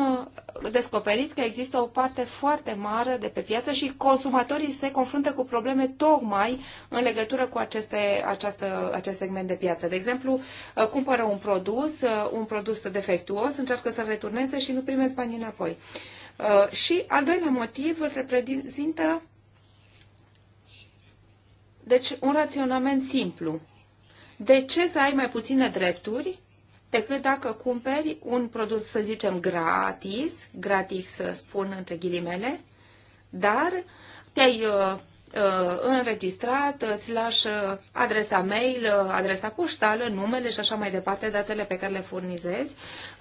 eh, descoperit că există o parte foarte mare de pe piață și consumatorii se confruntă cu probleme tocmai în legătură cu aceste, această, acest segment de piață. De exemplu, eh, cumpără un produs, eh, un produs defectuos, încearcă să-l returneze și nu primesc banii înapoi. Și al doilea motiv îl reprezintă deci un raționament simplu. De ce să ai mai puține drepturi decât dacă cumperi un produs, să zicem, gratis, gratis să spun între ghilimele, dar te-ai uh, uh, înregistrat, îți lași uh, adresa mail, uh, adresa poștală, numele și așa mai departe, datele pe care le furnizezi.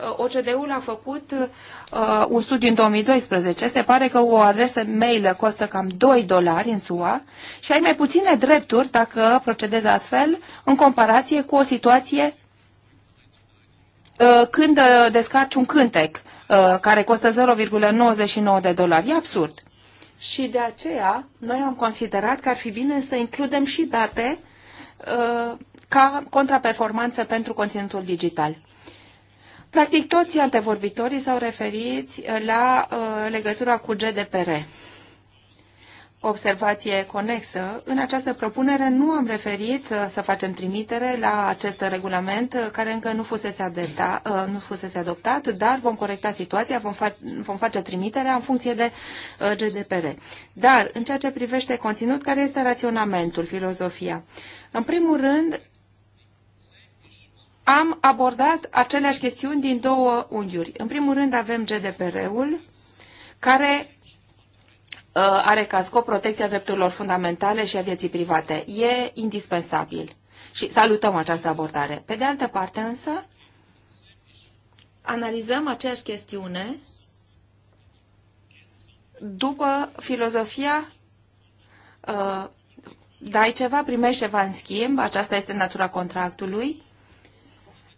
Uh, OCDE-ul a făcut uh, un studiu în 2012. Se pare că o adresă mail costă cam 2 dolari în SUA și ai mai puține drepturi dacă procedezi astfel în comparație cu o situație Uh, când uh, descarci un cântec uh, care costă 0,99 de dolari. E absurd. Și de aceea noi am considerat că ar fi bine să includem și date ca contraperformanță pentru conținutul digital. Practic toți antevorbitorii s-au referit la legătura cu GDPR observație conexă. În această propunere nu am referit uh, să facem trimitere la acest regulament uh, care încă nu fusese, adepta, uh, nu fusese adoptat, dar vom corecta situația, vom, fa- vom face trimiterea în funcție de GDPR. Dar, în ceea ce privește conținut, care este raționamentul, filozofia? În primul rând, am abordat aceleași chestiuni din două unghiuri. În primul rând avem GDPR-ul, care Uh, are ca scop protecția drepturilor fundamentale și a vieții private. E indispensabil și salutăm această abordare. Pe de altă parte însă, analizăm aceeași chestiune după filozofia uh, dai ceva, primești ceva în schimb, aceasta este natura contractului,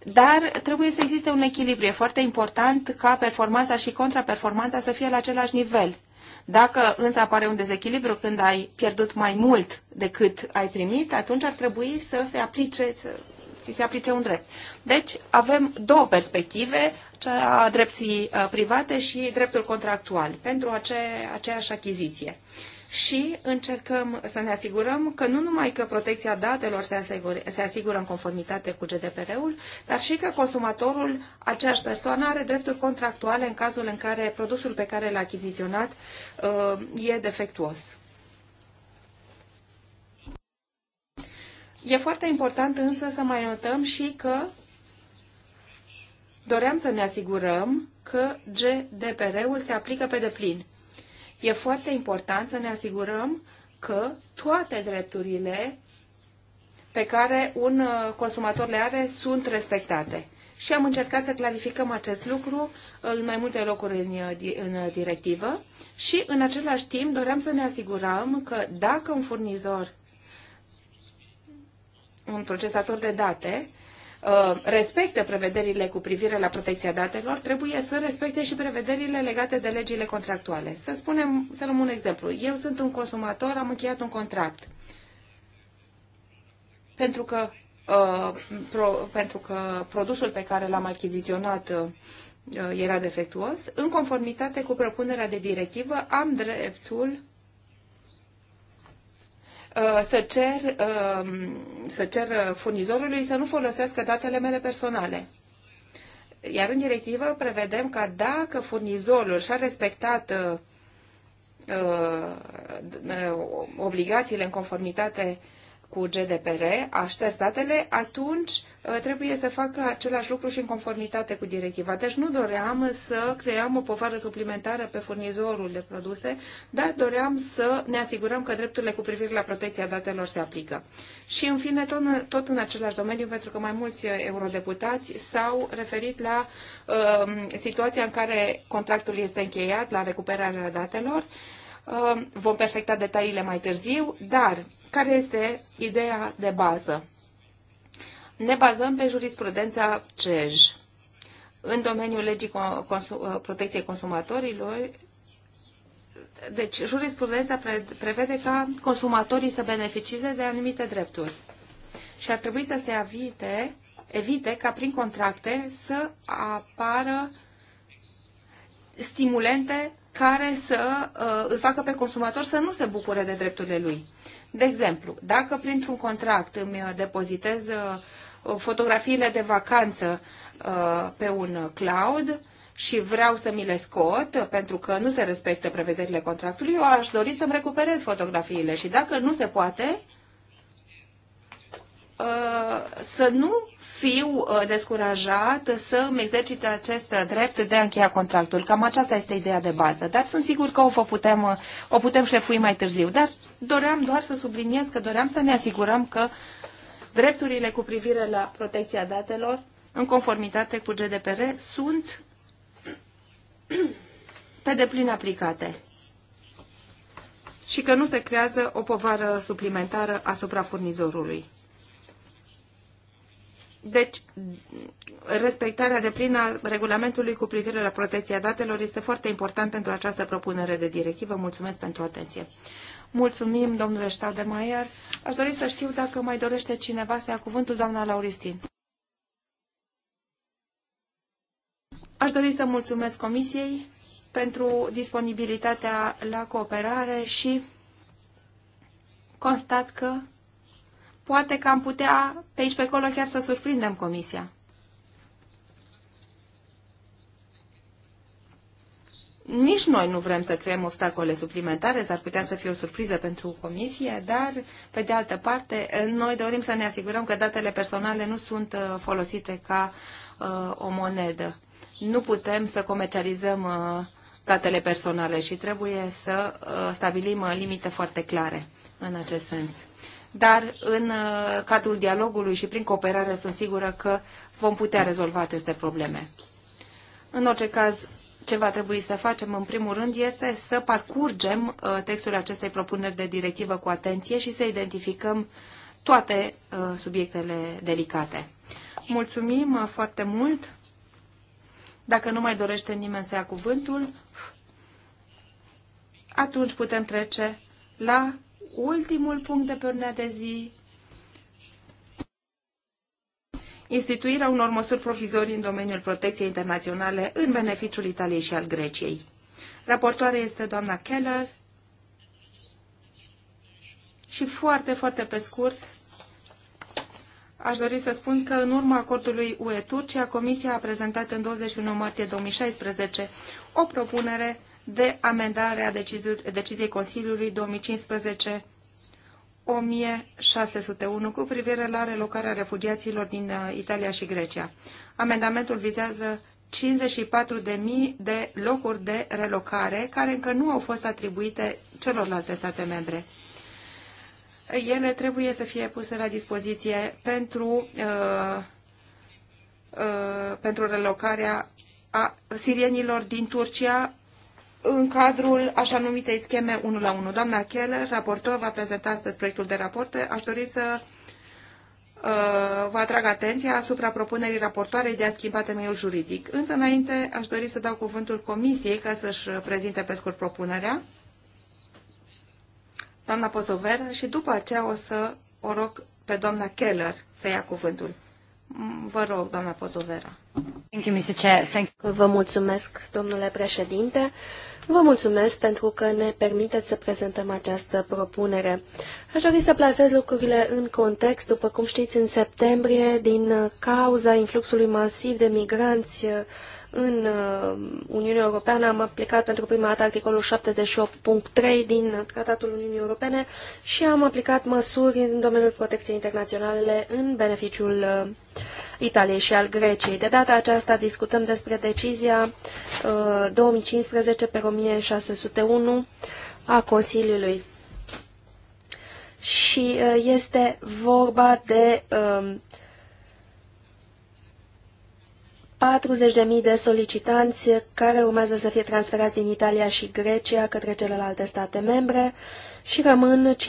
dar trebuie să existe un echilibru. E foarte important ca performanța și contraperformanța să fie la același nivel. Dacă însă apare un dezechilibru când ai pierdut mai mult decât ai primit, atunci ar trebui să se aplice, să ți se aplice un drept. Deci avem două perspective, cea a dreptii uh, private și dreptul contractual, pentru ace, aceeași achiziție. Uh, și încercăm să ne asigurăm că nu numai că protecția datelor se, asigură, se asigură în conformitate cu GDPR-ul, dar și că consumatorul, aceeași persoană, are drepturi contractuale în cazul în care produsul pe care l-a achiziționat uh, e defectuos. E foarte important însă să mai notăm și că doream să ne asigurăm că GDPR-ul se aplică pe deplin E foarte important să ne asigurăm că toate drepturile pe care un uh, consumator le are sunt respectate. Și am încercat să clarificăm acest lucru uh, în mai multe locuri în, uh, în directivă și în același timp doream să ne asigurăm că dacă un furnizor, un procesator de date, Uh, respectă prevederile cu privire la protecția datelor, trebuie să respecte și prevederile legate de legile contractuale. Să spunem, să luăm un exemplu. Eu sunt un consumator, am încheiat un contract. Pentru că, uh, pro, pentru că produsul pe care l-am achiziționat uh, era defectuos, în conformitate cu propunerea de directivă, am dreptul Uh, să cer, uh, să cer furnizorului să nu folosească datele mele personale. Iar în directivă prevedem că dacă furnizorul și-a respectat uh, obligațiile în conformitate cu GDPR aștia statele, atunci uh, trebuie să facă același lucru și în conformitate cu directiva. Deci nu doream să creăm o povară suplimentară pe furnizorul de produse, dar doream să ne asigurăm că drepturile cu privire la protecția datelor se aplică. Și în fine, tot în, tot în același domeniu, pentru că mai mulți eurodeputați s-au referit la uh, situația în care contractul este încheiat, la recuperarea datelor, uh, Um, vom perfecta detaliile mai târziu, dar care este ideea de bază? Ne bazăm pe jurisprudența CEJ în domeniul legii uh, protecției consumatorilor. Deci, jurisprudența prevede ca consumatorii să beneficieze de anumite drepturi și ar trebui să se evite, evite ca prin contracte să apară stimulente care să uh, îl facă pe consumator să nu se bucure de drepturile lui. De exemplu, dacă printr-un contract îmi uh, depozitez uh, uh, fotografiile de vacanță uh, pe un cloud și vreau să mi le scot uh, pentru că nu se respectă prevederile contractului, eu aș dori să-mi recuperez fotografiile și dacă nu se poate, uh, să nu fiu uh, descurajat să îmi exercite acest drept de a încheia contractul. Cam aceasta este ideea de bază, dar sunt sigur că o, putem, uh, o putem șlefui mai târziu. Dar doream doar să subliniez că doream să ne asigurăm că drepturile cu privire la protecția datelor în conformitate cu GDPR sunt pe deplin aplicate și că nu se creează o povară suplimentară asupra furnizorului. Deci, respectarea de plină a regulamentului cu privire la protecția datelor este foarte important pentru această propunere de directivă. Mulțumesc pentru atenție. Mulțumim, domnule Stademaier. Aș dori să știu dacă mai dorește cineva să ia cuvântul, doamna Lauristin. Aș dori să mulțumesc Comisiei pentru disponibilitatea la cooperare și constat că Poate că am putea pe aici pe acolo chiar să surprindem comisia. Nici noi nu vrem să creăm obstacole suplimentare, s-ar putea să fie o surpriză pentru comisie, dar, pe de altă parte, noi dorim să ne asigurăm că datele personale nu sunt uh, folosite ca uh, o monedă. Nu putem să comercializăm uh, datele personale și trebuie să uh, stabilim uh, limite foarte clare în acest sens dar în uh, cadrul dialogului și prin cooperare sunt sigură că vom putea rezolva aceste probleme. În orice caz, ce va trebui să facem în primul rând este să parcurgem uh, textul acestei propuneri de directivă cu atenție și să identificăm toate uh, subiectele delicate. Mulțumim foarte mult! Dacă nu mai dorește nimeni să ia cuvântul, atunci putem trece la ultimul punct de pe urmea de zi, instituirea unor măsuri provizorii în domeniul protecției internaționale în beneficiul Italiei și al Greciei. Raportoare este doamna Keller și foarte, foarte pe scurt, Aș dori să spun că în urma acordului UE-Turcia, Comisia a prezentat în 21 martie 2016 o propunere de amendare a deciziei Consiliului 2015 1601 cu privire la relocarea refugiaților din uh, Italia și Grecia. Amendamentul vizează 54.000 de locuri de relocare care încă nu au fost atribuite celorlalte state membre. Ele trebuie să fie puse la dispoziție pentru, uh, uh, pentru relocarea a sirienilor din Turcia, în cadrul așa numitei scheme 1 la 1. Doamna Keller, raportor, va prezenta astăzi proiectul de raport. Aș dori să uh, vă atrag atenția asupra propunerii raportoarei de a schimba temeiul juridic. Însă, înainte, aș dori să dau cuvântul Comisiei ca să-și prezinte pe scurt propunerea. Doamna Pozover și după aceea o să o rog pe doamna Keller să ia cuvântul. Mm, vă rog, doamna Pozovera. Thank you, Mr. Chair. Thank you. Vă mulțumesc, domnule președinte. Uh, Vă mulțumesc pentru că ne permiteți să prezentăm această propunere. Aș dori să plasez lucrurile în context. După cum știți, în septembrie, din cauza influxului masiv de migranți uh, în uh, Uniunea Europeană, am aplicat pentru prima dată articolul 78.3 din Tratatul Uniunii Europene și am aplicat măsuri în domeniul protecției internaționale în beneficiul uh, Italiei și al Greciei. De data aceasta discutăm despre decizia 2015 uh, pe 1601 a Consiliului. Și uh, este vorba de 40.000 um, de solicitanți care urmează să fie transferați din Italia și Grecia către celelalte state membre și rămân 54.000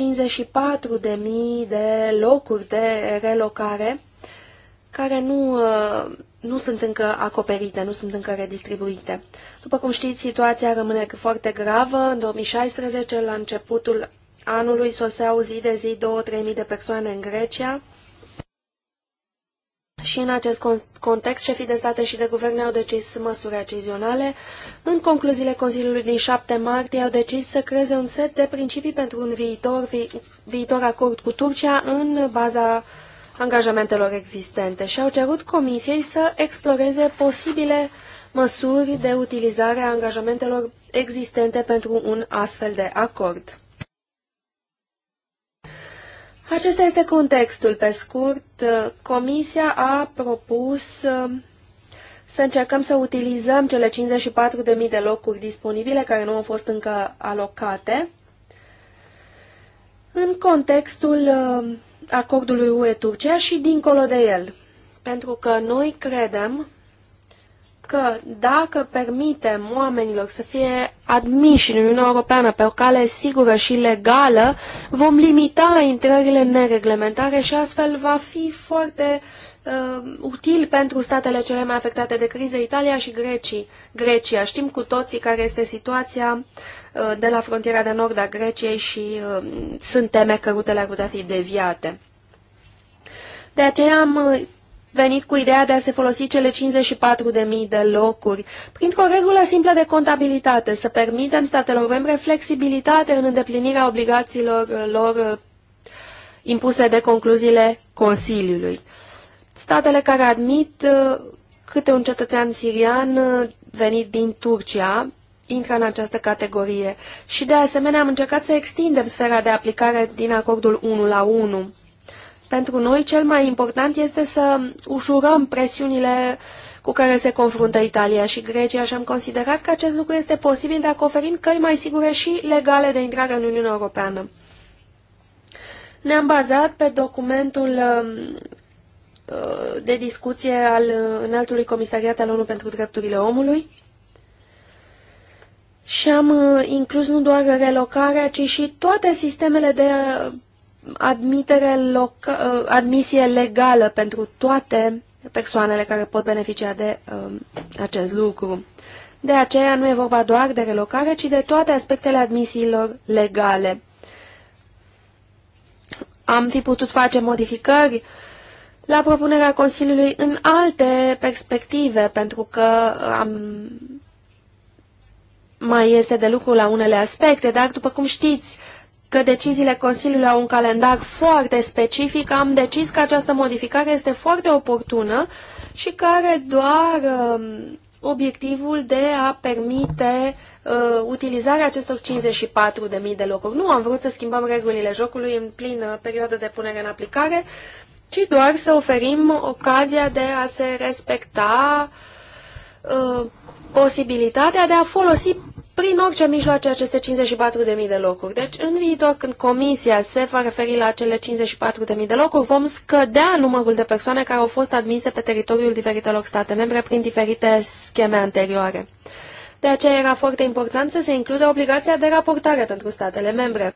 de locuri de relocare care nu, uh, nu sunt încă acoperite, nu sunt încă redistribuite. După cum știți, situația rămâne foarte gravă. În 2016, la începutul anului, soseau zi de zi 2-3 de persoane în Grecia. Și în acest context, șefii de state și de guverne au decis măsuri acizionale. În concluziile Consiliului din 7 martie au decis să creeze un set de principii pentru un viitor, vi, viitor acord cu Turcia în baza uh, angajamentelor existente și au cerut Comisiei să exploreze posibile măsuri de utilizare a angajamentelor existente pentru un astfel de acord. Acesta este contextul. Pe scurt, Comisia a propus uh, să încercăm să utilizăm cele 54.000 de locuri disponibile care nu au fost încă alocate în contextul uh, acordului UE-Turcia și dincolo de el. Pentru că noi credem că dacă permitem oamenilor să fie admiși în Uniunea Europeană pe o cale sigură și legală, vom limita intrările nereglementare și astfel va fi foarte uh, uh, util pentru statele cele mai afectate de criză, Italia și Grecii. Grecia. Știm cu toții care este situația uh, de la frontiera de nord a Greciei și uh, sunt teme că rutele ar putea fi deviate. De aceea am uh, venit cu ideea de a se folosi cele 54.000 de locuri, printr-o regulă simplă de contabilitate, să permitem statelor membre flexibilitate în îndeplinirea obligațiilor uh, lor uh, impuse de concluziile Consiliului statele care admit uh, câte un cetățean sirian uh, venit din Turcia intră în această categorie. Și de asemenea am încercat să extindem sfera de aplicare din acordul 1 la 1. Pentru noi cel mai important este să ușurăm presiunile cu care se confruntă Italia și Grecia și am considerat că acest lucru este posibil dacă oferim căi mai sigure și legale de intrare în Uniunea Europeană. Ne-am bazat pe documentul um, Uh, de discuție al înaltului comisariat al ONU pentru drepturile omului și am uh, inclus nu doar relocarea, ci și toate sistemele de uh, admitere loca, admisie legală pentru toate persoanele care pot beneficia de acest lucru. De aceea nu e vorba doar de relocare, ci de toate aspectele admisiilor legale. Am fi putut face modificări la propunerea Consiliului în alte perspective, pentru că am, mai este de lucru la unele aspecte, dar după cum știți că deciziile Consiliului au un calendar foarte specific, am decis că această modificare este foarte oportună și care doar um, obiectivul de a permite uh, utilizarea acestor 54.000 de locuri. Nu am vrut să schimbăm regulile jocului în plină perioadă de punere în aplicare, ci doar să oferim ocazia de a se respecta uh, posibilitatea de a folosi prin orice mijloace aceste 54.000 de locuri. Deci, în viitor, când comisia se va referi la cele 54.000 de locuri, vom scădea numărul de persoane care au fost admise pe teritoriul diferitelor state membre prin diferite scheme anterioare. De aceea era foarte important să se includă obligația de raportare pentru statele membre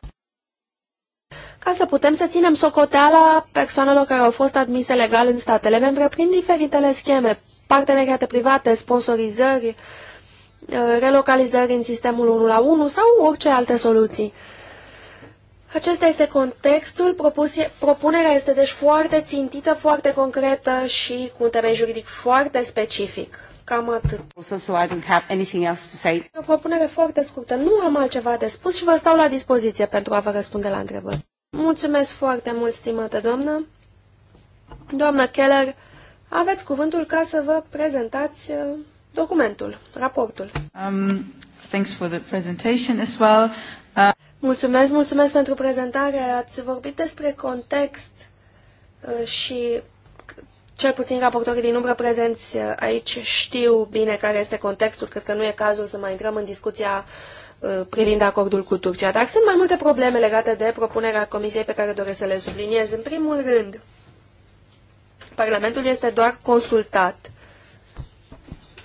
ca să putem să ținem socoteala persoanelor care au fost admise legal în statele membre prin diferitele scheme, parteneriate private, sponsorizări, uh, relocalizări în sistemul 1 la 1 sau orice alte soluții. Acesta este contextul, propunerea este deci foarte țintită, foarte concretă și cu un temei juridic foarte specific. Cam atât. So I don't have anything else to say. O propunere foarte scurtă. Nu am altceva de spus și vă stau la dispoziție pentru a vă răspunde la întrebări. Mulțumesc foarte mult, stimată doamnă. Doamnă Keller, aveți cuvântul ca să vă prezentați uh, documentul, raportul. Um, thanks for the presentation as well. Uh... Mulțumesc, mulțumesc pentru prezentare. Ați vorbit despre context uh, și cel puțin raportorii din umbră prezenți uh, aici știu bine care este contextul. Cred că nu e cazul să mai intrăm în discuția uh, Uh, privind acordul cu Turcia. Dar sunt mai multe probleme legate de propunerea Comisiei pe care doresc să le subliniez. În primul rând, Parlamentul este doar consultat.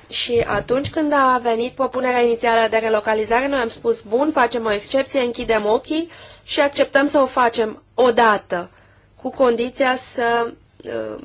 Și atunci când a venit propunerea inițială de relocalizare, noi am spus, bun, facem o excepție, închidem ochii și acceptăm să o facem odată, cu condiția să uh,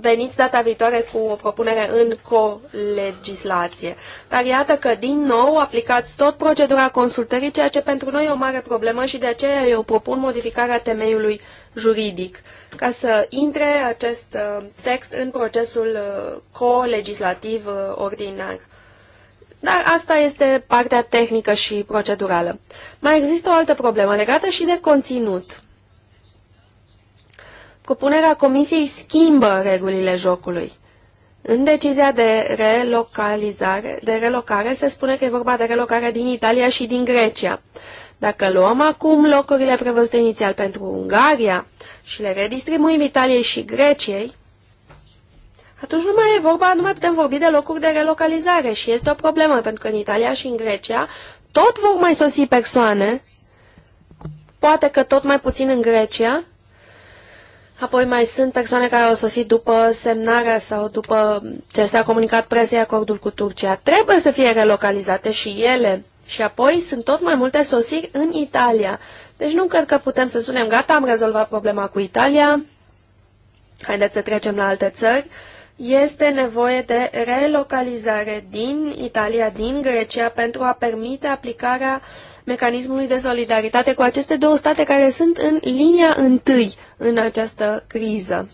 veniți data viitoare cu o propunere în co-legislație. Dar iată că, din nou, aplicați tot procedura consultării, ceea ce pentru noi e o mare problemă și de aceea eu propun modificarea temeiului juridic, ca să intre acest uh, text în procesul uh, co-legislativ uh, ordinar. Dar asta este partea tehnică și procedurală. Mai există o altă problemă legată și de conținut. Propunerea Comisiei schimbă regulile jocului. În decizia de relocalizare, de relocare se spune că e vorba de relocare din Italia și din Grecia. Dacă luăm acum locurile prevăzute inițial pentru Ungaria și le redistribuim Italiei și Greciei, atunci nu mai e vorba, nu mai putem vorbi de locuri de relocalizare și este o problemă, pentru că în Italia și în Grecia tot vor mai sosi persoane, poate că tot mai puțin în Grecia, Apoi mai sunt persoane care au sosit după semnarea sau după ce s-a comunicat presei acordul cu Turcia. Trebuie să fie relocalizate și ele. Și apoi sunt tot mai multe sosiri în Italia. Deci nu cred că putem să spunem, gata, am rezolvat problema cu Italia, haideți să trecem la alte țări. Este nevoie de relocalizare din Italia, din Grecia, pentru a permite aplicarea uh, mecanismului de solidaritate cu aceste două state care sunt în linia întâi în această criză.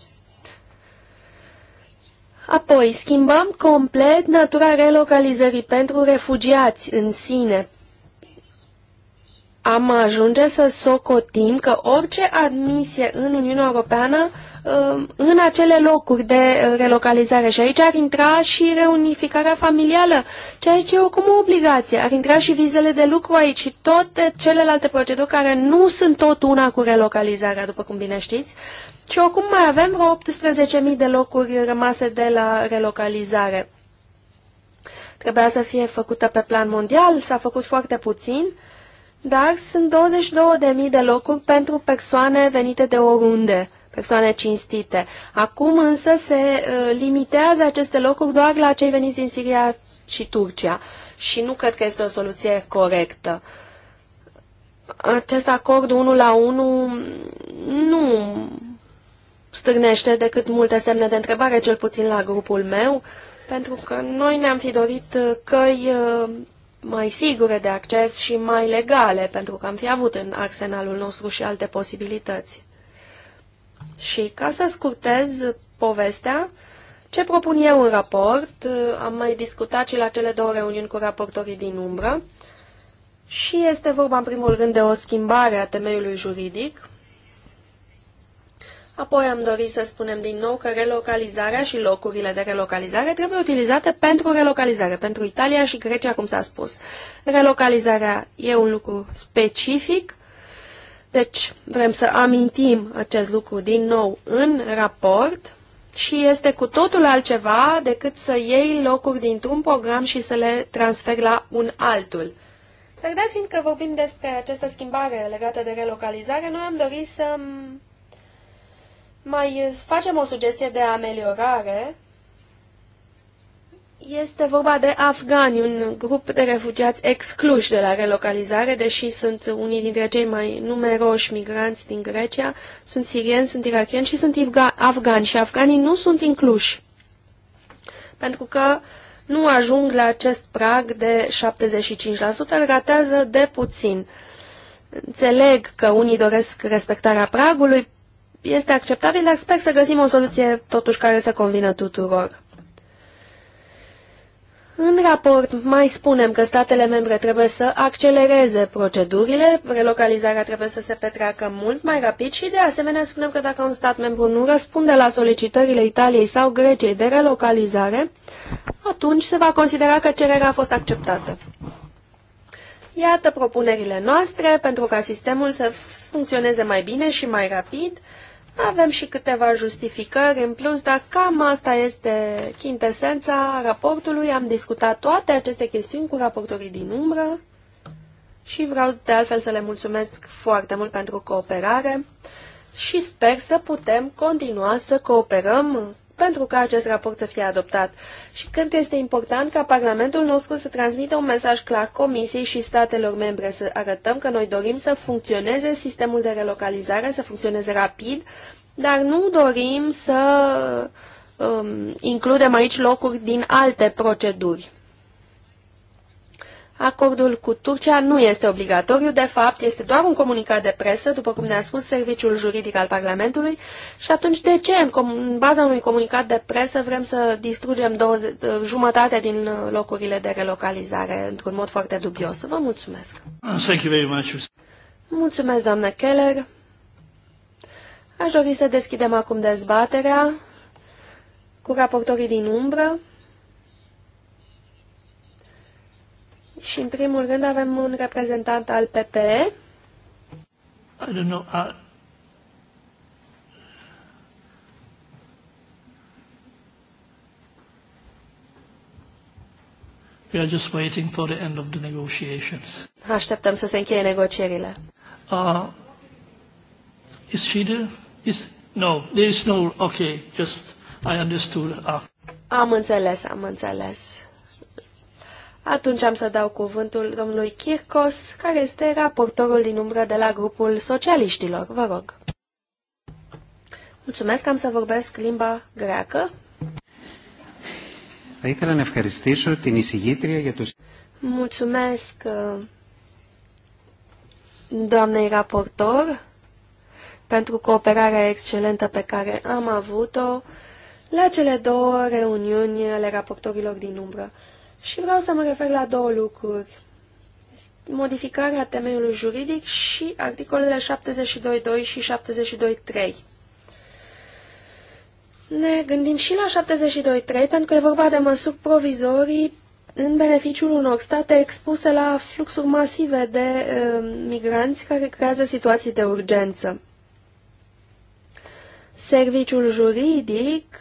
Apoi, schimbăm complet natura relocalizării pentru refugiați în sine am ajunge să socotim că orice admisie în Uniunea Europeană um, în acele locuri de uh, relocalizare și aici ar intra și reunificarea familială, ceea ce e o cum o obligație. Ar intra și vizele de lucru aici și toate celelalte proceduri care nu sunt tot una cu relocalizarea, după cum bine știți. Și oricum mai avem vreo 18.000 de locuri rămase de la relocalizare. Trebuia să fie făcută pe plan mondial, s-a făcut foarte puțin. Uh, dar sunt 22.000 de locuri pentru persoane venite de oriunde, persoane cinstite. Acum însă se uh, limitează aceste locuri doar la cei veniți din Siria și Turcia și nu cred că este o soluție corectă. Acest acord 1 la 1 nu stârnește decât multe semne de întrebare, cel puțin la grupul meu, pentru că noi ne-am fi dorit uh, căi uh, mai sigure de acces și mai legale, pentru că am fi avut în arsenalul nostru și alte posibilități. Și ca să scurtez povestea, ce propun eu în raport, am mai discutat și la cele două reuniuni cu raportorii din umbră, și este vorba în primul rând de o schimbare a temeiului juridic, Apoi am dorit să spunem din nou că relocalizarea și locurile de relocalizare trebuie utilizate pentru relocalizare, pentru Italia și Grecia, cum s-a spus. Relocalizarea e un lucru specific, deci vrem să amintim acest lucru din nou în raport și este cu totul altceva decât să iei locuri dintr-un program și să le transferi la un altul. Dar dat fiindcă vorbim despre această schimbare legată de relocalizare, noi am dorit să mai facem o sugestie de ameliorare. Este vorba de afgani, un grup de refugiați excluși de la relocalizare, deși sunt unii dintre cei mai numeroși migranți din Grecia, sunt sirieni, sunt irakieni și sunt afgani. Și afganii nu sunt incluși, pentru că nu ajung la acest prag de 75%, îl ratează de puțin. Înțeleg că unii doresc respectarea pragului, este acceptabil, dar sper să găsim o soluție totuși care să convină tuturor. În raport mai spunem că statele membre trebuie să accelereze procedurile, relocalizarea trebuie să se petreacă mult mai rapid și de asemenea spunem că dacă un stat membru nu răspunde la solicitările Italiei sau Greciei de relocalizare, atunci se va considera că cererea a fost acceptată. Iată propunerile noastre pentru ca sistemul să funcționeze mai bine și mai rapid avem și câteva justificări în plus, dar cam asta este chintesența raportului. Am discutat toate aceste chestiuni cu raportorii din umbră și vreau de altfel să le mulțumesc foarte mult pentru cooperare și sper să putem continua să cooperăm pentru ca acest raport să fie adoptat și când este important ca Parlamentul nostru să transmită un mesaj clar Comisiei și statelor membre, să arătăm că noi dorim să funcționeze sistemul de relocalizare, să funcționeze rapid, dar nu dorim să um, includem aici locuri din alte proceduri. Acordul cu Turcia nu este obligatoriu, de fapt, este doar un comunicat de presă, după cum ne-a spus Serviciul Juridic al Parlamentului, și atunci de ce, în, în baza unui comunicat de presă, vrem să distrugem 20, ă, jumătate din locurile de relocalizare într-un mod foarte dubios? Vă mulțumesc! Thank you very much. Mulțumesc, doamnă Keller! Aș dori să deschidem acum dezbaterea cu raportorii din umbră. Și în primul rând avem un reprezentant al PPE. I don't know. I... Uh, we are just waiting for the end of the negotiations. Așteptăm să se încheie negocierile. Uh, is she there? Is no, there is no. Okay, just I understood. Uh. Am înțeles, am înțeles. Atunci am să dau cuvântul domnului Kirkos, care este raportorul din umbră de la grupul socialiștilor. Vă rog. Mulțumesc, am să vorbesc limba greacă. Mulțumesc doamnei raportor pentru cooperarea excelentă pe care am avut-o la cele două reuniuni ale raportorilor din umbră. Și vreau să mă refer la două lucruri. Modificarea temeiului juridic și articolele 72.2 și 72.3. Ne gândim și la 72.3 pentru că e vorba de măsuri provizorii în beneficiul unor state expuse la fluxuri masive de uh, migranți care creează situații de urgență. Serviciul juridic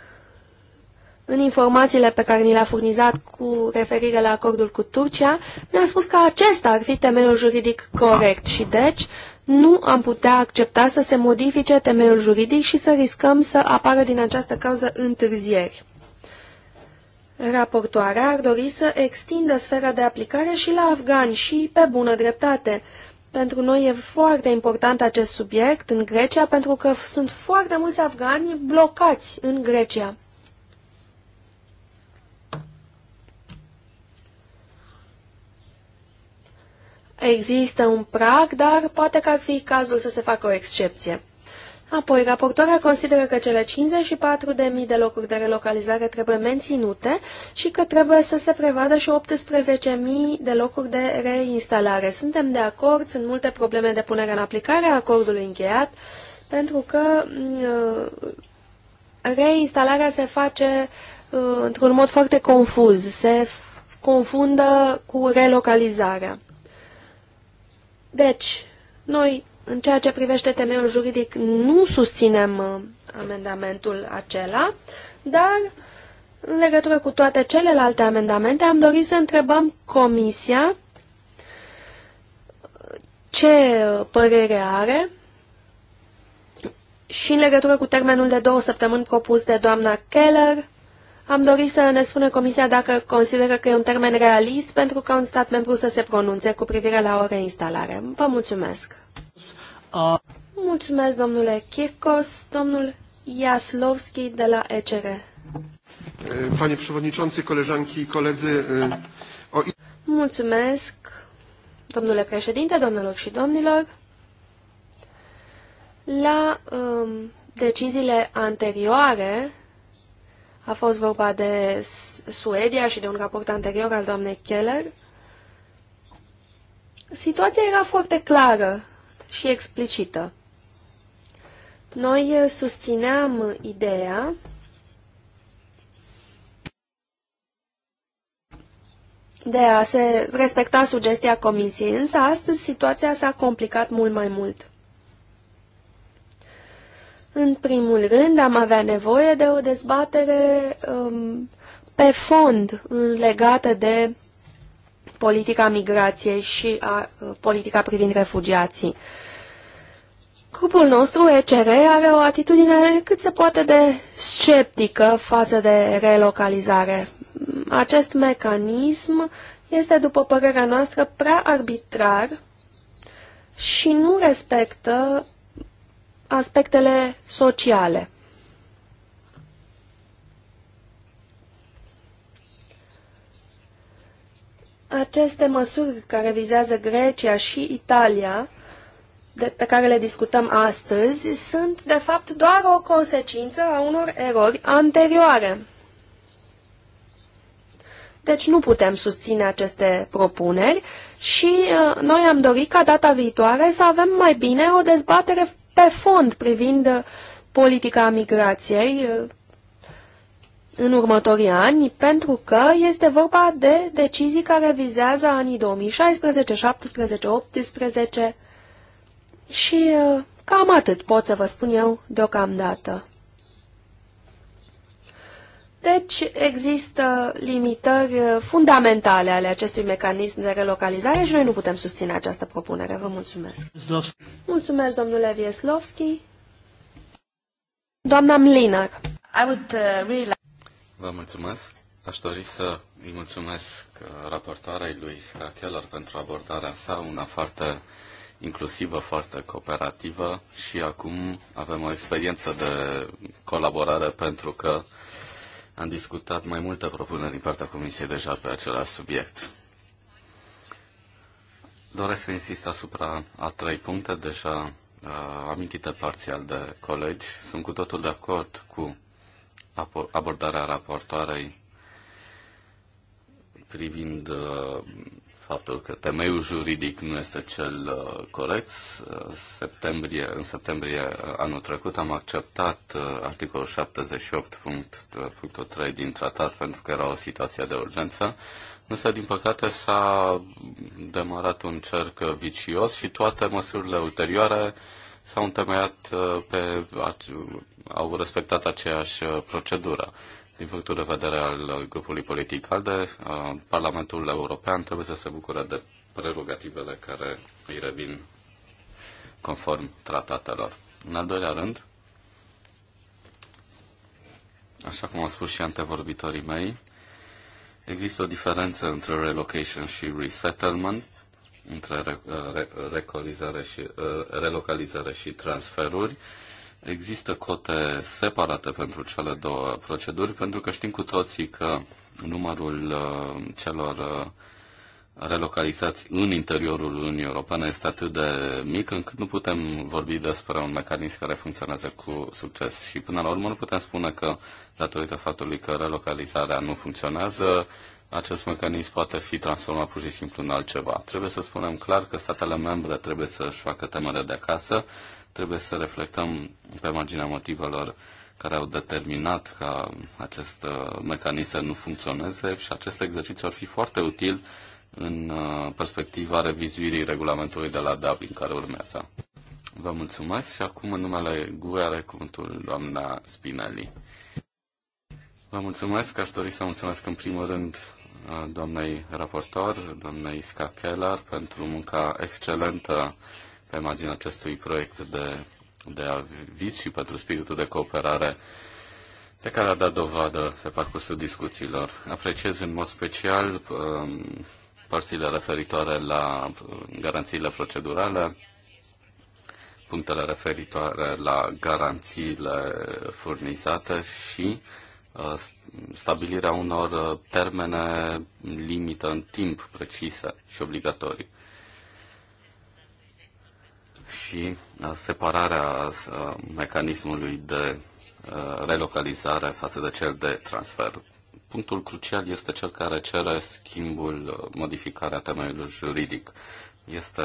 în informațiile pe care ni le-a furnizat cu referire la acordul cu Turcia, ne-a spus că acesta ar fi temeiul juridic corect și deci nu am putea accepta să se modifice temeiul juridic și să riscăm să apară din această cauză întârzieri. Raportoarea ar dori să extindă sfera de aplicare și la afgani și pe bună dreptate. Pentru noi e foarte important acest subiect în Grecia pentru că sunt foarte mulți afgani blocați în Grecia. Există un prag, dar poate că ar fi cazul să se facă o excepție. Apoi, raportoarea consideră că cele 54.000 de locuri de relocalizare trebuie menținute și că trebuie să se prevadă și 18.000 de locuri de reinstalare. Suntem de acord, sunt multe probleme de punere în aplicare a acordului încheiat, pentru că mm, uh, reinstalarea se face uh, într-un mod foarte confuz, se confundă cu relocalizarea. Deci, noi, în ceea ce privește temeiul juridic, nu susținem uh, amendamentul acela, dar în legătură cu toate celelalte amendamente am dorit să întrebăm Comisia ce părere are și în legătură cu termenul de două săptămâni propus de doamna Keller, am dorit să ne spună Comisia dacă consideră că e un termen realist pentru ca un stat membru să se pronunțe cu privire la o reinstalare. Vă mulțumesc! Uh. Mulțumesc, domnule Kirkos, domnul Jaslovski de la ECR. Panie Przewodniczący, koleżanki i koledzy. O... Mulțumesc, domnule președinte, domnilor și domnilor. La um, deciziile anterioare a fost vorba de Suedia și de un raport anterior al doamnei Keller. Situația era foarte clară și explicită. Noi susțineam ideea de a se respecta sugestia comisiei, însă astăzi situația s-a complicat mult mai mult. În primul rând, am avea nevoie de o dezbatere um, pe fond legată de politica migrației și a, uh, politica privind refugiații. Grupul nostru, ECR, are o atitudine cât se poate de sceptică față de relocalizare. Acest mecanism este, după părerea noastră, prea arbitrar și nu respectă aspectele sociale. Aceste măsuri care vizează Grecia și Italia, de, pe care le discutăm astăzi, sunt de fapt doar o consecință a unor erori anterioare. Deci nu putem susține aceste propuneri și uh, noi am dorit ca data viitoare să avem mai bine o dezbatere pe fond privind politica migrației uh, în următorii ani, pentru că este vorba de decizii care vizează anii 2016, 17, 18 și uh, cam atât pot să vă spun eu deocamdată. Deci există limitări fundamentale ale acestui mecanism de relocalizare și noi nu putem susține această propunere. Vă mulțumesc. Mulțumesc, domnule Vieslovski. Doamna Mlinar. I would, uh, really like... Vă mulțumesc. Aș dori să îi mulțumesc uh, raportoarei lui Ska Keller pentru abordarea sa, una foarte inclusivă, foarte cooperativă și acum avem o experiență de colaborare pentru că am discutat mai multe propuneri din partea Comisiei deja pe același subiect. Doresc să insist asupra a trei puncte deja uh, amintite parțial de colegi. Sunt cu totul de acord cu abordarea raportoarei privind uh, faptul că temeiul juridic nu este cel uh, corect. Uh, septembrie, în septembrie uh, anul trecut am acceptat articolul 78.3 din tratat pentru că era o situație de urgență, însă din păcate s-a demarat un cerc vicios și toate măsurile ulterioare s-au întemeiat pe, au respectat aceeași procedură. Din punctul de vedere al grupului politic ALDE, uh, Parlamentul European trebuie să se bucure de prerogativele care îi revin conform tratatelor. În al doilea rând, așa cum au spus și antevorbitorii mei, există o diferență între relocation și resettlement, între re, uh, re, și, uh, relocalizare și transferuri. Există cote separate pentru cele două proceduri, pentru că știm cu toții că numărul uh, celor uh, relocalizați în interiorul Uniunii Europene este atât de mic încât nu putem vorbi despre un mecanism care funcționează cu succes. Și până la urmă nu putem spune că, datorită faptului că relocalizarea nu funcționează, acest mecanism poate fi transformat pur și simplu în altceva. Trebuie să spunem clar că statele membre trebuie să-și facă temele de acasă Trebuie să reflectăm pe marginea motivelor care au determinat ca acest uh, mecanism să nu funcționeze și acest exercițiu ar fi foarte util în uh, perspectiva revizuirii regulamentului de la Dublin care urmează. Vă mulțumesc și acum în numele GUE are cuvântul doamna Spinelli. Vă mulțumesc, aș dori să mulțumesc în primul rând uh, doamnei raportor, doamnei Isca Keller, pentru munca excelentă pe marginea acestui proiect de, de aviz și pentru spiritul de cooperare pe care a dat dovadă pe parcursul discuțiilor. Apreciez în mod special um, părțile referitoare la um, garanțiile procedurale, punctele referitoare la garanțiile furnizate și uh, stabilirea unor uh, termene limită în timp precise și obligatorii și uh, separarea uh, mecanismului de uh, relocalizare față de cel de transfer. Punctul crucial este cel care cere schimbul, modificarea temeiului juridic. Este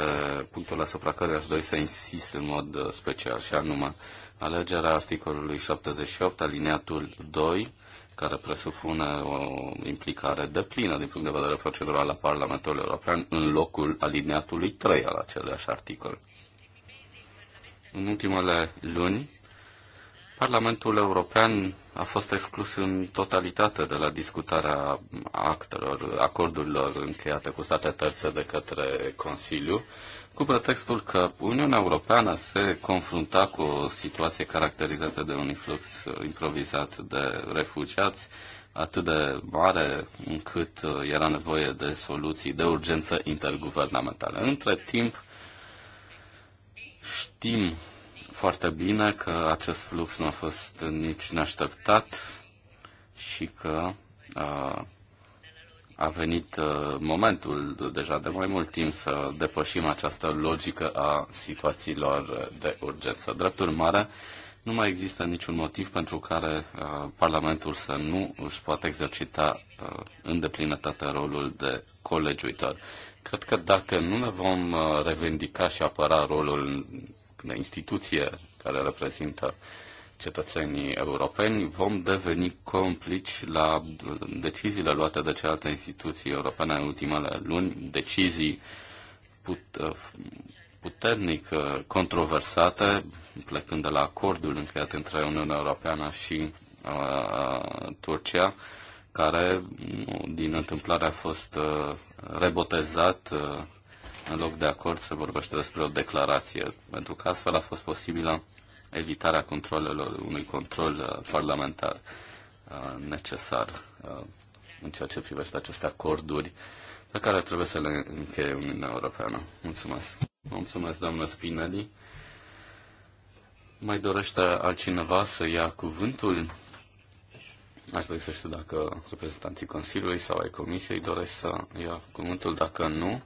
punctul asupra care aș dori să insist în mod special și anume alegerea articolului 78, alineatul 2, care presupune o implicare deplină din punct de vedere procedural a Parlamentului European în locul alineatului 3 al aceleași articol. În ultimele luni, Parlamentul European a fost exclus în totalitate de la discutarea actelor, acordurilor încheiate cu state terțe de către Consiliu, cu pretextul că Uniunea Europeană se confrunta cu o situație caracterizată de un influx improvizat de refugiați atât de mare încât era nevoie de soluții de urgență interguvernamentale. Între timp, Știm foarte bine că acest flux nu a fost nici neașteptat și că a, a venit momentul deja de mai mult timp să depășim această logică a situațiilor de urgență. Drept urmare, nu mai există niciun motiv pentru care Parlamentul să nu își poate exercita uh, în deplinătate rolul de colegiuitor. Cred că dacă nu ne vom revendica și apăra rolul instituție care reprezintă cetățenii europeni, vom deveni complici la deciziile luate de celelalte instituții europene în ultimele luni, decizii put, puternic uh, controversate, plecând de la acordul încheiat între Uniunea Europeană și a, uh, Turcia, care din întâmplare a fost uh, rebotezat în loc de acord se vorbește despre o declarație, pentru că astfel a fost posibilă evitarea controlelor, unui control uh, parlamentar uh, necesar uh, în ceea ce privește aceste acorduri pe care trebuie să le încheie Uniunea Europeană. Mulțumesc. Mulțumesc, doamnă Spinelli. Mai dorește altcineva să ia cuvântul? Aș dori să știu dacă reprezentanții Consiliului sau ai Comisiei doresc să ia cuvântul. Dacă nu,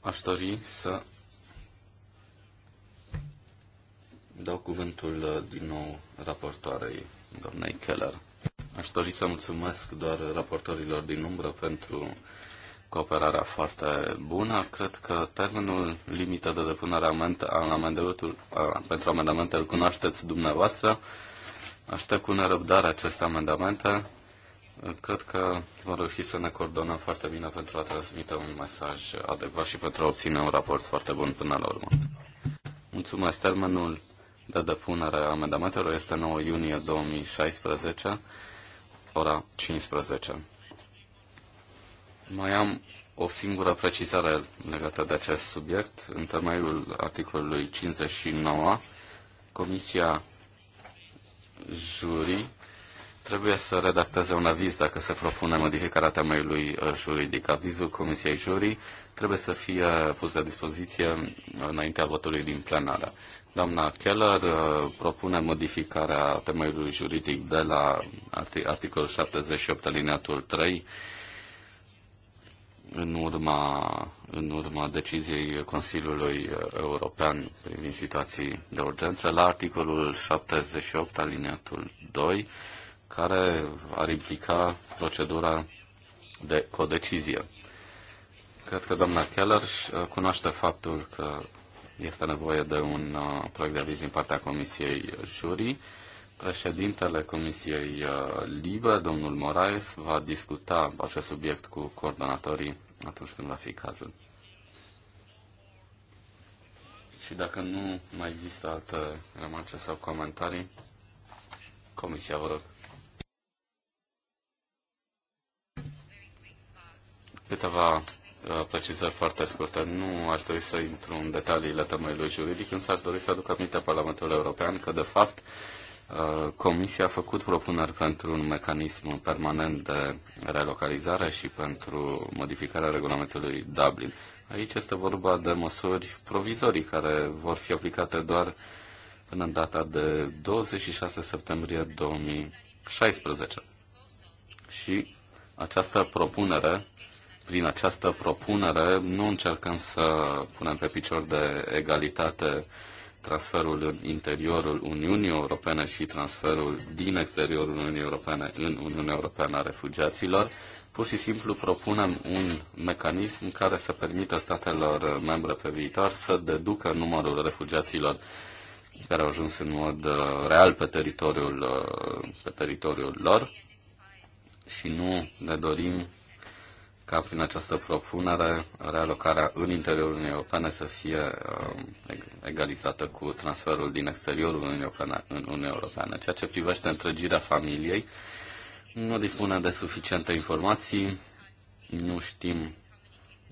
Aș dori să dau cuvântul uh, din nou raportoarei, doamnei Keller. Aș dori să mulțumesc doar raportorilor din umbră pentru cooperarea foarte bună. Cred că termenul limită de depunere a, amendamentelor, pentru amendamente îl cunoașteți dumneavoastră. Aștept cu nerăbdare aceste amendamente Cred că vom reuși să ne coordonăm foarte bine pentru a transmite un mesaj adecvat și pentru a obține un raport foarte bun până la urmă. Mulțumesc. Termenul de depunere a amendamentelor este 9 iunie 2016, ora 15. Mai am o singură precizare legată de acest subiect. În temeiul articolului 59, Comisia Jurii trebuie să redacteze un aviz dacă se propune modificarea temeiului uh, juridic. Avizul Comisiei Jurii trebuie să fie pus la dispoziție înaintea votului din plenară. Doamna Keller uh, propune modificarea temeiului juridic de la articolul 78 alineatul 3 în urma, în urma deciziei Consiliului European privind situații de urgență la articolul 78 alineatul 2 care ar implica procedura de codecizie. Cred că doamna Keller uh, cunoaște faptul că este nevoie de un uh, proiect de aviz din partea Comisiei Juri, Președintele Comisiei uh, Libe, domnul Moraes, va discuta acest subiect cu coordonatorii atunci când va fi cazul. Și dacă nu mai există alte remarce sau comentarii, Comisia, vă rog. Câteva uh, precizări foarte scurte. Nu aș dori să intru în detaliile temeiului juridic, însă aș dori să aduc aminte Parlamentului European că, de fapt, uh, Comisia a făcut propuneri pentru un mecanism permanent de relocalizare și pentru modificarea regulamentului Dublin. Aici este vorba de măsuri provizorii care vor fi aplicate doar până în data de 26 septembrie 2016. Și această propunere prin această propunere nu încercăm să punem pe picior de egalitate transferul în interiorul Uniunii Europene și transferul din exteriorul Uniunii Europene în Uniunea Europeană a refugiaților. Pur și simplu propunem un mecanism care să permită statelor membre pe viitor să deducă numărul refugiaților care au ajuns în mod uh, real pe teritoriul, uh, pe teritoriul lor și nu ne dorim ca prin această propunere realocarea în interiorul Uniunii Europene să fie um, egalizată cu transferul din exteriorul Uniunii Europene în Uniunea Europeană. Ceea ce privește întregirea familiei, nu dispune de suficiente informații, nu știm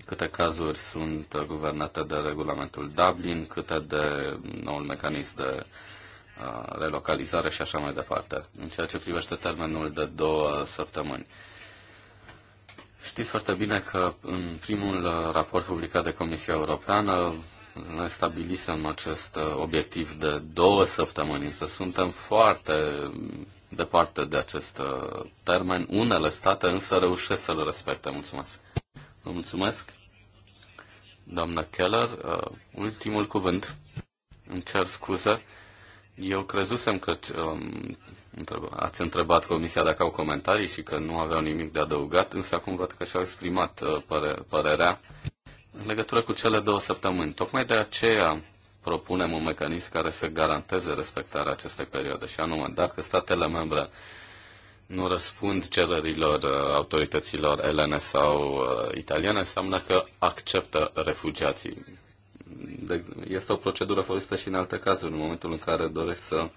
câte cazuri sunt guvernate de regulamentul Dublin, câte de noul mecanism de uh, relocalizare și așa mai departe, în ceea ce privește termenul de două săptămâni. Știți foarte bine că în primul uh, raport publicat de Comisia Europeană ne stabilisem acest uh, obiectiv de două săptămâni, însă suntem foarte departe de acest uh, termen. Unele state însă reușesc să-l respecte. Mulțumesc. Vă mulțumesc. Doamna Keller, ultimul cuvânt. Îmi cer scuze. Eu crezusem că um, Ați întrebat comisia dacă au comentarii și că nu aveau nimic de adăugat, însă acum văd că și-au exprimat uh, părerea în legătură cu cele două săptămâni. Tocmai de aceea propunem un mecanism care să garanteze respectarea acestei perioade și anume dacă statele membre nu răspund cererilor uh, autorităților elene sau uh, italiene, înseamnă că acceptă refugiații. Este o procedură folosită și în alte cazuri, în momentul în care doresc să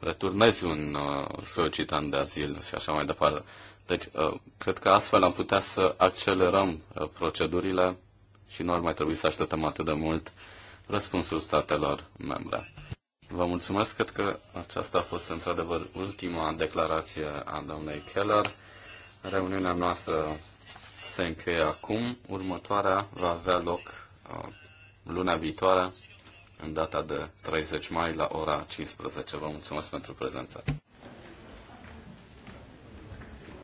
returnezi un uh, solicitant de azil și așa mai departe. Deci, uh, cred că astfel am putea să accelerăm uh, procedurile și nu ar mai trebui să așteptăm atât de mult răspunsul statelor membre. Vă mulțumesc, cred că aceasta a fost într-adevăr ultima declarație a doamnei Keller. Reuniunea noastră se încheie acum. Următoarea va avea loc luna viitoare, în data de 30 mai la ora 15. Vă mulțumesc pentru prezență.